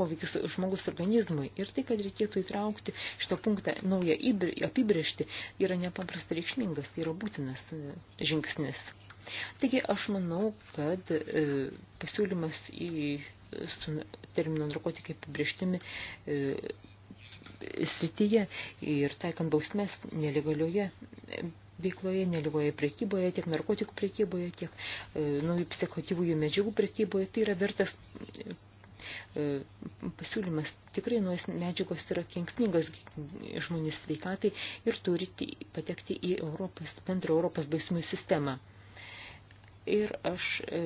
poveikis žmogus organizmui. Ir tai, kad reikėtų įtraukti šitą punktą naują apibrišti, yra nepaprastai reikšmingas, tai yra būtinas e, žingsnis. Taigi aš manau, kad pasiūlymas į su termino narkotikai apibrieštimi e, srityje ir taikant bausmės nelegalioje veikloje, nelegalioje prekyboje, tiek narkotikų prekyboje, tiek e, naujų psichotyvųjų medžiagų prekyboje. Tai yra vertas e, pasiūlymas. Tikrai nuos medžiagos yra kenksmingos žmonių sveikatai ir turi patekti į Europos, bendrą Europos baismų sistemą ir aš e,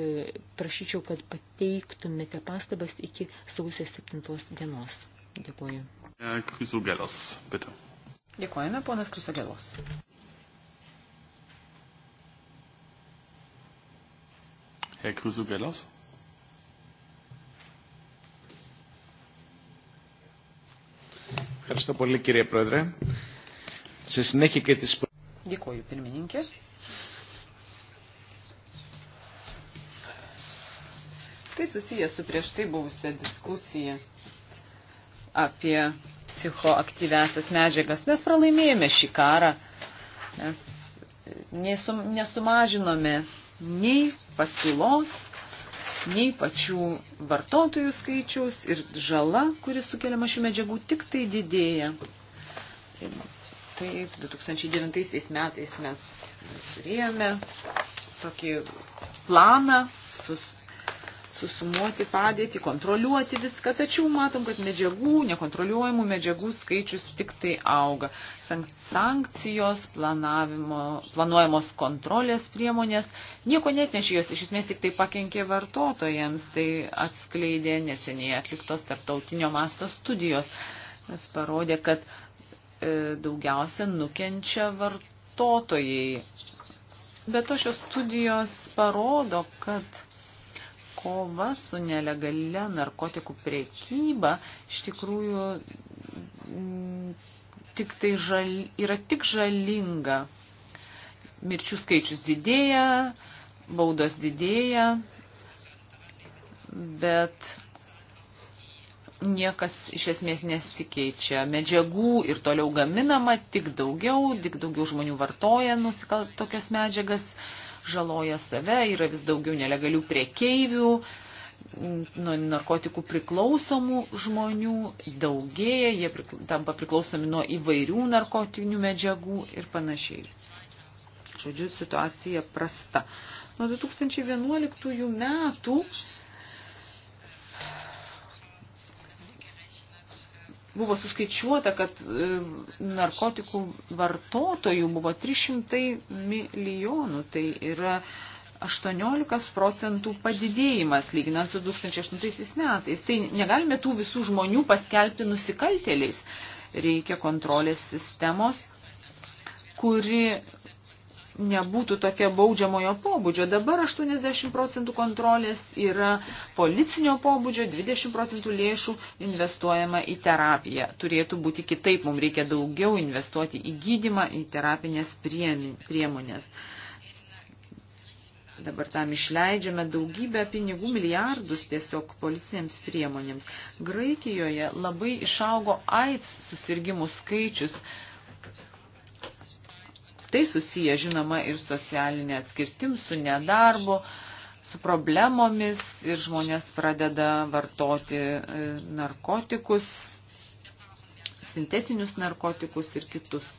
prašyčiau, kad pateiktumėte pastabas iki sausio 7 dienos. Dėkuoju. E, Krisogelos, bitte. Dėkuojame, ponas Krisogelos. Herr Krisogelos? Ευχαριστώ πολύ κύριε Πρόεδρε. Σε συνέχεια και της... Dėkuoju, pirmininkė. Tai susijęs su prieš tai buvusią diskusiją apie psichoaktyvesias medžiagas. Mes pralaimėjome šį karą, mes nesum, nesumažinome nei pasiūlos, nei pačių vartotojų skaičiaus ir žala, kuris sukeliama šių medžiagų, tik tai didėja. Tai taip, 2009 metais mes turėjome tokį planą su susumuoti padėtį, kontroliuoti viską, tačiau matom, kad medžiagų, nekontroliuojamų medžiagų skaičius tik tai auga. Sankcijos, planuojamos kontrolės priemonės, nieko netnešė jos, iš esmės tik tai pakenkė vartotojams, tai atskleidė neseniai atliktos tarptautinio masto studijos. Jos parodė, kad e, daugiausia nukenčia vartotojai. Bet to šios studijos parodo, kad kova su nelegalia narkotikų priekyba iš tikrųjų mm, tik tai žal, yra tik žalinga. Mirčių skaičius didėja, baudos didėja, bet niekas iš esmės nesikeičia. Medžiagų ir toliau gaminama tik daugiau, tik daugiau žmonių vartoja nusikal, tokias medžiagas. Uh, žaloja save, yra vis daugiau nelegalių priekeivių, nuo narkotikų priklausomų žmonių daugėja, jie prikla, tampa priklausomi nuo įvairių narkotinių medžiagų ir panašiai. Žodžiu, situacija prasta. Nuo 2011 metų buvo suskaičiuota, kad e, narkotikų vartotojų buvo 300 milijonų. Tai yra 18 procentų padidėjimas lyginant su 2008 metais. Tai negalime tų visų žmonių paskelbti nusikaltėliais. Reikia kontrolės sistemos, kuri nebūtų tokia baudžiamojo pobūdžio. Dabar 80 procentų kontrolės yra policinio pobūdžio, 20 procentų lėšų investuojama į terapiją. Turėtų būti kitaip, mums reikia daugiau investuoti į gydimą, į terapinės priemonės. Dabar tam išleidžiame daugybę pinigų, milijardus tiesiog policinėms priemonėms. Graikijoje labai išaugo AIDS susirgymų skaičius tai susiję, žinoma, ir socialinė atskirtim su nedarbo, su problemomis ir žmonės pradeda vartoti e, narkotikus, sintetinius narkotikus ir kitus.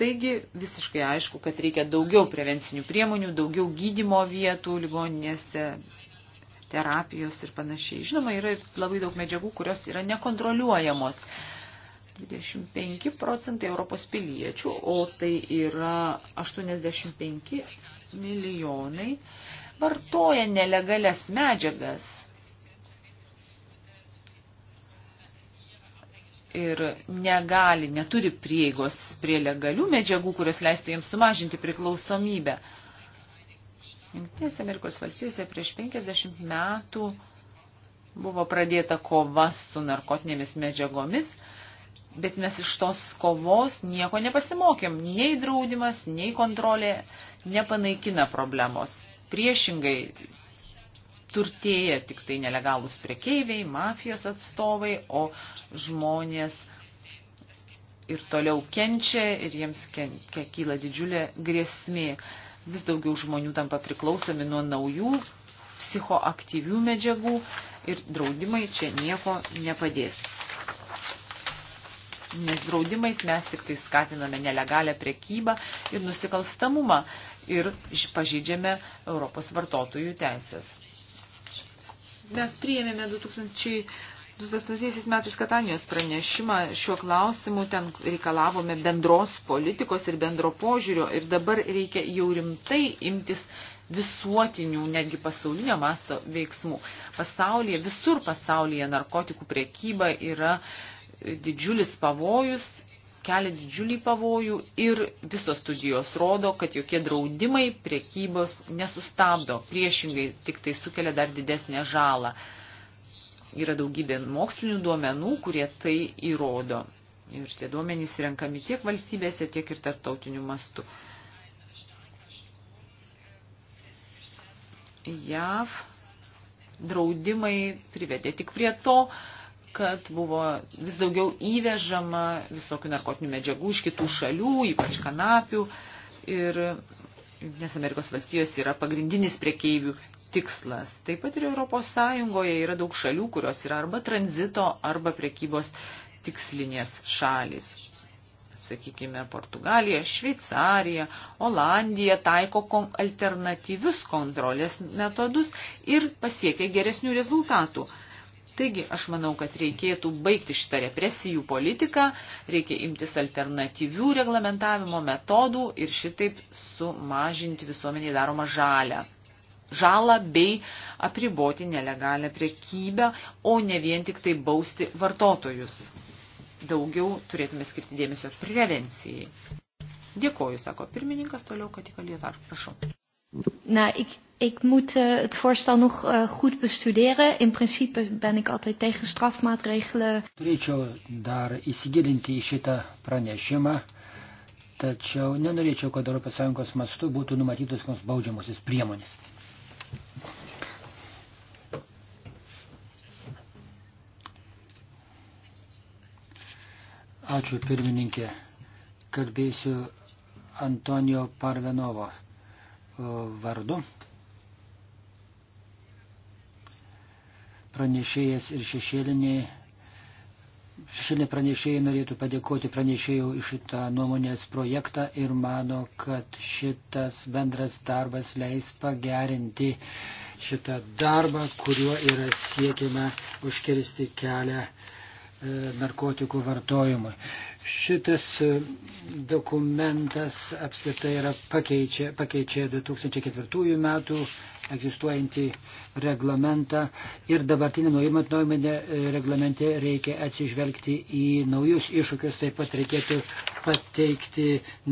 Taigi visiškai aišku, kad reikia daugiau prevencinių priemonių, daugiau gydimo vietų ligoninėse, terapijos ir panašiai. Žinoma, yra ir labai daug medžiagų, kurios yra nekontroliuojamos. 25 procentai Europos piliečių, o tai yra 85 milijonai, vartoja nelegalias medžiagas. Ir negali, neturi prieigos prie legalių medžiagų, kurios leistų jiems sumažinti priklausomybę. Junktinės Amerikos valstijose prieš 50 metų buvo pradėta kova su narkotinėmis medžiagomis Bet mes iš tos kovos nieko nepasimokėm. Nei draudimas, nei kontrolė nepanaikina problemos. Priešingai turtėja tik tai nelegalūs prekeiviai, mafijos atstovai, o žmonės ir toliau kenčia ir jiems kyla didžiulė grėsmė. Vis daugiau žmonių tampa priklausomi nuo naujų psichoaktyvių medžiagų ir draudimai čia nieko nepadės nes draudimais mes tik tai skatiname nelegalią prekybą ir nusikalstamumą ir pažydžiame Europos vartotojų teisės. Mes priėmėme 2000 2000 metais Katanijos pranešimą šiuo klausimu, ten reikalavome bendros politikos ir bendro požiūrio ir dabar reikia jau rimtai imtis visuotinių, netgi pasaulinio masto veiksmų. Pasaulyje, visur pasaulyje narkotikų priekyba yra uh, didžiulis pavojus, kelia didžiulį pavojų ir visos studijos rodo, kad jokie draudimai priekybos nesustabdo, priešingai tik tai sukelia dar didesnę žalą. Yra daugybė mokslinių duomenų, kurie tai įrodo. Ir tie duomenys renkami tiek valstybėse, tiek ir tarptautiniu mastu. JAV draudimai privedė tik prie to, kad buvo vis daugiau įvežama visokių narkotinių medžiagų iš kitų šalių, ypač kanapių. Ir Junktinės Amerikos valstijos yra pagrindinis priekeivių tikslas. Taip pat ir Europos Sąjungoje yra daug šalių, kurios yra arba tranzito, arba priekybos tikslinės šalis. Sakykime, Portugalija, Šveicarija, Olandija taiko alternatyvius kontrolės metodus ir pasiekia geresnių rezultatų. Taigi, aš manau, kad reikėtų baigti šitą represijų politiką, reikia imtis alternatyvių reglamentavimo metodų ir šitaip sumažinti visuomeniai daromą žalę žalą bei apriboti nelegalią prekybę, o ne vien tik tai bausti vartotojus. Daugiau turėtume skirti dėmesio prevencijai. Dėkoju, sako pirmininkas, toliau, kad įkalėjo dar. Prašau. Nou, ik, ik moet uh, het voorstel nog uh, goed bestuderen. In principe ben ik altijd tegen strafmaatregelen. Turėčiau dar įsigilinti į šitą pranešimą, tačiau nenorėčiau, kad ES mastu būtų numatytos kokios baudžiamosios priemonės. Ačiū pirmininkė. Kalbėsiu Antonijo Parvenovo vardu. Pranešėjas ir šešėlinė. Šešėlinė pranešėjai norėtų padėkoti pranešėjų iš šitą nuomonės projektą ir mano, kad šitas bendras darbas leis pagerinti šitą darbą, kuriuo yra siekiama užkirsti kelią uh, E, narkotikų vartojimui. Šitas e, dokumentas apskritai yra pakeičia, pakeičia 2004 metų egzistuojantį reglamentą ir dabartinį naujimą atnaujimą e, reglamente reikia atsižvelgti į naujus iššūkius, taip pat reikėtų pateikti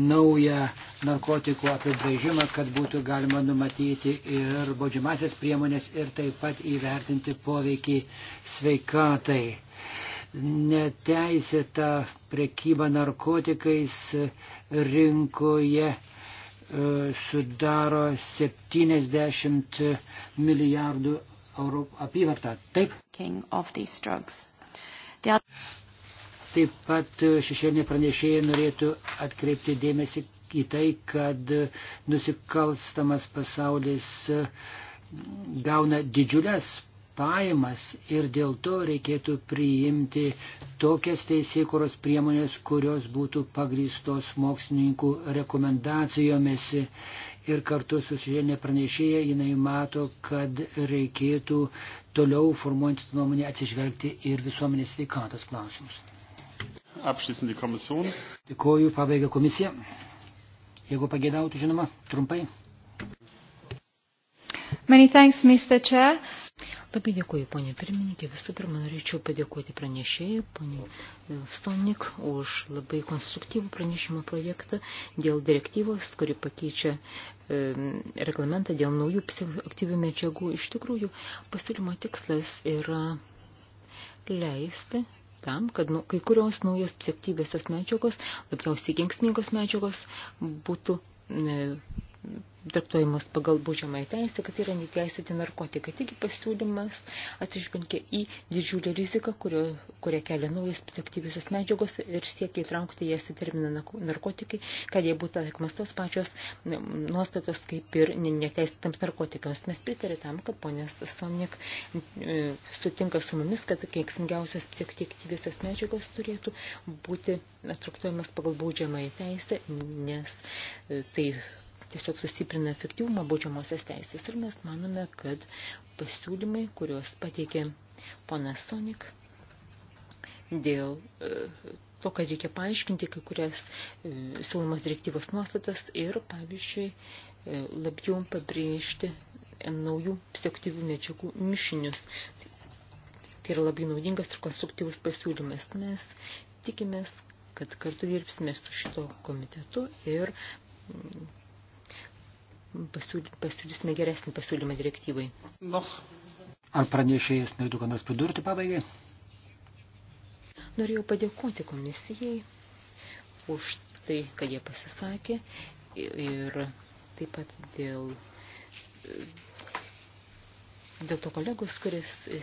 naują narkotikų apibrėžimą, kad būtų galima numatyti ir baudžiamasias priemonės ir taip pat įvertinti poveikį sveikatai neteisėta prekyba narkotikais rinkoje e, sudaro 70 milijardų eurų apyvartą. Taip. Taip pat šešėlinė pranešėja norėtų atkreipti dėmesį į tai, kad nusikalstamas pasaulis gauna didžiulės pajamas ir dėl to reikėtų priimti tokias teisėkuros priemonės, kurios būtų pagrįstos mokslininkų rekomendacijomis. Ir kartu su šiandien pranešėja jinai mato, kad reikėtų toliau formuojant nuomonę atsižvelgti ir visuomenės sveikatos klausimus. Dėkoju, pabaiga komisija. Jeigu pagėdautų, žinoma, trumpai. Many thanks, Mr. Chair. Labai dėkuoju, ponė pirmininkė. Visų pirma, norėčiau padėkoti pranešėjai, ponė Stonik, už labai konstruktyvų pranešimo projektą dėl direktyvos, kuri pakeičia e, reglamentą dėl naujų psichoaktyvių medžiagų. Iš tikrųjų, pasiūlymo tikslas yra leisti tam, kad nu, kai kurios naujos psichoaktyviosios medžiagos, labiausiai kenksmingos medžiagos, būtų e, traktuojamas pagal baudžiamąją teisę, kad yra neteisėti narkotikai. Taigi pasiūlymas atsižvelgia į didžiulę riziką, kurio, kurią kelia naujas psichaktyviusios medžiagos ir siekia įtraukti jas į terminą narkotikai, kad jie būtų taikomas tos pačios nuostatos kaip ir neteisėtams narkotikams. Mes pritarė tam, kad ponės Sonik e, sutinka su mumis, kad keiksmingiausios psichaktyviusios medžiagos turėtų būti traktuojamas pagal baudžiamąją teisę, nes e, tai tiesiog sustiprina efektyvumą baudžiamosios teisės. Ir mes manome, kad pasiūlymai, kuriuos pateikė ponas Sonik dėl e, to, kad reikia paaiškinti kai kurias e, siūlomas direktyvos nuostatas ir, pavyzdžiui, e, labiau pabrėžti naujų psichoktyvių medžiagų mišinius. Tai yra labai naudingas ir konstruktyvus pasiūlymas. Mes tikimės, kad kartu dirbsime su šito komitetu ir pasiūlysime geresnį pasiūlymą direktyvai. Nu. Ar pranešėjas norėtų ką nors pridurti pabaigai? Norėjau padėkoti komisijai už tai, kad jie pasisakė ir taip pat dėl dėl to kolegos, kuris e,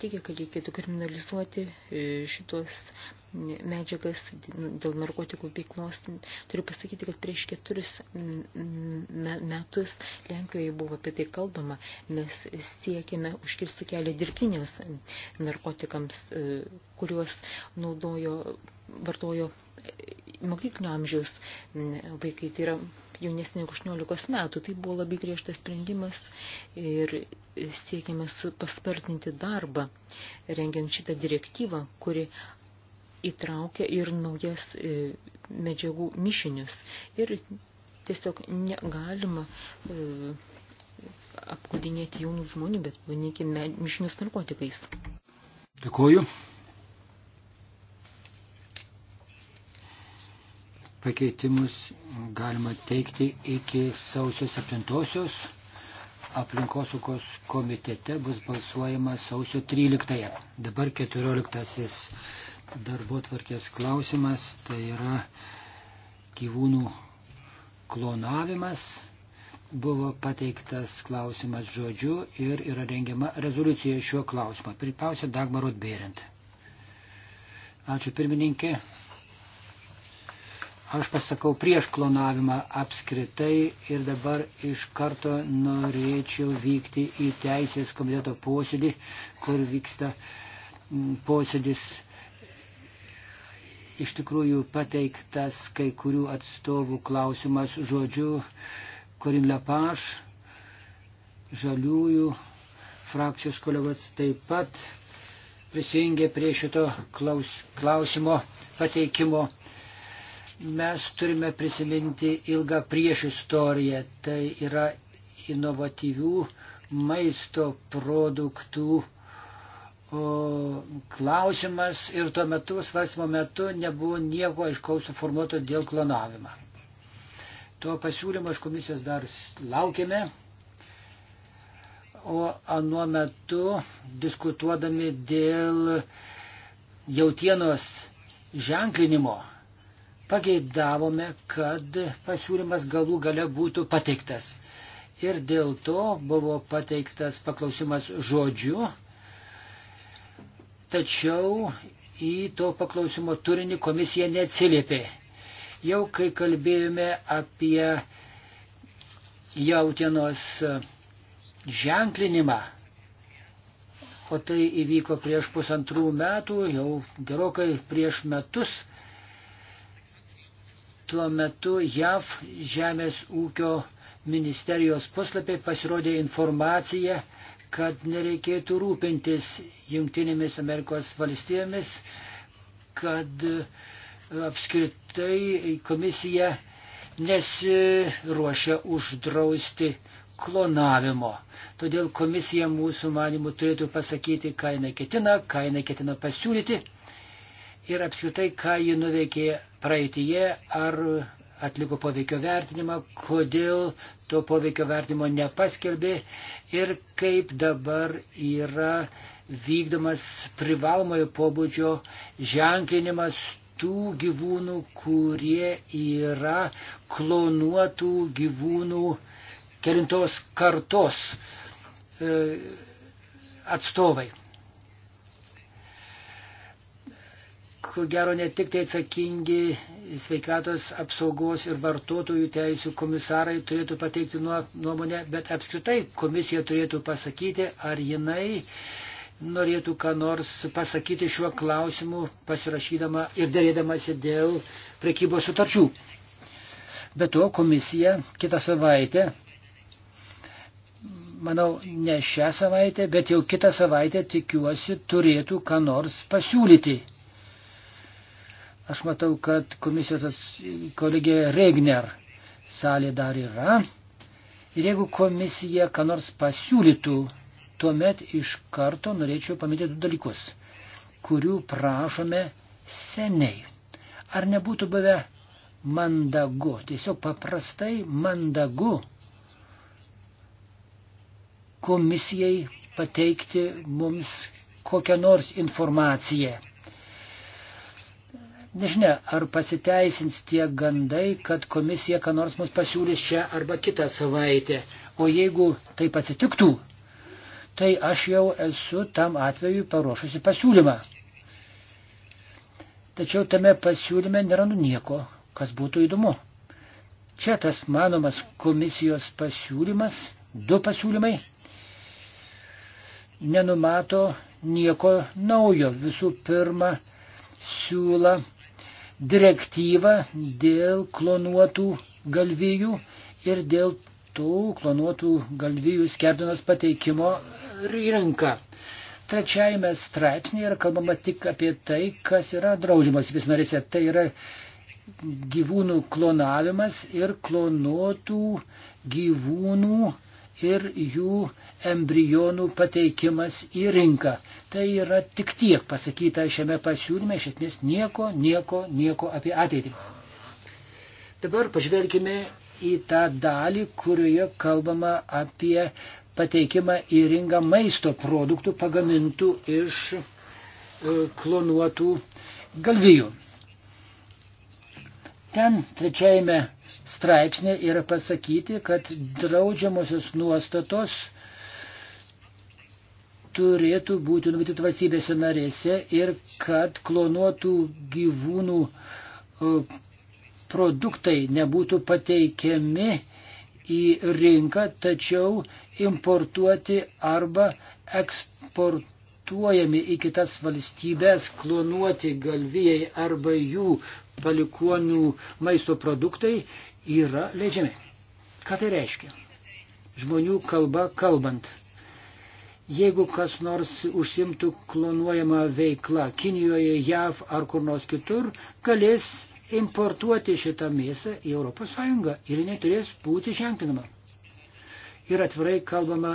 teigia, kad reikėtų kriminalizuoti e, šitos medžiagas dėl narkotikų veiklos. Turiu pasakyti, kad prieš keturis metus Lenkijoje buvo apie tai kalbama. Mes siekime užkirsti kelią dirbtinėms narkotikams, e, kuriuos naudojo, vartojo mokyklinio amžiaus vaikai, tai yra jaunesni negu 18 metų. Tai buvo labai griežtas sprendimas ir siekėme paspartinti darbą, rengiant šitą direktyvą, kuri įtraukia ir naujas e, medžiagų mišinius. Ir tiesiog negalima e, apkudinėti jaunų žmonių, bet vadinkime mišinius narkotikais. Dėkuoju. Pakeitimus galima teikti iki sausio 7-osios. Aplinkosaugos komitete bus balsuojama sausio 13-ąją. Dabar 14-asis darbo tvarkės klausimas, tai yra gyvūnų klonavimas. Buvo pateiktas klausimas žodžiu ir yra rengiama rezoliucija šiuo klausimu. Pirmiausia, Dagmarot Bėrint. Ačiū pirmininkė. Aš pasakau prieš klonavimą apskritai ir dabar iš karto norėčiau vykti į Teisės komiteto posėdį, kur vyksta posėdis. Iš tikrųjų pateiktas kai kurių atstovų klausimas žodžiu Korin Lepaš, žaliųjų frakcijos kolegos taip pat prisijungė prie šito klaus, klausimo pateikimo mes turime prisiminti ilgą prieš istoriją. Tai yra inovatyvių maisto produktų o, klausimas ir tuo metu, svarstymo metu, nebuvo nieko aiškaus suformuoto dėl klonavimą. To pasiūlymo iš komisijos dar laukiame, o anuo metu diskutuodami dėl jautienos ženklinimo pageidavome, kad pasiūlymas galų gale būtų pateiktas. Ir dėl to buvo pateiktas paklausimas žodžiu, tačiau į to paklausimo turinį komisija neatsiliepė. Jau kai kalbėjome apie jautienos ženklinimą, o tai įvyko prieš pusantrų metų, jau gerokai prieš metus, tuo metu JAV žemės ūkio ministerijos puslapiai pasirodė informacija, kad nereikėtų rūpintis Junktinėmis Amerikos valstijomis, kad apskritai komisija nesiruošia uždrausti klonavimo. Todėl komisija mūsų manimų turėtų pasakyti, ką jinai ketina, ką jinai ketina pasiūlyti ir apskritai, ką ji nuveikė praeitie, ar atliko poveikio vertinimą, kodėl to poveikio vertinimo nepaskelbė ir kaip dabar yra vykdomas privalomojo pobūdžio ženklinimas tų gyvūnų, kurie yra klonuotų gyvūnų kelintos kartos e, atstovai. ko gero ne tik tai atsakingi sveikatos apsaugos ir vartotojų teisų komisarai turėtų pateikti nuomonę, bet apskritai komisija turėtų pasakyti, ar jinai norėtų ką nors pasakyti šiuo klausimu, pasirašydama ir dėrėdamasi dėl prekybos sutarčių. Be to komisija kitą savaitę, manau, ne šią savaitę, bet jau kitą savaitę tikiuosi turėtų ką nors pasiūlyti Aš matau, kad komisijos kolegė Regner salė dar yra. Ir jeigu komisija ką nors pasiūlytų, tuomet iš karto norėčiau paminėti du dalykus, kurių prašome seniai. Ar nebūtų buvę mandagu, tiesiog paprastai mandagu komisijai pateikti mums kokią nors informaciją Nežinia, ar pasiteisins tie gandai, kad komisija ką nors mus pasiūlys čia arba kitą savaitę. O jeigu taip atsitiktų, tai aš jau esu tam atveju paruošusi pasiūlymą. Tačiau tame pasiūlyme nerandu nieko, kas būtų įdomu. Čia tas manomas komisijos pasiūlymas, du pasiūlymai, nenumato nieko naujo. Visų pirma, siūla direktyvą dėl klonuotų galvijų ir dėl tų klonuotų galvijų skerdinos pateikimo rinką. Trečiajame straipsnėje yra kalbama tik apie tai, kas yra draudžiamas vis narėse. Tai yra gyvūnų klonavimas ir klonuotų gyvūnų ir jų embrionų pateikimas į rinką. Tai yra tik tiek pasakyta šiame pasiūlyme, iš esmės nieko, nieko, nieko apie ateitį. Dabar pažvelgime į tą dalį, kurioje kalbama apie pateikimą į rinką maisto produktų pagamintų iš e, klonuotų galvijų. Ten trečiajame straipsnė yra pasakyti, kad draudžiamosios nuostatos turėtų būti numatytų valstybėse narėse ir kad klonuotų gyvūnų e, produktai nebūtų pateikiami į rinką, tačiau importuoti arba eksportuojami į kitas valstybės klonuoti galvijai arba jų palikuonių maisto produktai yra leidžiami. Ką tai reiškia? Žmonių kalba kalbant. Jeigu kas nors užsimtų klonuojama veikla Kinijoje, JAV ar kur nors kitur, galės importuoti šitą mėsą į ES ir jinai turės būti ženklinama. Ir atvirai kalbama,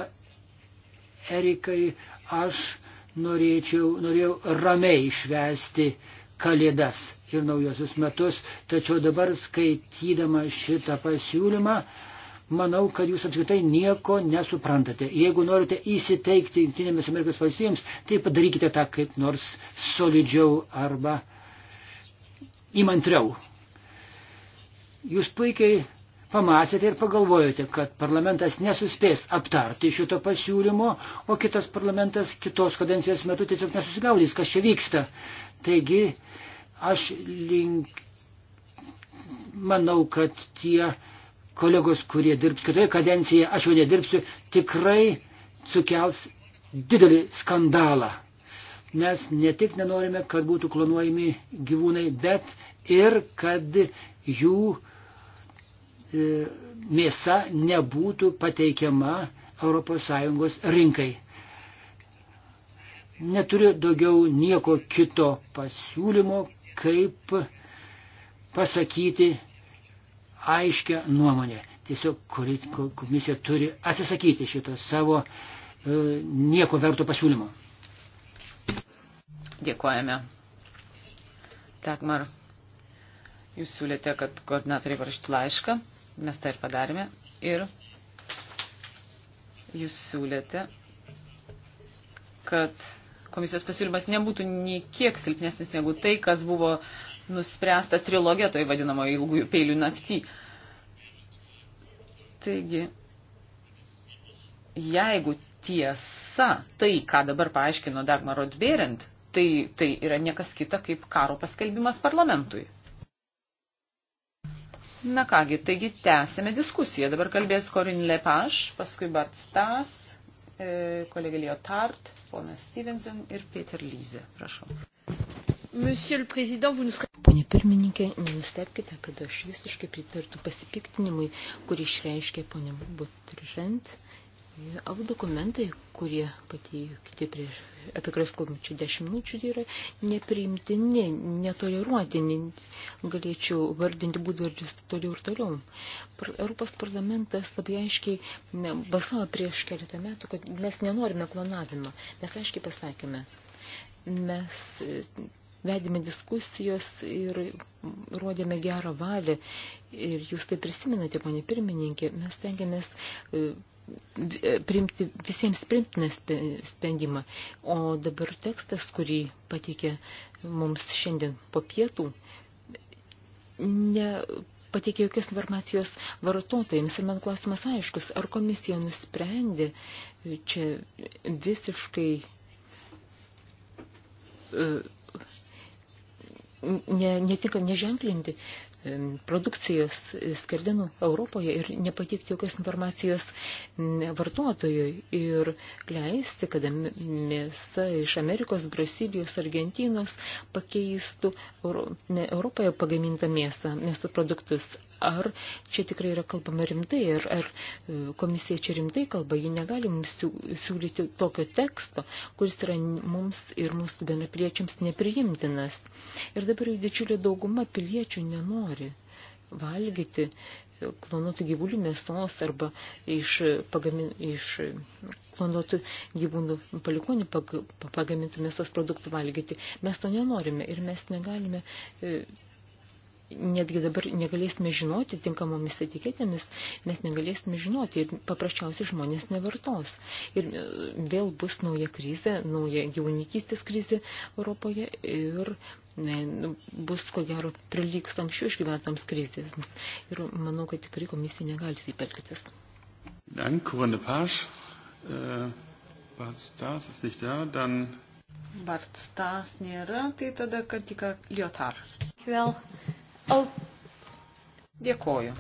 Erikai, aš norėčiau, norėjau ramiai išvesti uh, Kalėdas ir naujosius metus, tačiau dabar skaitydama šitą pasiūlymą, manau, kad jūs apskritai nieko nesuprantate. Jeigu norite įsiteikti Junktinėmis Amerikos valstybėms, tai padarykite tą kaip nors solidžiau arba įmantriau. Jūs puikiai pamastėte ir pagalvojote, kad parlamentas nesuspės aptarti šito pasiūlymo, o kitas parlamentas kitos kadencijos metu tiesiog nesusigaudys, kas čia vyksta. Taigi aš link... manau, kad tie kolegos, kurie dirbs kitoje kadencijoje, aš jau nedirbsiu, tikrai sukels didelį skandalą. Mes ne tik nenorime, kad būtų klonuojami gyvūnai, bet ir kad jų uh, E, mėsa nebūtų pateikiama ES rinkai. Neturiu daugiau nieko kito pasiūlymo, kaip pasakyti aiškę nuomonę. Tiesiog komisija turi atsisakyti šito savo e, nieko verto pasiūlymo. Dėkojame. Takmar, jūs siūlėte, kad koordinatoriai parašytų laišką. Mes tai ir padarėme. Ir jūs siūlėte, kad komisijos pasiūlymas nebūtų nei kiek silpnesnis negu tai, kas buvo nuspręsta trilogė toj vadinamoje ilgųjų peilių naktį. Taigi, jeigu tiesa tai, ką dabar paaiškino Dagmar Rodbėrent, tai, tai yra niekas kita kaip karo paskelbimas parlamentui. Na kągi, taigi tęsėme diskusiją. Dabar kalbės Korin Lepaš, paskui Bart Stas, e, kolega Leo Tart, ponas Stevenson ir Peter Lyze. Prašau. Monsieur le Président, vous nous... Pone pirmininkė, nenustepkite, kad aš visiškai pritartų pasipiktinimui, kurį išreiškė ponė Butržent Abu dokumentai, kurie pateikti prieš, apie kurias kalbame čia dešimt minučių, tai yra nepriimtini, netoleruotini. Galėčiau vardinti būdvardžius tai toliau ir toliau. Europos parlamentas labai aiškiai balsavo prieš keletą metų, kad mes nenorime klonavimo. Mes aiškiai pasakėme. Mes e, vedėme diskusijos ir rodėme gerą valią. Ir jūs tai prisiminate, ponė pirmininkė, mes tengiamės e, primti, visiems primtiną sprendimą. O dabar tekstas, kurį pateikė mums šiandien po pietų, ne pateikė jokios informacijos vartotojams. Ir man klausimas aiškus, ar komisija nusprendė čia visiškai e, ne, netinkam neženklinti produkcijos skerdinų Europoje ir nepatikti jokios informacijos vartotojui ir leisti, kada mėsa iš Amerikos, Brasilijos, Argentinos pakeistų Europoje pagamintą mėsą, mėsų produktus. Ar čia tikrai yra kalbama rimtai, ar, ar e, komisija čia rimtai kalba, ji negali mums siūlyti tokio teksto, kuris yra mums ir mūsų bendrapiliečiams nepriimtinas. Ir dabar jau didžiulė dauguma piliečių nenori nori valgyti klonuotų gyvulių mėsos arba iš, pagamin, iš klonuotų gyvūnų palikonių pag, pagamintų mėsos produktų valgyti. Mes to nenorime ir mes negalime e, netgi dabar negalėsime žinoti tinkamomis etiketėmis, mes negalėsime žinoti ir paprasčiausiai žmonės nevartos. Ir e, vėl bus nauja krizė, nauja gyvūnikystės krizė Europoje ir e, nu, bus ko gero prilygs anksčiau išgyventams krizėms. Ir manau, kad tikrai komisija negali taip elgtis. Dank, Corinne Pasch. Äh, Bart Stars ist nicht da, dann... Bart Stars nėra, tai tada, kad tik Liotar. Vėl. Well. Al... Dėkoju.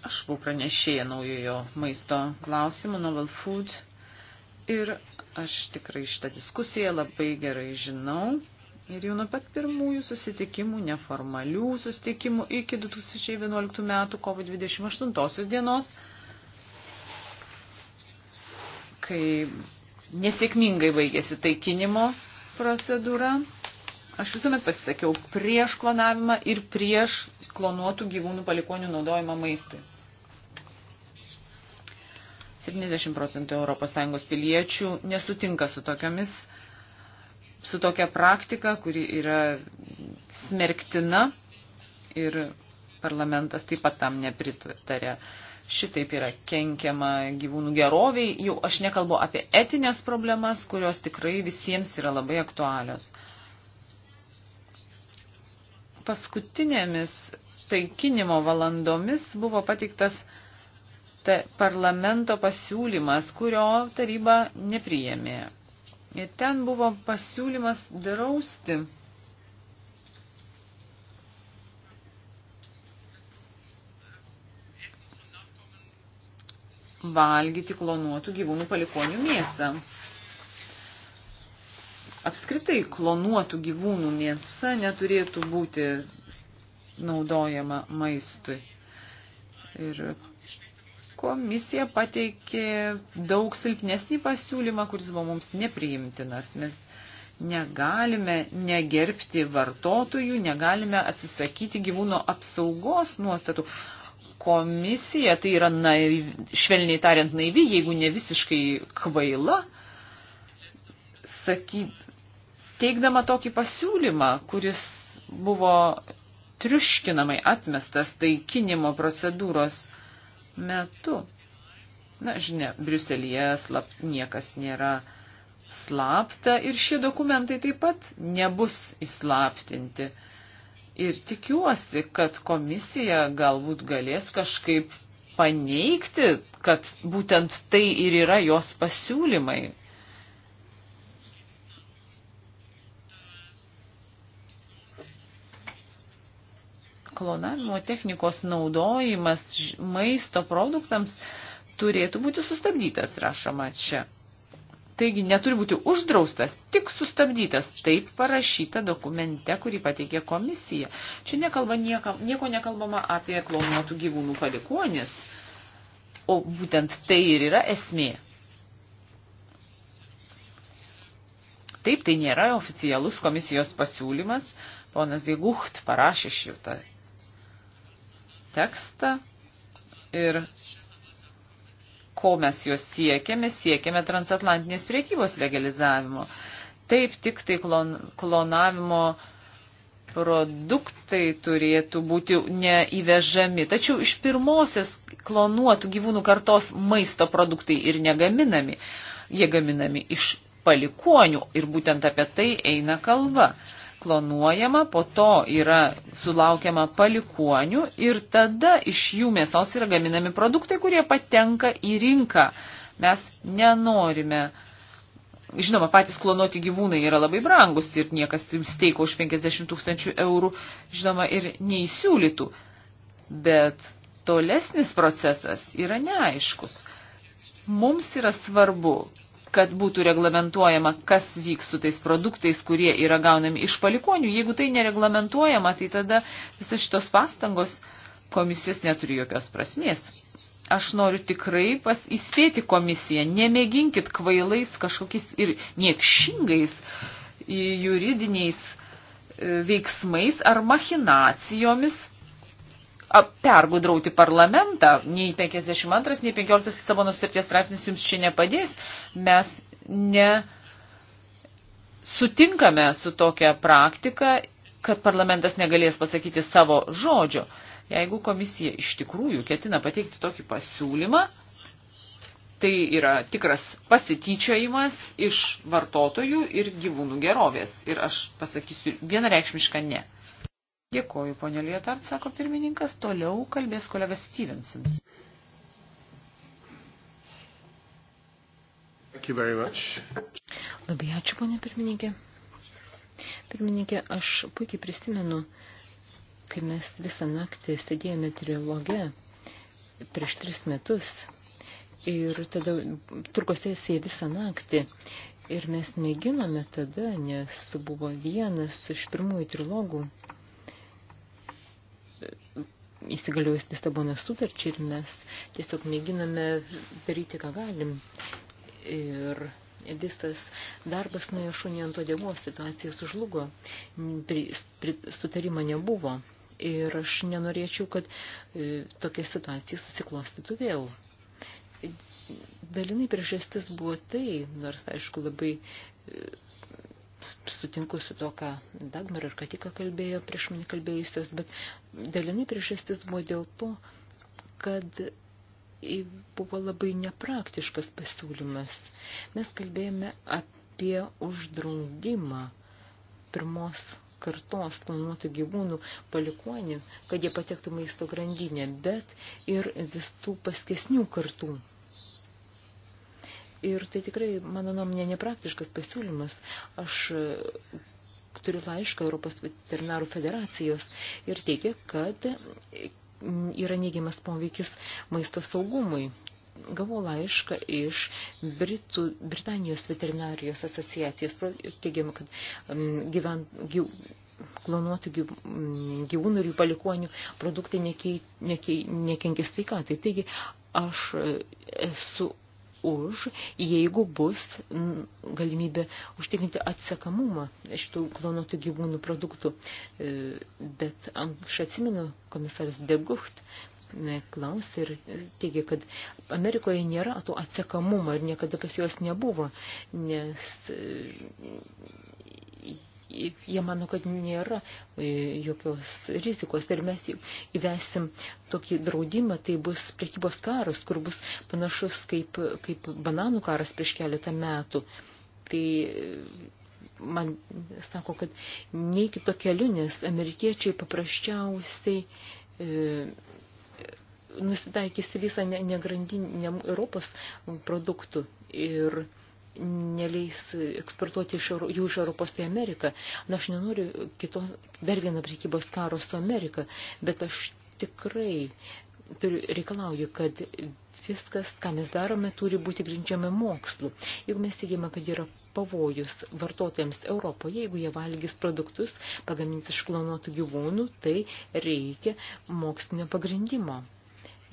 Aš buvau pranešėję naujojo maisto klausimų Novel Food ir aš tikrai šitą diskusiją labai gerai žinau. Ir jau nuo pat pirmųjų susitikimų, neformalių susitikimų iki 2011 metų kovo 28 dienos kai nesėkmingai baigėsi taikinimo procedūra. Aš visuomet pasisakiau prieš klonavimą ir prieš klonuotų gyvūnų palikonių naudojimą maistui. 70 procentų ES piliečių nesutinka su tokiamis, su tokia praktika, kuri yra smerktina ir parlamentas taip pat tam nepritarė šitaip yra kenkiama gyvūnų geroviai. Jau aš nekalbu apie etinės problemas, kurios tikrai visiems yra labai aktualios. Paskutinėmis taikinimo valandomis buvo pateiktas parlamento pasiūlymas, kurio taryba nepriėmė. Ir ten buvo pasiūlymas drausti valgyti klonuotų gyvūnų palikonių mėsą. Apskritai klonuotų gyvūnų mėsa neturėtų būti naudojama maistui. Ir komisija pateikė daug silpnesnį pasiūlymą, kuris buvo mums nepriimtinas. Mes negalime negerbti vartotojų, negalime atsisakyti gyvūno apsaugos nuostatų komisija tai yra naiv, švelniai tariant naivi, jeigu ne visiškai kvaila, sakyt, teikdama tokį pasiūlymą, kuris buvo triuškinamai atmestas taikinimo procedūros metu. Na, žinia, Briuselyje slap, niekas nėra slapta ir šie dokumentai taip pat nebus įslaptinti. Ir tikiuosi, kad komisija galbūt galės kažkaip paneigti, kad būtent tai ir yra jos pasiūlymai, klonavimo technikos naudojimas maisto produktams turėtų būti sustabdytas, rašoma čia. Taigi neturi būti uždraustas, tik sustabdytas. Taip parašyta dokumente, kurį pateikė komisija. Čia nekalba niekam, nieko nekalbama apie klonuotų gyvūnų palikonis, o būtent tai ir yra esmė. Taip, tai nėra oficialus komisijos pasiūlymas. Ponas Diegucht parašė šitą tekstą ir ko mes juos siekiame, siekiame transatlantinės priekybos legalizavimo. Taip tik tai klon, klonavimo produktai turėtų būti neįvežami. Tačiau iš pirmosios klonuotų gyvūnų kartos maisto produktai ir negaminami. Jie gaminami iš palikonių ir būtent apie tai eina kalba klonuojama, po to yra sulaukiama palikuonių ir tada iš jų mėsos yra gaminami produktai, kurie patenka į rinką. Mes nenorime. Žinoma, patys klonuoti gyvūnai yra labai brangus ir niekas steiko už 50 tūkstančių eurų, žinoma, ir neįsiūlytų. Bet tolesnis procesas yra neaiškus. Mums yra svarbu, kad būtų reglamentuojama, kas vyks su tais produktais, kurie yra gaunami iš palikonių. Jeigu tai nereglamentuojama, tai tada visas šitos pastangos komisijos neturi jokios prasmės. Aš noriu tikrai pas, įspėti komisiją, nemėginkit kvailais kažkokiais ir niekšingais juridiniais e, veiksmais ar machinacijomis pergudrauti parlamentą. Nei 52, nei 15 Lisabono sutarties straipsnis jums čia nepadės. Mes ne sutinkame su tokia praktika, kad parlamentas negalės pasakyti savo žodžio. Jeigu komisija iš tikrųjų ketina pateikti tokį pasiūlymą, tai yra tikras pasityčiojimas iš vartotojų ir gyvūnų gerovės. Ir aš pasakysiu vienareikšmišką ne. Dėkoju, ponė Lietart, sako pirmininkas. Toliau kalbės kolegas Stevenson. Labai ačiū, ponė pirmininkė. Pirmininkė, aš puikiai prisimenu, kai mes visą naktį sėdėjome trilogę prieš tris metus ir tada truko sesija visą naktį. Ir mes mėginome tada, nes buvo vienas iš pirmųjų trilogų įsigaliojus Lisabonos sutarčiai ir mes tiesiog mėginame daryti, ką galim. Ir visas darbas nuėjo šunį ant odėgos, situacija sužlugo, sutarimo nebuvo. Ir aš nenorėčiau, kad e, tokia situacija susiklostytų vėl. Dalinai priežastis buvo tai, nors aišku labai e, sutinku su to, ką Dagmar ir Katika kalbėjo prieš mane kalbėjusios, bet dalinai priežastis buvo dėl to, kad buvo labai nepraktiškas pasiūlymas. Mes kalbėjome apie uždraudimą pirmos kartos klonuotų gyvūnų palikuonį, kad jie patektų maisto grandinę, bet ir visų paskesnių kartų Ir tai tikrai, mano nuomonė, nepraktiškas pasiūlymas. Aš e, turiu laišką Europos veterinarų federacijos ir teigia, kad yra neigiamas poveikis maisto saugumui. Gavau laišką iš Britų, Britanijos veterinarijos asociacijos, teigiama, kad gyvent, gyv, klonuotų gyvūnų ir jų palikonių produktai nekei, nekei, nekenkia sveikatai. Taigi aš e, esu už, jeigu bus galimybė užtikrinti atsekamumą šitų klonotų gyvūnų produktų. E, bet aš atsimenu, komisaras Degucht e, klausė ir teigia, kad Amerikoje nėra to atsekamumo ir niekada pas juos nebuvo, nes e, jie mano, kad nėra e, jokios rizikos. Ir mes įvesim tokį draudimą, tai bus priekybos karas, kur bus panašus kaip, kaip bananų karas prieš keletą metų. Tai e, man sako, kad nei kito keliu, nes amerikiečiai paprasčiausiai e, nusitaikys visą negrandinę ne Europos produktų. Ir e, neleis eksportuoti iš, jų iš Europos į tai Ameriką. Na, aš nenoriu kito, dar vieną prekybos karo su Amerika, bet aš tikrai turiu, reikalauju, kad viskas, ką mes darome, turi būti grindžiama mokslu. Jeigu mes teigiame, kad yra pavojus vartotojams Europoje, jeigu jie valgys produktus pagaminti iš klonuotų gyvūnų, tai reikia mokslinio pagrindimo.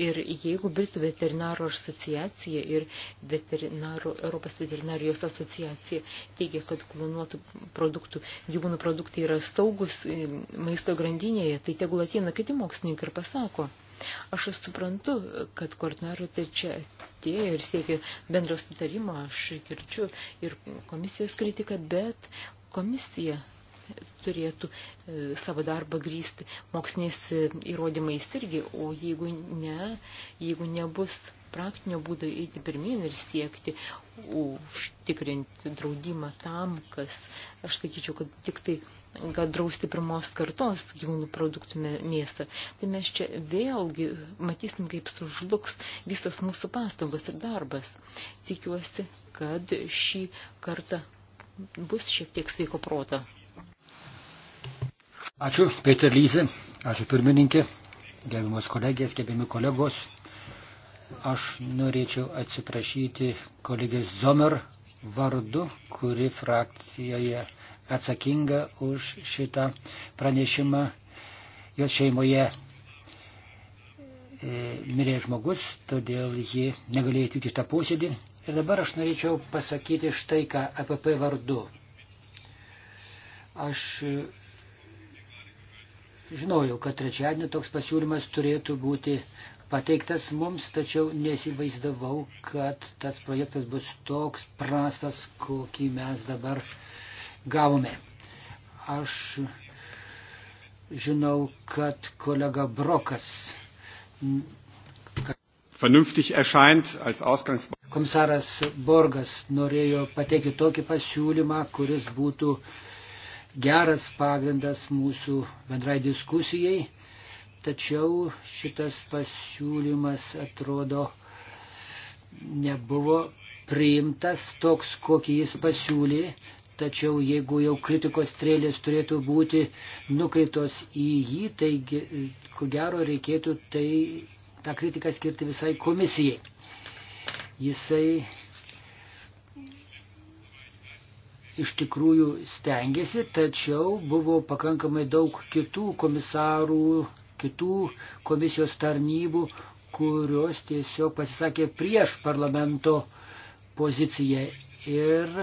Ir jeigu Britų veterinaro asociacija ir veterinaro, Europos veterinarijos asociacija teigia, kad klonuotų produktų, gyvūnų produktai yra saugus e, maisto grandinėje, tai tegul ateina kiti mokslininkai ir pasako. Aš suprantu, kad koordinatoriai tai čia atėjo ir siekia bendro sutarimo, aš kirčiu ir komisijos kritiką, bet komisija turėtų e, savo darbą grįsti moksliniais e, įrodymais irgi, o jeigu ne, jeigu nebus praktinio būdo eiti pirmin ir siekti, užtikrinti draudimą tam, kas, aš sakyčiau, kad tik tai, kad drausti pirmos kartos gyvūnų produktų mėsą, tai mes čia vėlgi matysim, kaip sužlugs visos mūsų pastangos ir darbas. Tikiuosi, kad šį kartą bus šiek tiek sveiko proto. Ačiū, Peter Lyze, ačiū pirmininkė, gerbiamas kolegės, gerbiami kolegos. Aš norėčiau atsiprašyti kolegės Zomer vardu, kuri frakcijoje atsakinga už šitą pranešimą. Jos šeimoje e, mirė žmogus, todėl ji negalėjo atvykti šitą posėdį. Ir dabar aš norėčiau pasakyti štai ką APP vardu. Aš žinojau, kad trečiadienį toks pasiūlymas turėtų būti pateiktas mums, tačiau nesivaizdavau, kad tas projektas bus toks prastas, kokį mes dabar gavome. Aš žinau, kad kolega Brokas. Vernünftig erscheint als Ausgangspunkt. Komisaras Borgas norėjo pateikti tokį pasiūlymą, kuris būtų uh, geras pagrindas mūsų bendrai diskusijai, tačiau šitas pasiūlymas atrodo nebuvo priimtas toks, kokį jis pasiūlė, tačiau jeigu jau kritikos strėlės turėtų būti nukreiptos į jį, tai ko gero reikėtų tai, tą kritiką skirti visai komisijai. Jisai iš tikrųjų stengiasi, tačiau buvo pakankamai daug kitų komisarų, kitų komisijos tarnybų, kurios tiesiog pasisakė prieš parlamento poziciją. Ir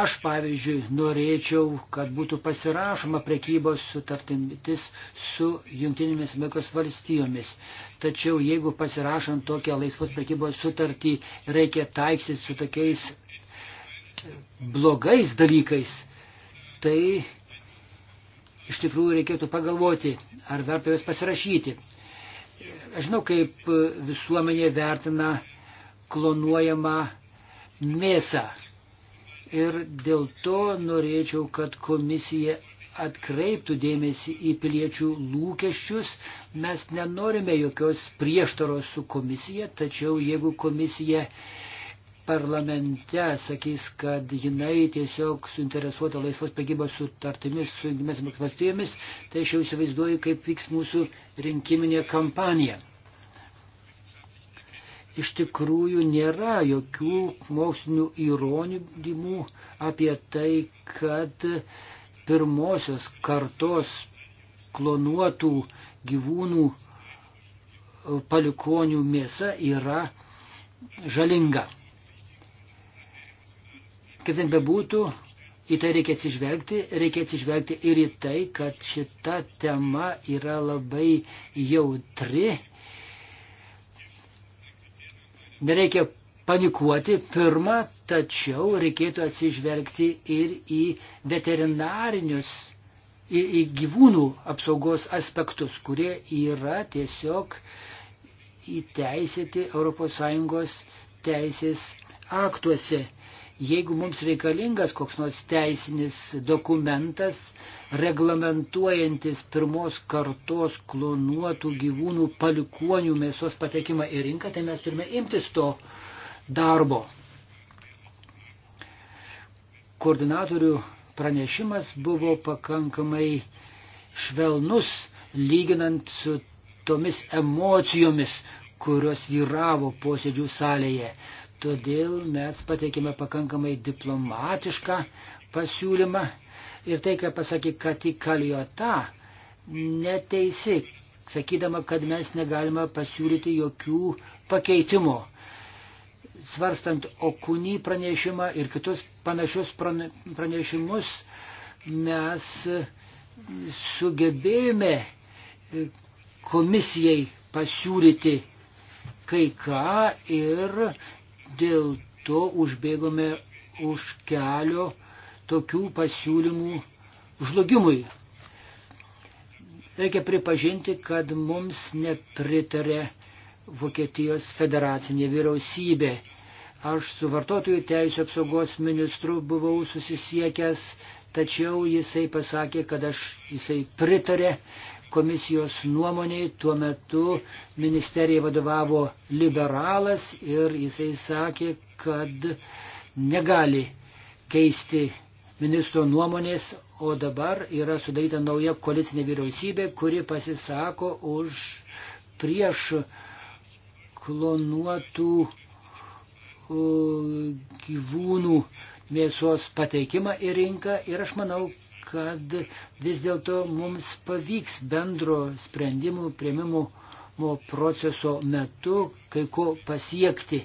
aš, pavyzdžiui, norėčiau, kad būtų pasirašoma prekybos sutartintis su Junktinėmis Amerikos valstijomis. Tačiau jeigu pasirašant tokią laisvos prekybos sutartį reikia taiksyti su tokiais blogais dalykais, tai iš tikrųjų reikėtų pagalvoti, ar verta juos pasirašyti. Aš žinau, kaip visuomenė vertina klonuojamą mėsą. Ir dėl to norėčiau, kad komisija atkreiptų dėmesį į piliečių lūkesčius. Mes nenorime jokios prieštaros su komisija, tačiau jeigu komisija parlamente sakys, kad jinai tiesiog suinteresuota laisvos prekybos sutartimis su jungtinėmis valstybėmis, tai aš jau įsivaizduoju, kaip vyks mūsų rinkiminė kampanija. Iš tikrųjų nėra jokių mokslinių įrodymų apie tai, kad pirmosios kartos klonuotų gyvūnų e, palikonių mėsa yra žalinga. Kaip ten bebūtų, į tai reikia atsižvelgti, reikia atsižvelgti ir į tai, kad šita tema yra labai jautri. Nereikia panikuoti pirmą, tačiau reikėtų atsižvelgti ir į veterinarinius, į, į gyvūnų apsaugos aspektus, kurie yra tiesiog įteisėti ES teisės aktuose Jeigu mums reikalingas koks nors teisinis dokumentas, reglamentuojantis pirmos kartos klonuotų gyvūnų palikuonių mėsos patekimą į rinką, tai mes turime imtis to darbo. Koordinatorių pranešimas buvo pakankamai švelnus, lyginant su tomis emocijomis, kurios vyravo posėdžių salėje. Todėl mes pateikėme pakankamai diplomatišką pasiūlymą ir tai, ką pasakė Katikaliota, neteisi, sakydama, kad mes negalime pasiūlyti jokių pakeitimų. Svarstant Okūnį pranešimą ir kitus panašius pranešimus, mes sugebėjome e, komisijai pasiūlyti kai ką ir dėl to užbėgome už kelio tokių pasiūlymų žlugimui. Reikia pripažinti, kad mums nepritarė Vokietijos federacinė vyriausybė. Aš su vartotojų teisų apsaugos ministru buvau susisiekęs, tačiau jisai pasakė, kad aš jisai pritarė komisijos nuomoniai. Tuo metu ministerijai vadovavo liberalas ir jisai sakė, kad negali keisti ministro nuomonės, o dabar yra sudaryta nauja koalicinė vyriausybė, kuri pasisako už prieš klonuotų gyvūnų mėsos pateikimą į rinką ir aš manau, kad vis dėlto mums pavyks bendro sprendimų prieimimo proceso metu kai ko pasiekti.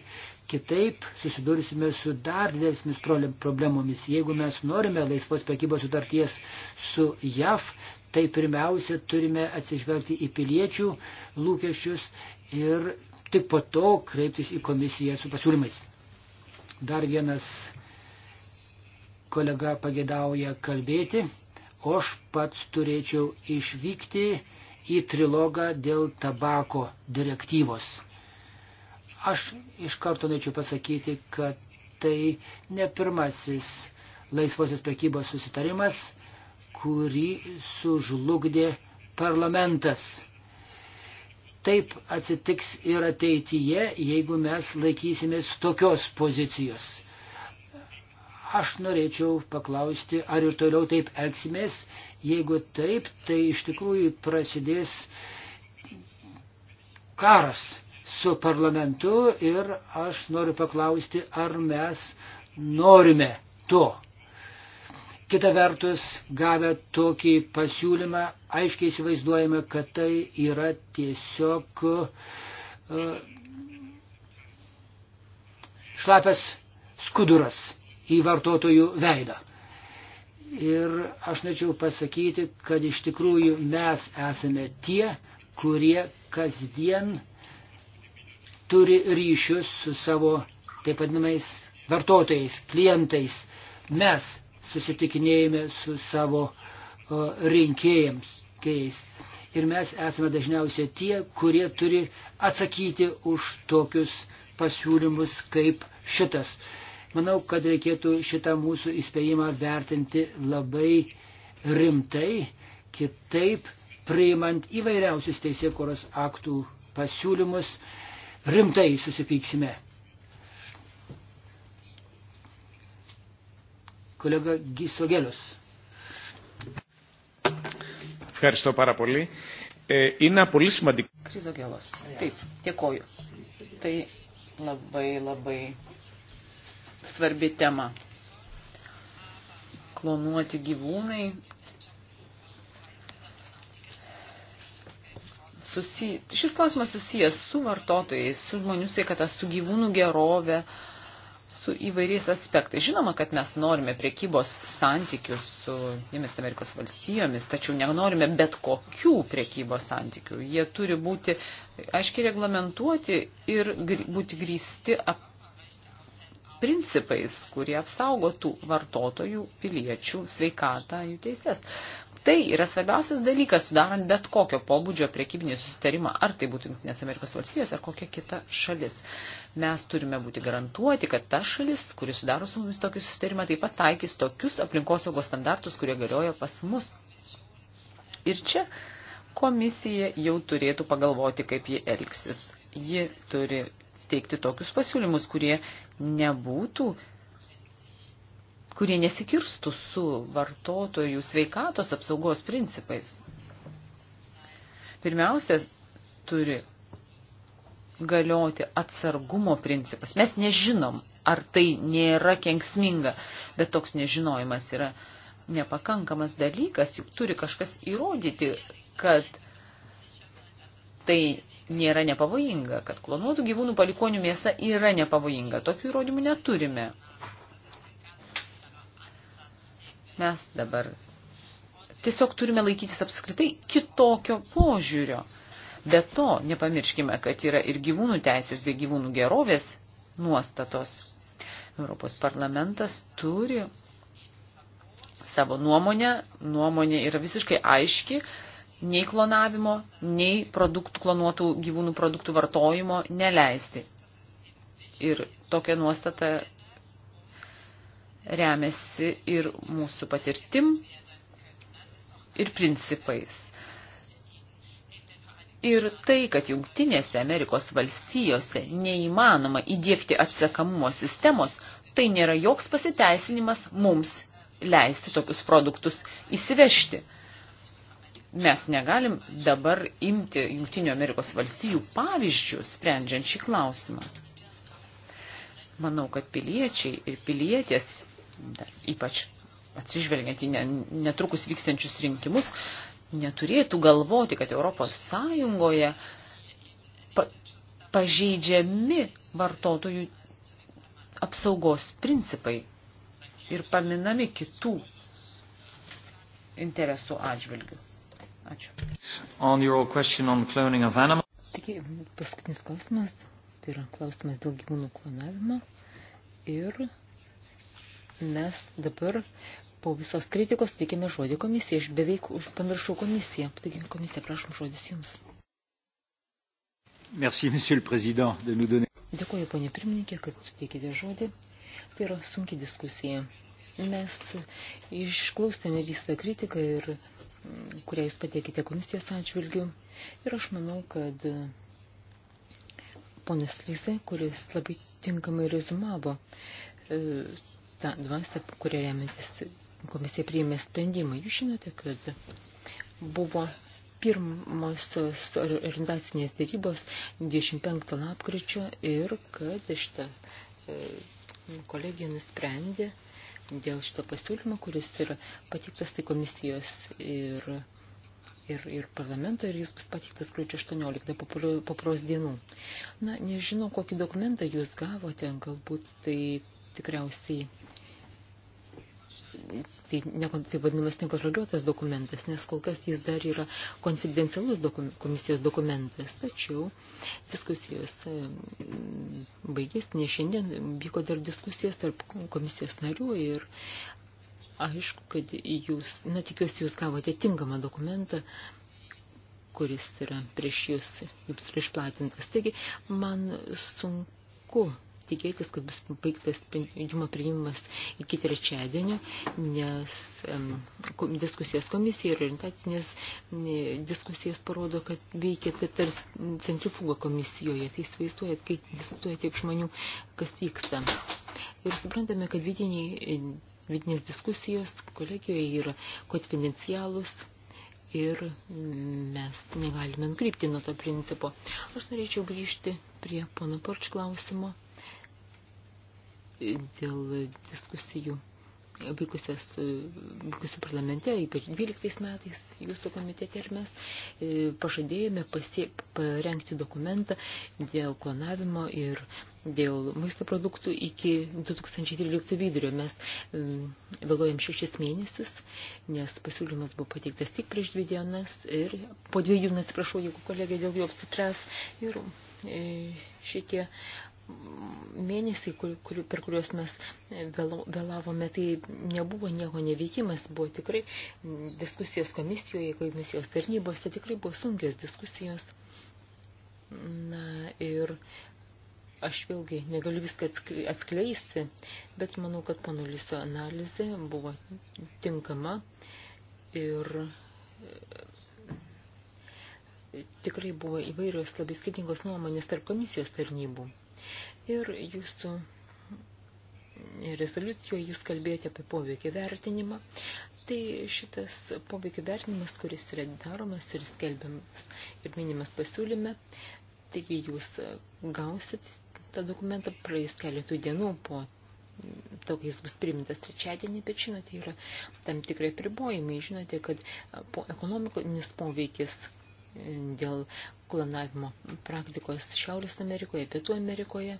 Kitaip susidursime su dar didesnėmis problemomis. Jeigu mes norime laisvos prekybos sutarties su JAV, tai pirmiausia turime atsižvelgti į piliečių lūkesčius ir tik po to kreiptis į komisiją su pasiūlymais. Dar vienas kolega pagėdauja kalbėti, o aš pats turėčiau išvykti į trilogą dėl tabako direktyvos. Aš iš karto norėčiau pasakyti, kad tai ne pirmasis laisvosios prekybos susitarimas, kurį sužlugdė parlamentas. Taip atsitiks ir ateityje, jeigu mes laikysimės tokios pozicijos. Aš norėčiau paklausti, ar ir toliau taip elgsimės. Jeigu taip, tai iš tikrųjų prasidės karas su parlamentu ir aš noriu paklausti, ar mes norime to. Kita vertus, gavę tokį pasiūlymą, aiškiai įsivaizduojame, kad tai yra tiesiog uh, šlapias skuduras į vartotojų veidą. Ir aš norėčiau pasakyti, kad iš tikrųjų mes esame tie, kurie kasdien turi ryšius su savo taip vadinamais vartotojais, klientais. Mes susitikinėjame su savo rinkėjams. Keis. Ir mes esame dažniausiai tie, kurie turi atsakyti už tokius pasiūlymus kaip šitas. Manau, kad reikėtų šitą mūsų įspėjimą vertinti labai rimtai, kitaip priimant įvairiausius teisėkoros aktų pasiūlymus, rimtai susipyksime. Kolega Gisogelius. Ευχαριστώ πάρα πολύ. Ε, είναι ένα πολύ σημαντικό. Κρυζογέλος. Taip, dėkoju. Tai labai labai svarbi tema. Klonuoti gyvūnai susi... šis klausimas susijęs su vartotojais, su žmonių sveikata, su gyvūnų gerove, su įvairiais aspektais. Žinoma, kad mes norime priekybos santykių su Jėmis Amerikos valstijomis, tačiau nenorime bet kokių priekybos santykių. Jie turi būti aiškiai reglamentuoti ir būti grįsti ap principais, kurie apsaugotų vartotojų, piliečių, sveikatą, jų teises. Tai yra svarbiausias dalykas, sudarant bet kokio pobūdžio priekybinį susitarimą, ar tai būtų Junktinės Amerikos valstijos ar kokia kita šalis. Mes turime būti garantuoti, kad ta šalis, kuri sudaro su mumis tokį susitarimą, taip pat taikys tokius aplinkosaugos standartus, kurie galioja pas mus. Ir čia komisija jau turėtų pagalvoti, kaip ji elgsis. Ji turi teikti tokius pasiūlymus, kurie nebūtų, kurie nesikirstų su vartotojų sveikatos apsaugos principais. Pirmiausia, turi galioti atsargumo principas. Mes nežinom, ar tai nėra kenksminga, bet toks nežinojimas yra nepakankamas dalykas, juk turi kažkas įrodyti, kad tai nėra nepavojinga, kad klonuotų gyvūnų palikonių mėsa yra nepavojinga. Tokių įrodymų neturime. Mes dabar tiesiog turime laikytis apskritai kitokio požiūrio. Be to, nepamirškime, kad yra ir gyvūnų teisės bei gyvūnų gerovės nuostatos. Europos parlamentas turi savo nuomonę, nuomonė yra visiškai aiški, nei klonavimo, nei produktų, klonuotų gyvūnų produktų vartojimo neleisti. Ir tokia nuostata remiasi ir mūsų patirtim, ir principais. Ir tai, kad Jungtinėse Amerikos valstijose neįmanoma įdėkti atsekamumo sistemos, tai nėra joks pasiteisinimas mums leisti tokius produktus įsivežti mes negalim dabar imti Junktinių Amerikos valstijų pavyzdžių sprendžiant šį klausimą. Manau, kad piliečiai ir pilietės, dar ypač atsižvelgiant į netrukus vyksiančius rinkimus, neturėtų galvoti, kad Europos Sąjungoje pa pažeidžiami vartotojų apsaugos principai ir paminami kitų interesų atžvilgių. Ačiū. Tik paskutinis klausimas, tai yra klausimas dėl gyvūnų klonavimo. Ir mes dabar po visos kritikos teikėme žodį komisijai. Aš beveik pamiršau komisiją. Taigi, komisija, prašom žodis jums. Merci, monsieur le président, de nous donner. Dėkuoju, ponė pirmininkė, kad suteikėte žodį. Tai yra sunki diskusija. Mes išklausėme visą kritiką ir kurią jūs pateikite komisijos atžvilgių. Ir aš manau, kad ponas Lyze, kuris labai tinkamai rezumavo e, tą dvasę, kurią remiantis komisija priėmė sprendimą. Jūs žinote, kad buvo pirmosios orientacinės dėrybos 25 lapkričio ir kad šitą e, kolegija nusprendė dėl šito pasiūlymo, kuris yra patiktas tai komisijos ir, ir, ir parlamento ir jis bus patiktas kliūčio 18 papros dienų. Na, nežinau, kokį dokumentą jūs gavote, galbūt tai tikriausiai tai, ne, tai vadinamas nekontroliuotas dokumentas, nes kol kas jis dar yra konfidencialus dokum, komisijos dokumentas, tačiau diskusijos baigės, nes šiandien vyko dar diskusijas tarp komisijos narių ir aišku, kad jūs, na tikiuosi, jūs gavote tinkamą dokumentą, kuris yra prieš jūs, jums yra išplatintas. Taigi, man sunku tikėtis, kad bus baigtas sprendimo priimimas iki trečiadienio, nes um, diskusijos komisija ir orientacinės diskusijas parodo, kad veikia tarsi centrifugo komisijoje. Tai įsivaizduojat, kai diskutuoja tiek žmonių, kas vyksta. Ir suprantame, kad vidiniai, vidinės diskusijos kolegijoje yra konfidencialus ir mm, mes negalime nukrypti nuo to principo. Aš norėčiau grįžti prie pono Porč klausimo dėl diskusijų vykusias, vykusių parlamente, ypač 12 metais jūsų komitete ir mes e, pažadėjome pasie, parengti dokumentą dėl klonavimo ir dėl maisto produktų iki 2013 vidurio. Mes e, vėluojam šešis mėnesius, nes pasiūlymas buvo pateiktas tik prieš dvi dienas ir po dviejų, atsiprašau, jeigu kolegai dėl jo apsitręs ir e, šitie mėnesiai, kur, kur, per kuriuos mes e, vėlavome, tai nebuvo nieko neveikimas, buvo tikrai diskusijos komisijoje, komisijos tarnybose, tikrai buvo sunkios diskusijos. Na ir aš vėlgi negaliu viską atskleisti, bet manau, kad panuliso analizė buvo tinkama ir e, tikrai buvo įvairios labai skirtingos nuomonės tarp komisijos tarnybų. Ir jūsų rezoliucijoje jūs kalbėjote apie poveikį vertinimą. Tai šitas poveikį vertinimas, kuris yra daromas ir skelbiamas ir minimas pasiūlyme, taigi jūs gausit tą dokumentą praeis keletų dienų po to, kai jis bus primintas trečiadienį, bet žinote, yra tam tikrai pribojimai, žinote, kad po ekonomikos poveikis dėl klonavimo praktikos Šiaurės Amerikoje, Pietų Amerikoje,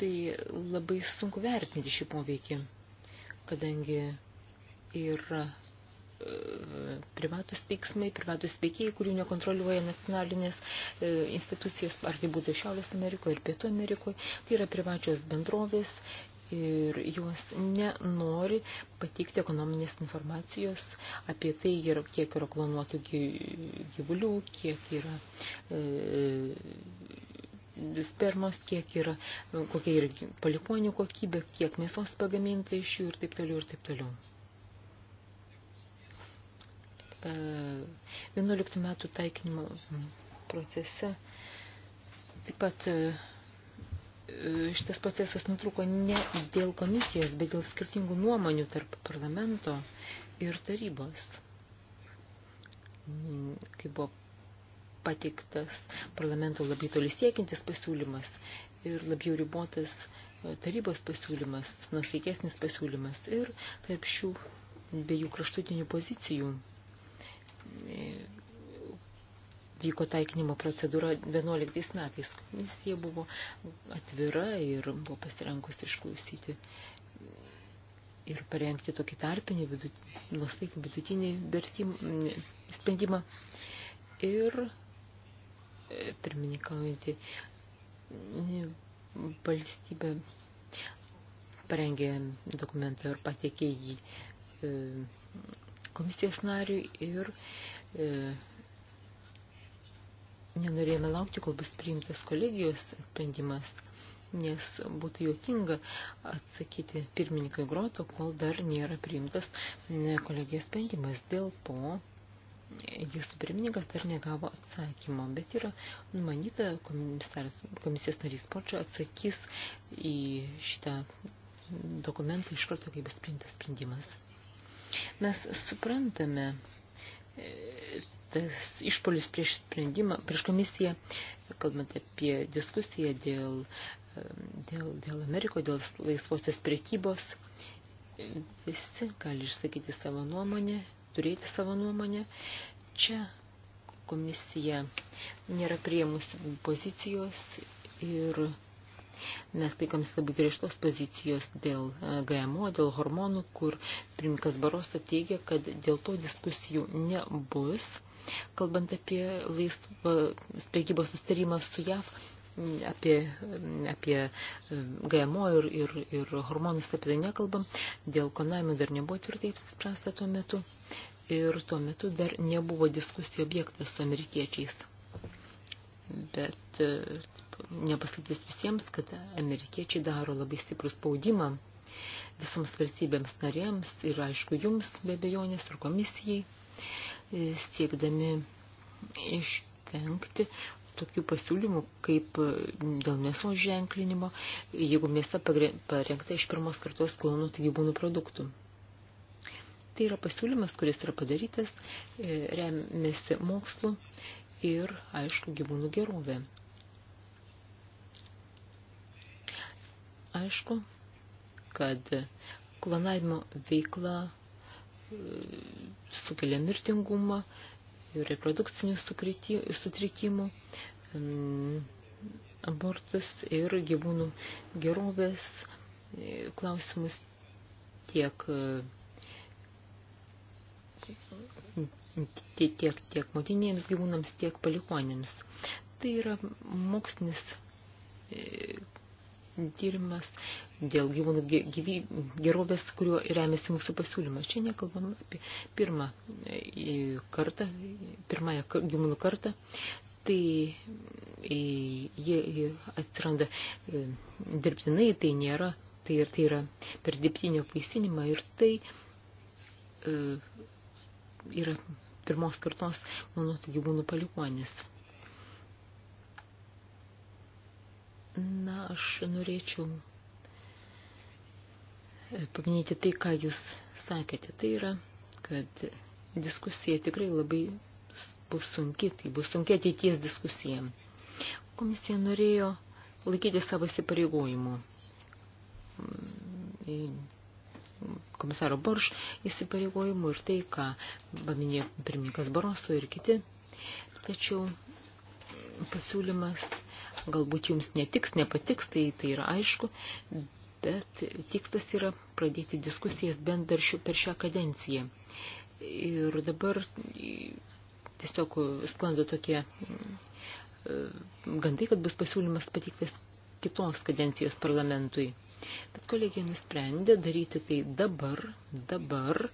tai labai sunku vertinti šį poveikį, kadangi yra e, privatus veiksmai, privatus veikėjai, kurių nekontroliuoja nacionalinės e, institucijos, ar tai būtų Šiaurės Amerikoje ir Pietų Amerikoje, tai yra privačios bendrovės ir jos nenori pateikti ekonominės informacijos apie tai, kiek yra klonuotų gyvulių, kiek yra e, spermos, kiek yra, kokia yra palikonių kokybė, kiek mėsos pagaminta iš jų ir taip toliau ir taip toliau. 11 e, metų taikinimo procese taip pat e, šitas procesas nutruko ne dėl komisijos, bet dėl skirtingų nuomonių tarp parlamento ir tarybos. Mm, kai buvo pateiktas parlamento labai toli siekintis pasiūlymas ir labiau ribotas e, tarybos pasiūlymas, nusaikesnis pasiūlymas ir tarp šių dviejų kraštutinių pozicijų e, vyko taikinimo procedūra 11 metais. Komisija buvo atvira ir buvo pasirengusi išklausyti ir parengti tokį tarpinį nuostaikį vidutinį vertimą, sprendimą. Ir e, pirmininkaujantį valstybę parengė dokumentą ir pateikė jį e, komisijos nariui ir e, nenorėjome laukti, kol bus priimtas kolegijos sprendimas, nes būtų juokinga atsakyti pirmininkui groto, kol dar nėra priimtas kolegijos sprendimas. Dėl to jūsų pirmininkas dar negavo atsakymo, bet yra manyta, komisijos narys Porčio atsakys į šitą dokumentą iš karto, kai bus priimtas sprendimas. Mes suprantame tas išpolis prieš sprendimą, prieš komisiją, kalbant apie diskusiją dėl, dėl, dėl Ameriko, dėl laisvosios priekybos, visi gali išsakyti savo nuomonę, turėti savo nuomonę. Čia komisija nėra prieimusi pozicijos ir mes laikomės labai griežtos pozicijos dėl e, GMO, dėl hormonų, kur pirmininkas Baroso teigia, kad dėl to diskusijų nebus Kalbant apie laisvą prekybos sustarimą su JAV, apie, apie e, GMO ir, ir, ir hormonus apie tai nekalbam, dėl Konami dar nebuvo tvirtai apsispręsta tuo metu ir tuo metu dar nebuvo diskusijų objektas su amerikiečiais. Bet e, nepaskaitis visiems, kad amerikiečiai daro labai stiprų spaudimą visoms valstybėms narėms ir aišku jums be bejonės ir komisijai siekdami išvengti tokių pasiūlymų kaip dėl mėsos ženklinimo, jeigu mėsa parengta iš pirmos kartos klonų tai gyvūnų produktų. Tai yra pasiūlymas, kuris yra padarytas, e, remiasi mokslu ir, aišku, gyvūnų gerovė. Aišku, kad klonavimo veikla sukelia mirtingumą, reprodukcinių sutrikimų, mm, abortus ir gyvūnų gerovės e, klausimus tiek e, tiek, tiek motinėms gyvūnams, tiek palikonėms. Tai yra mokslinis e, tyrimas dėl gyvūnų gerovės, kuriuo remiasi mūsų pasiūlymas. Čia nekalbam apie pirmą e, kartą, pirmąją gyvūnų kartą. Tai e, jie atsiranda e, dirbtinai, tai nėra, tai ir tai yra per dirbtinio apvaisinimą ir tai yra pirmos kartos, manau, gyvūnų palikonis. Na, aš norėčiau e, paminėti tai, ką jūs sakėte. Tai yra, kad diskusija tikrai labai bus sunki, tai bus sunkia ateities diskusija. Komisija norėjo laikyti savo įsipareigojimų. Mm, komisaro Borš įsipareigojimų ir tai, ką paminėjo pirmininkas Baroso ir kiti. Tačiau mm, pasiūlymas galbūt jums netiks, nepatiks, tai tai yra aišku, bet tikslas yra pradėti diskusijas bent dar šiu, per šią kadenciją. Ir dabar tiesiog sklando tokie mm, gandai, kad bus pasiūlymas patiktas kitos kadencijos parlamentui. Bet kolegija nusprendė daryti tai dabar, dabar,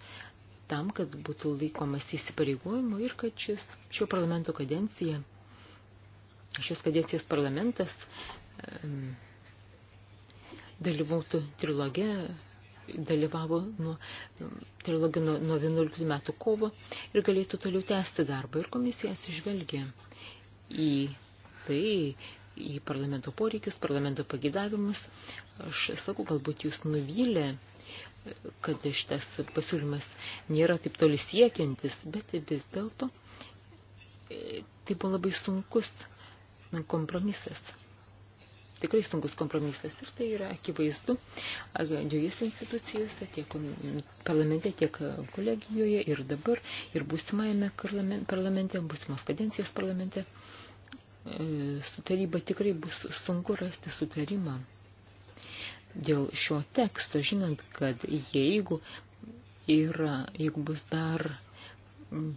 tam, kad būtų laikomas įsipareigojimo ir kad šis, šio parlamento kadencija šios kadencijos parlamentas dalyvautų trilogė, dalyvavo nuo trilogė nuo, nuo 11 metų kovo ir galėtų toliau tęsti darbą. Ir komisija atsižvelgia į tai, į parlamento poreikius, parlamento pagidavimus. Aš sakau, galbūt jūs nuvylė kad šitas pasiūlymas nėra taip toli siekiantis, bet vis dėlto e, tai buvo labai sunkus kompromisas. Tikrai sunkus kompromisas ir tai yra akivaizdu dviejose institucijose, tiek parlamente, tiek kolegijoje ir dabar, ir būsimajame parlamente, būsimos kadencijos parlamente. E, su taryba tikrai bus sunku rasti sutarimą dėl šio teksto, žinant, kad jeigu, yra, jeigu bus dar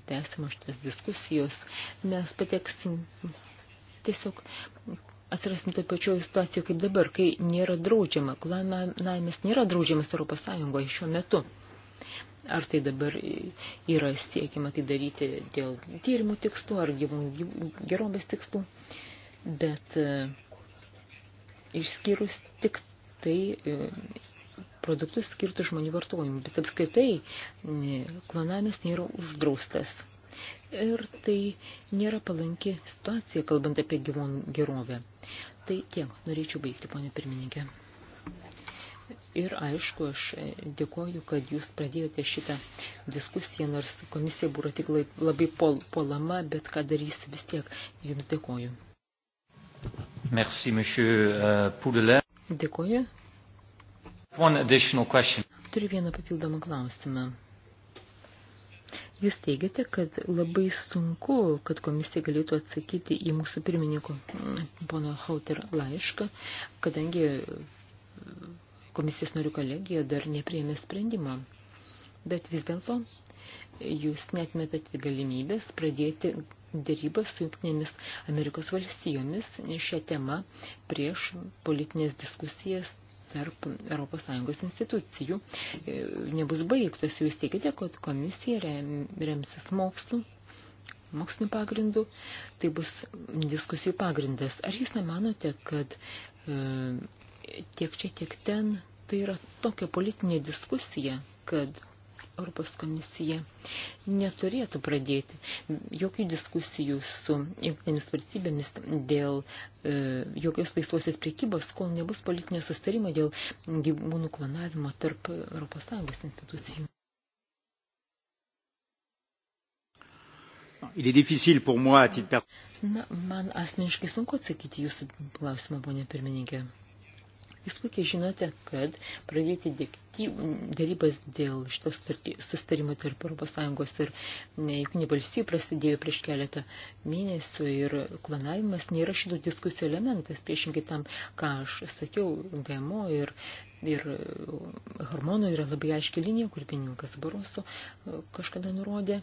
tęsiamas šitas diskusijos, mes pateksim tiesiog atsirasim toj pačioj situacijoje kaip dabar, kai nėra draudžiama, klanavimas nėra draudžiamas Europos Sąjungoje šiuo metu. Ar tai dabar yra siekiama tai daryti dėl tyrimų tikslų ar gyvūnų gerovės tikslų, bet e, išskyrus tik tai e, produktus skirtus žmonių vartojimui, bet apskaitai klonavimas nėra uždraustas ir tai nėra palanki situacija, kalbant apie gyvūnų gerovę. Tai tiek, norėčiau baigti, ponė pirmininkė. Ir aišku, aš dėkoju, kad jūs pradėjote šitą diskusiją, nors komisija buvo tik labai pol, polama, bet ką darysi vis tiek. Jums dėkoju. Merci, monsieur euh, Poudelet. Dėkoju. One additional question. Turiu vieną papildomą klausimą. Jūs teigiate, kad labai sunku, kad komisija galėtų atsakyti į mūsų pirmininko mm, pono Hauter laišką, kadangi komisijos norių kolegija dar nepriėmė sprendimą. Bet vis dėlto jūs netmetate galimybės pradėti dėrybą su Junktinėmis Amerikos valstijomis šią temą prieš politinės diskusijas tarp ES institucijų e, nebus baigtos. Jūs teikite, kad komisija rem, remsis mokslu, mokslinių pagrindų, tai bus diskusijų pagrindas. Ar jūs nemanote, kad e, tiek čia, tiek ten tai yra tokia politinė diskusija, kad Europos komisija neturėtų pradėti jokių diskusijų su jungtinėmis valstybėmis dėl e, jokios laisvosios priekybos, kol nebus politinio sustarimo dėl gyvūnų klonavimo tarp Europos Sąjungos institucijų. Il est difficile pour moi, à titre... Na, man asmeniškai sunku atsakyti jūsų klausimą, ponė pirmininkė. Jūs puikiai žinote, kad pradėti dėrybas dėl šito sustarimo tarp ES ir Junktinių valstybių prasidėjo prieš keletą mėnesių ir klonavimas nėra šitų diskusijų elementas, priešingai tam, ką aš sakiau, GMO ir, ir hormonų yra labai aiški linija, kur pininkas Baroso e, kažkada nurodė.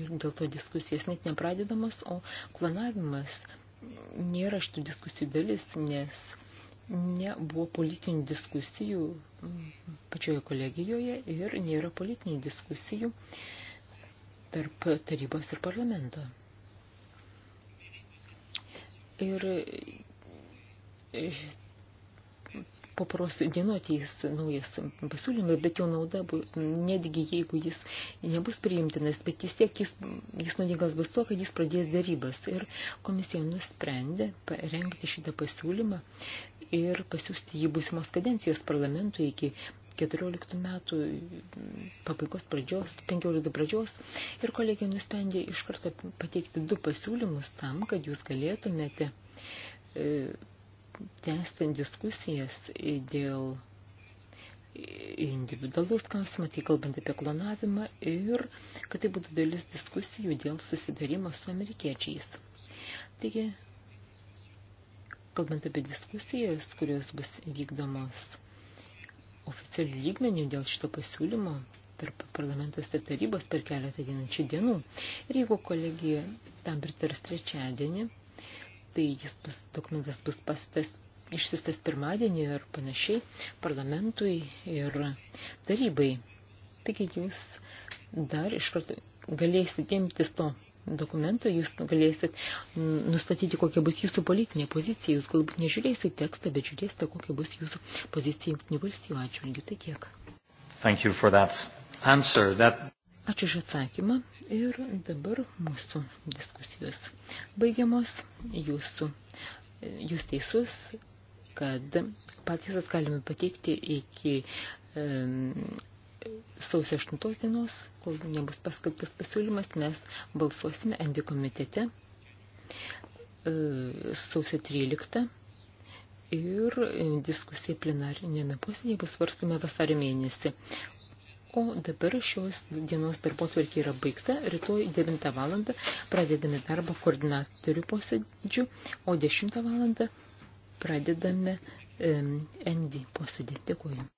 Ir dėl to diskusijas net nepradedamos, o klonavimas nėra šitų diskusijų dalis, nes nebuvo politinių diskusijų pačioje kolegijoje ir nėra politinių diskusijų tarp tarybos ir parlamento. Ir e, po poros dienų ateis naujas pasiūlymas, bet jo nauda, bu, netgi jeigu jis nebus priimtinas, bet vis tiek jis, jis nuodėgas bus tuo, kad jis pradės darybas. Ir komisija nusprendė parengti šitą pasiūlymą ir pasiūsti jį būsimos kadencijos parlamentui iki 14 metų pabaigos pradžios, 15 pradžios ir kolegija nusprendė iš karto pateikti du pasiūlymus tam, kad jūs galėtumėte e, tęsti diskusijas dėl individualaus klausimo, tai kalbant apie klonavimą ir kad tai būtų dalis diskusijų dėl susidarimo su amerikiečiais. Taigi, kalbant apie diskusijas, kurios bus vykdomos oficialių lygmenių dėl šito pasiūlymo tarp parlamentos ir tarybos per keletą dienančių dienų. Ir jeigu kolegija tam pritars trečiadienį, tai jis bus, dokumentas bus pasiūtas, išsiustas pirmadienį ir panašiai parlamentui ir tarybai. Taigi jūs dar iš karto galėsite imtis to dokumento jūs galėsit nustatyti, kokia bus jūsų politinė pozicija. Jūs galbūt nežiūrėsite tekstą, bet žiūrėsite, kokia bus jūsų pozicija jungtinių valstybių atžvilgių. Tai tiek. Thank you for that answer. That... Ačiū už atsakymą ir dabar mūsų diskusijos baigiamos. Jūsų, jūs teisus, kad patys galime pateikti iki um, sausio 8 dienos, kol nebus paskalbtas pasiūlymas, mes balsuosime ND komitete e, sausio 13 ir diskusija plenarinėme posėdėje bus svarstama vasario mėnesį. O dabar šios dienos darbo tvarkė yra baigta. Rytoj 9 valandą pradedame darbą koordinatorių posėdžių, o 10 valandą pradedame ND posėdį. Dėkuoju.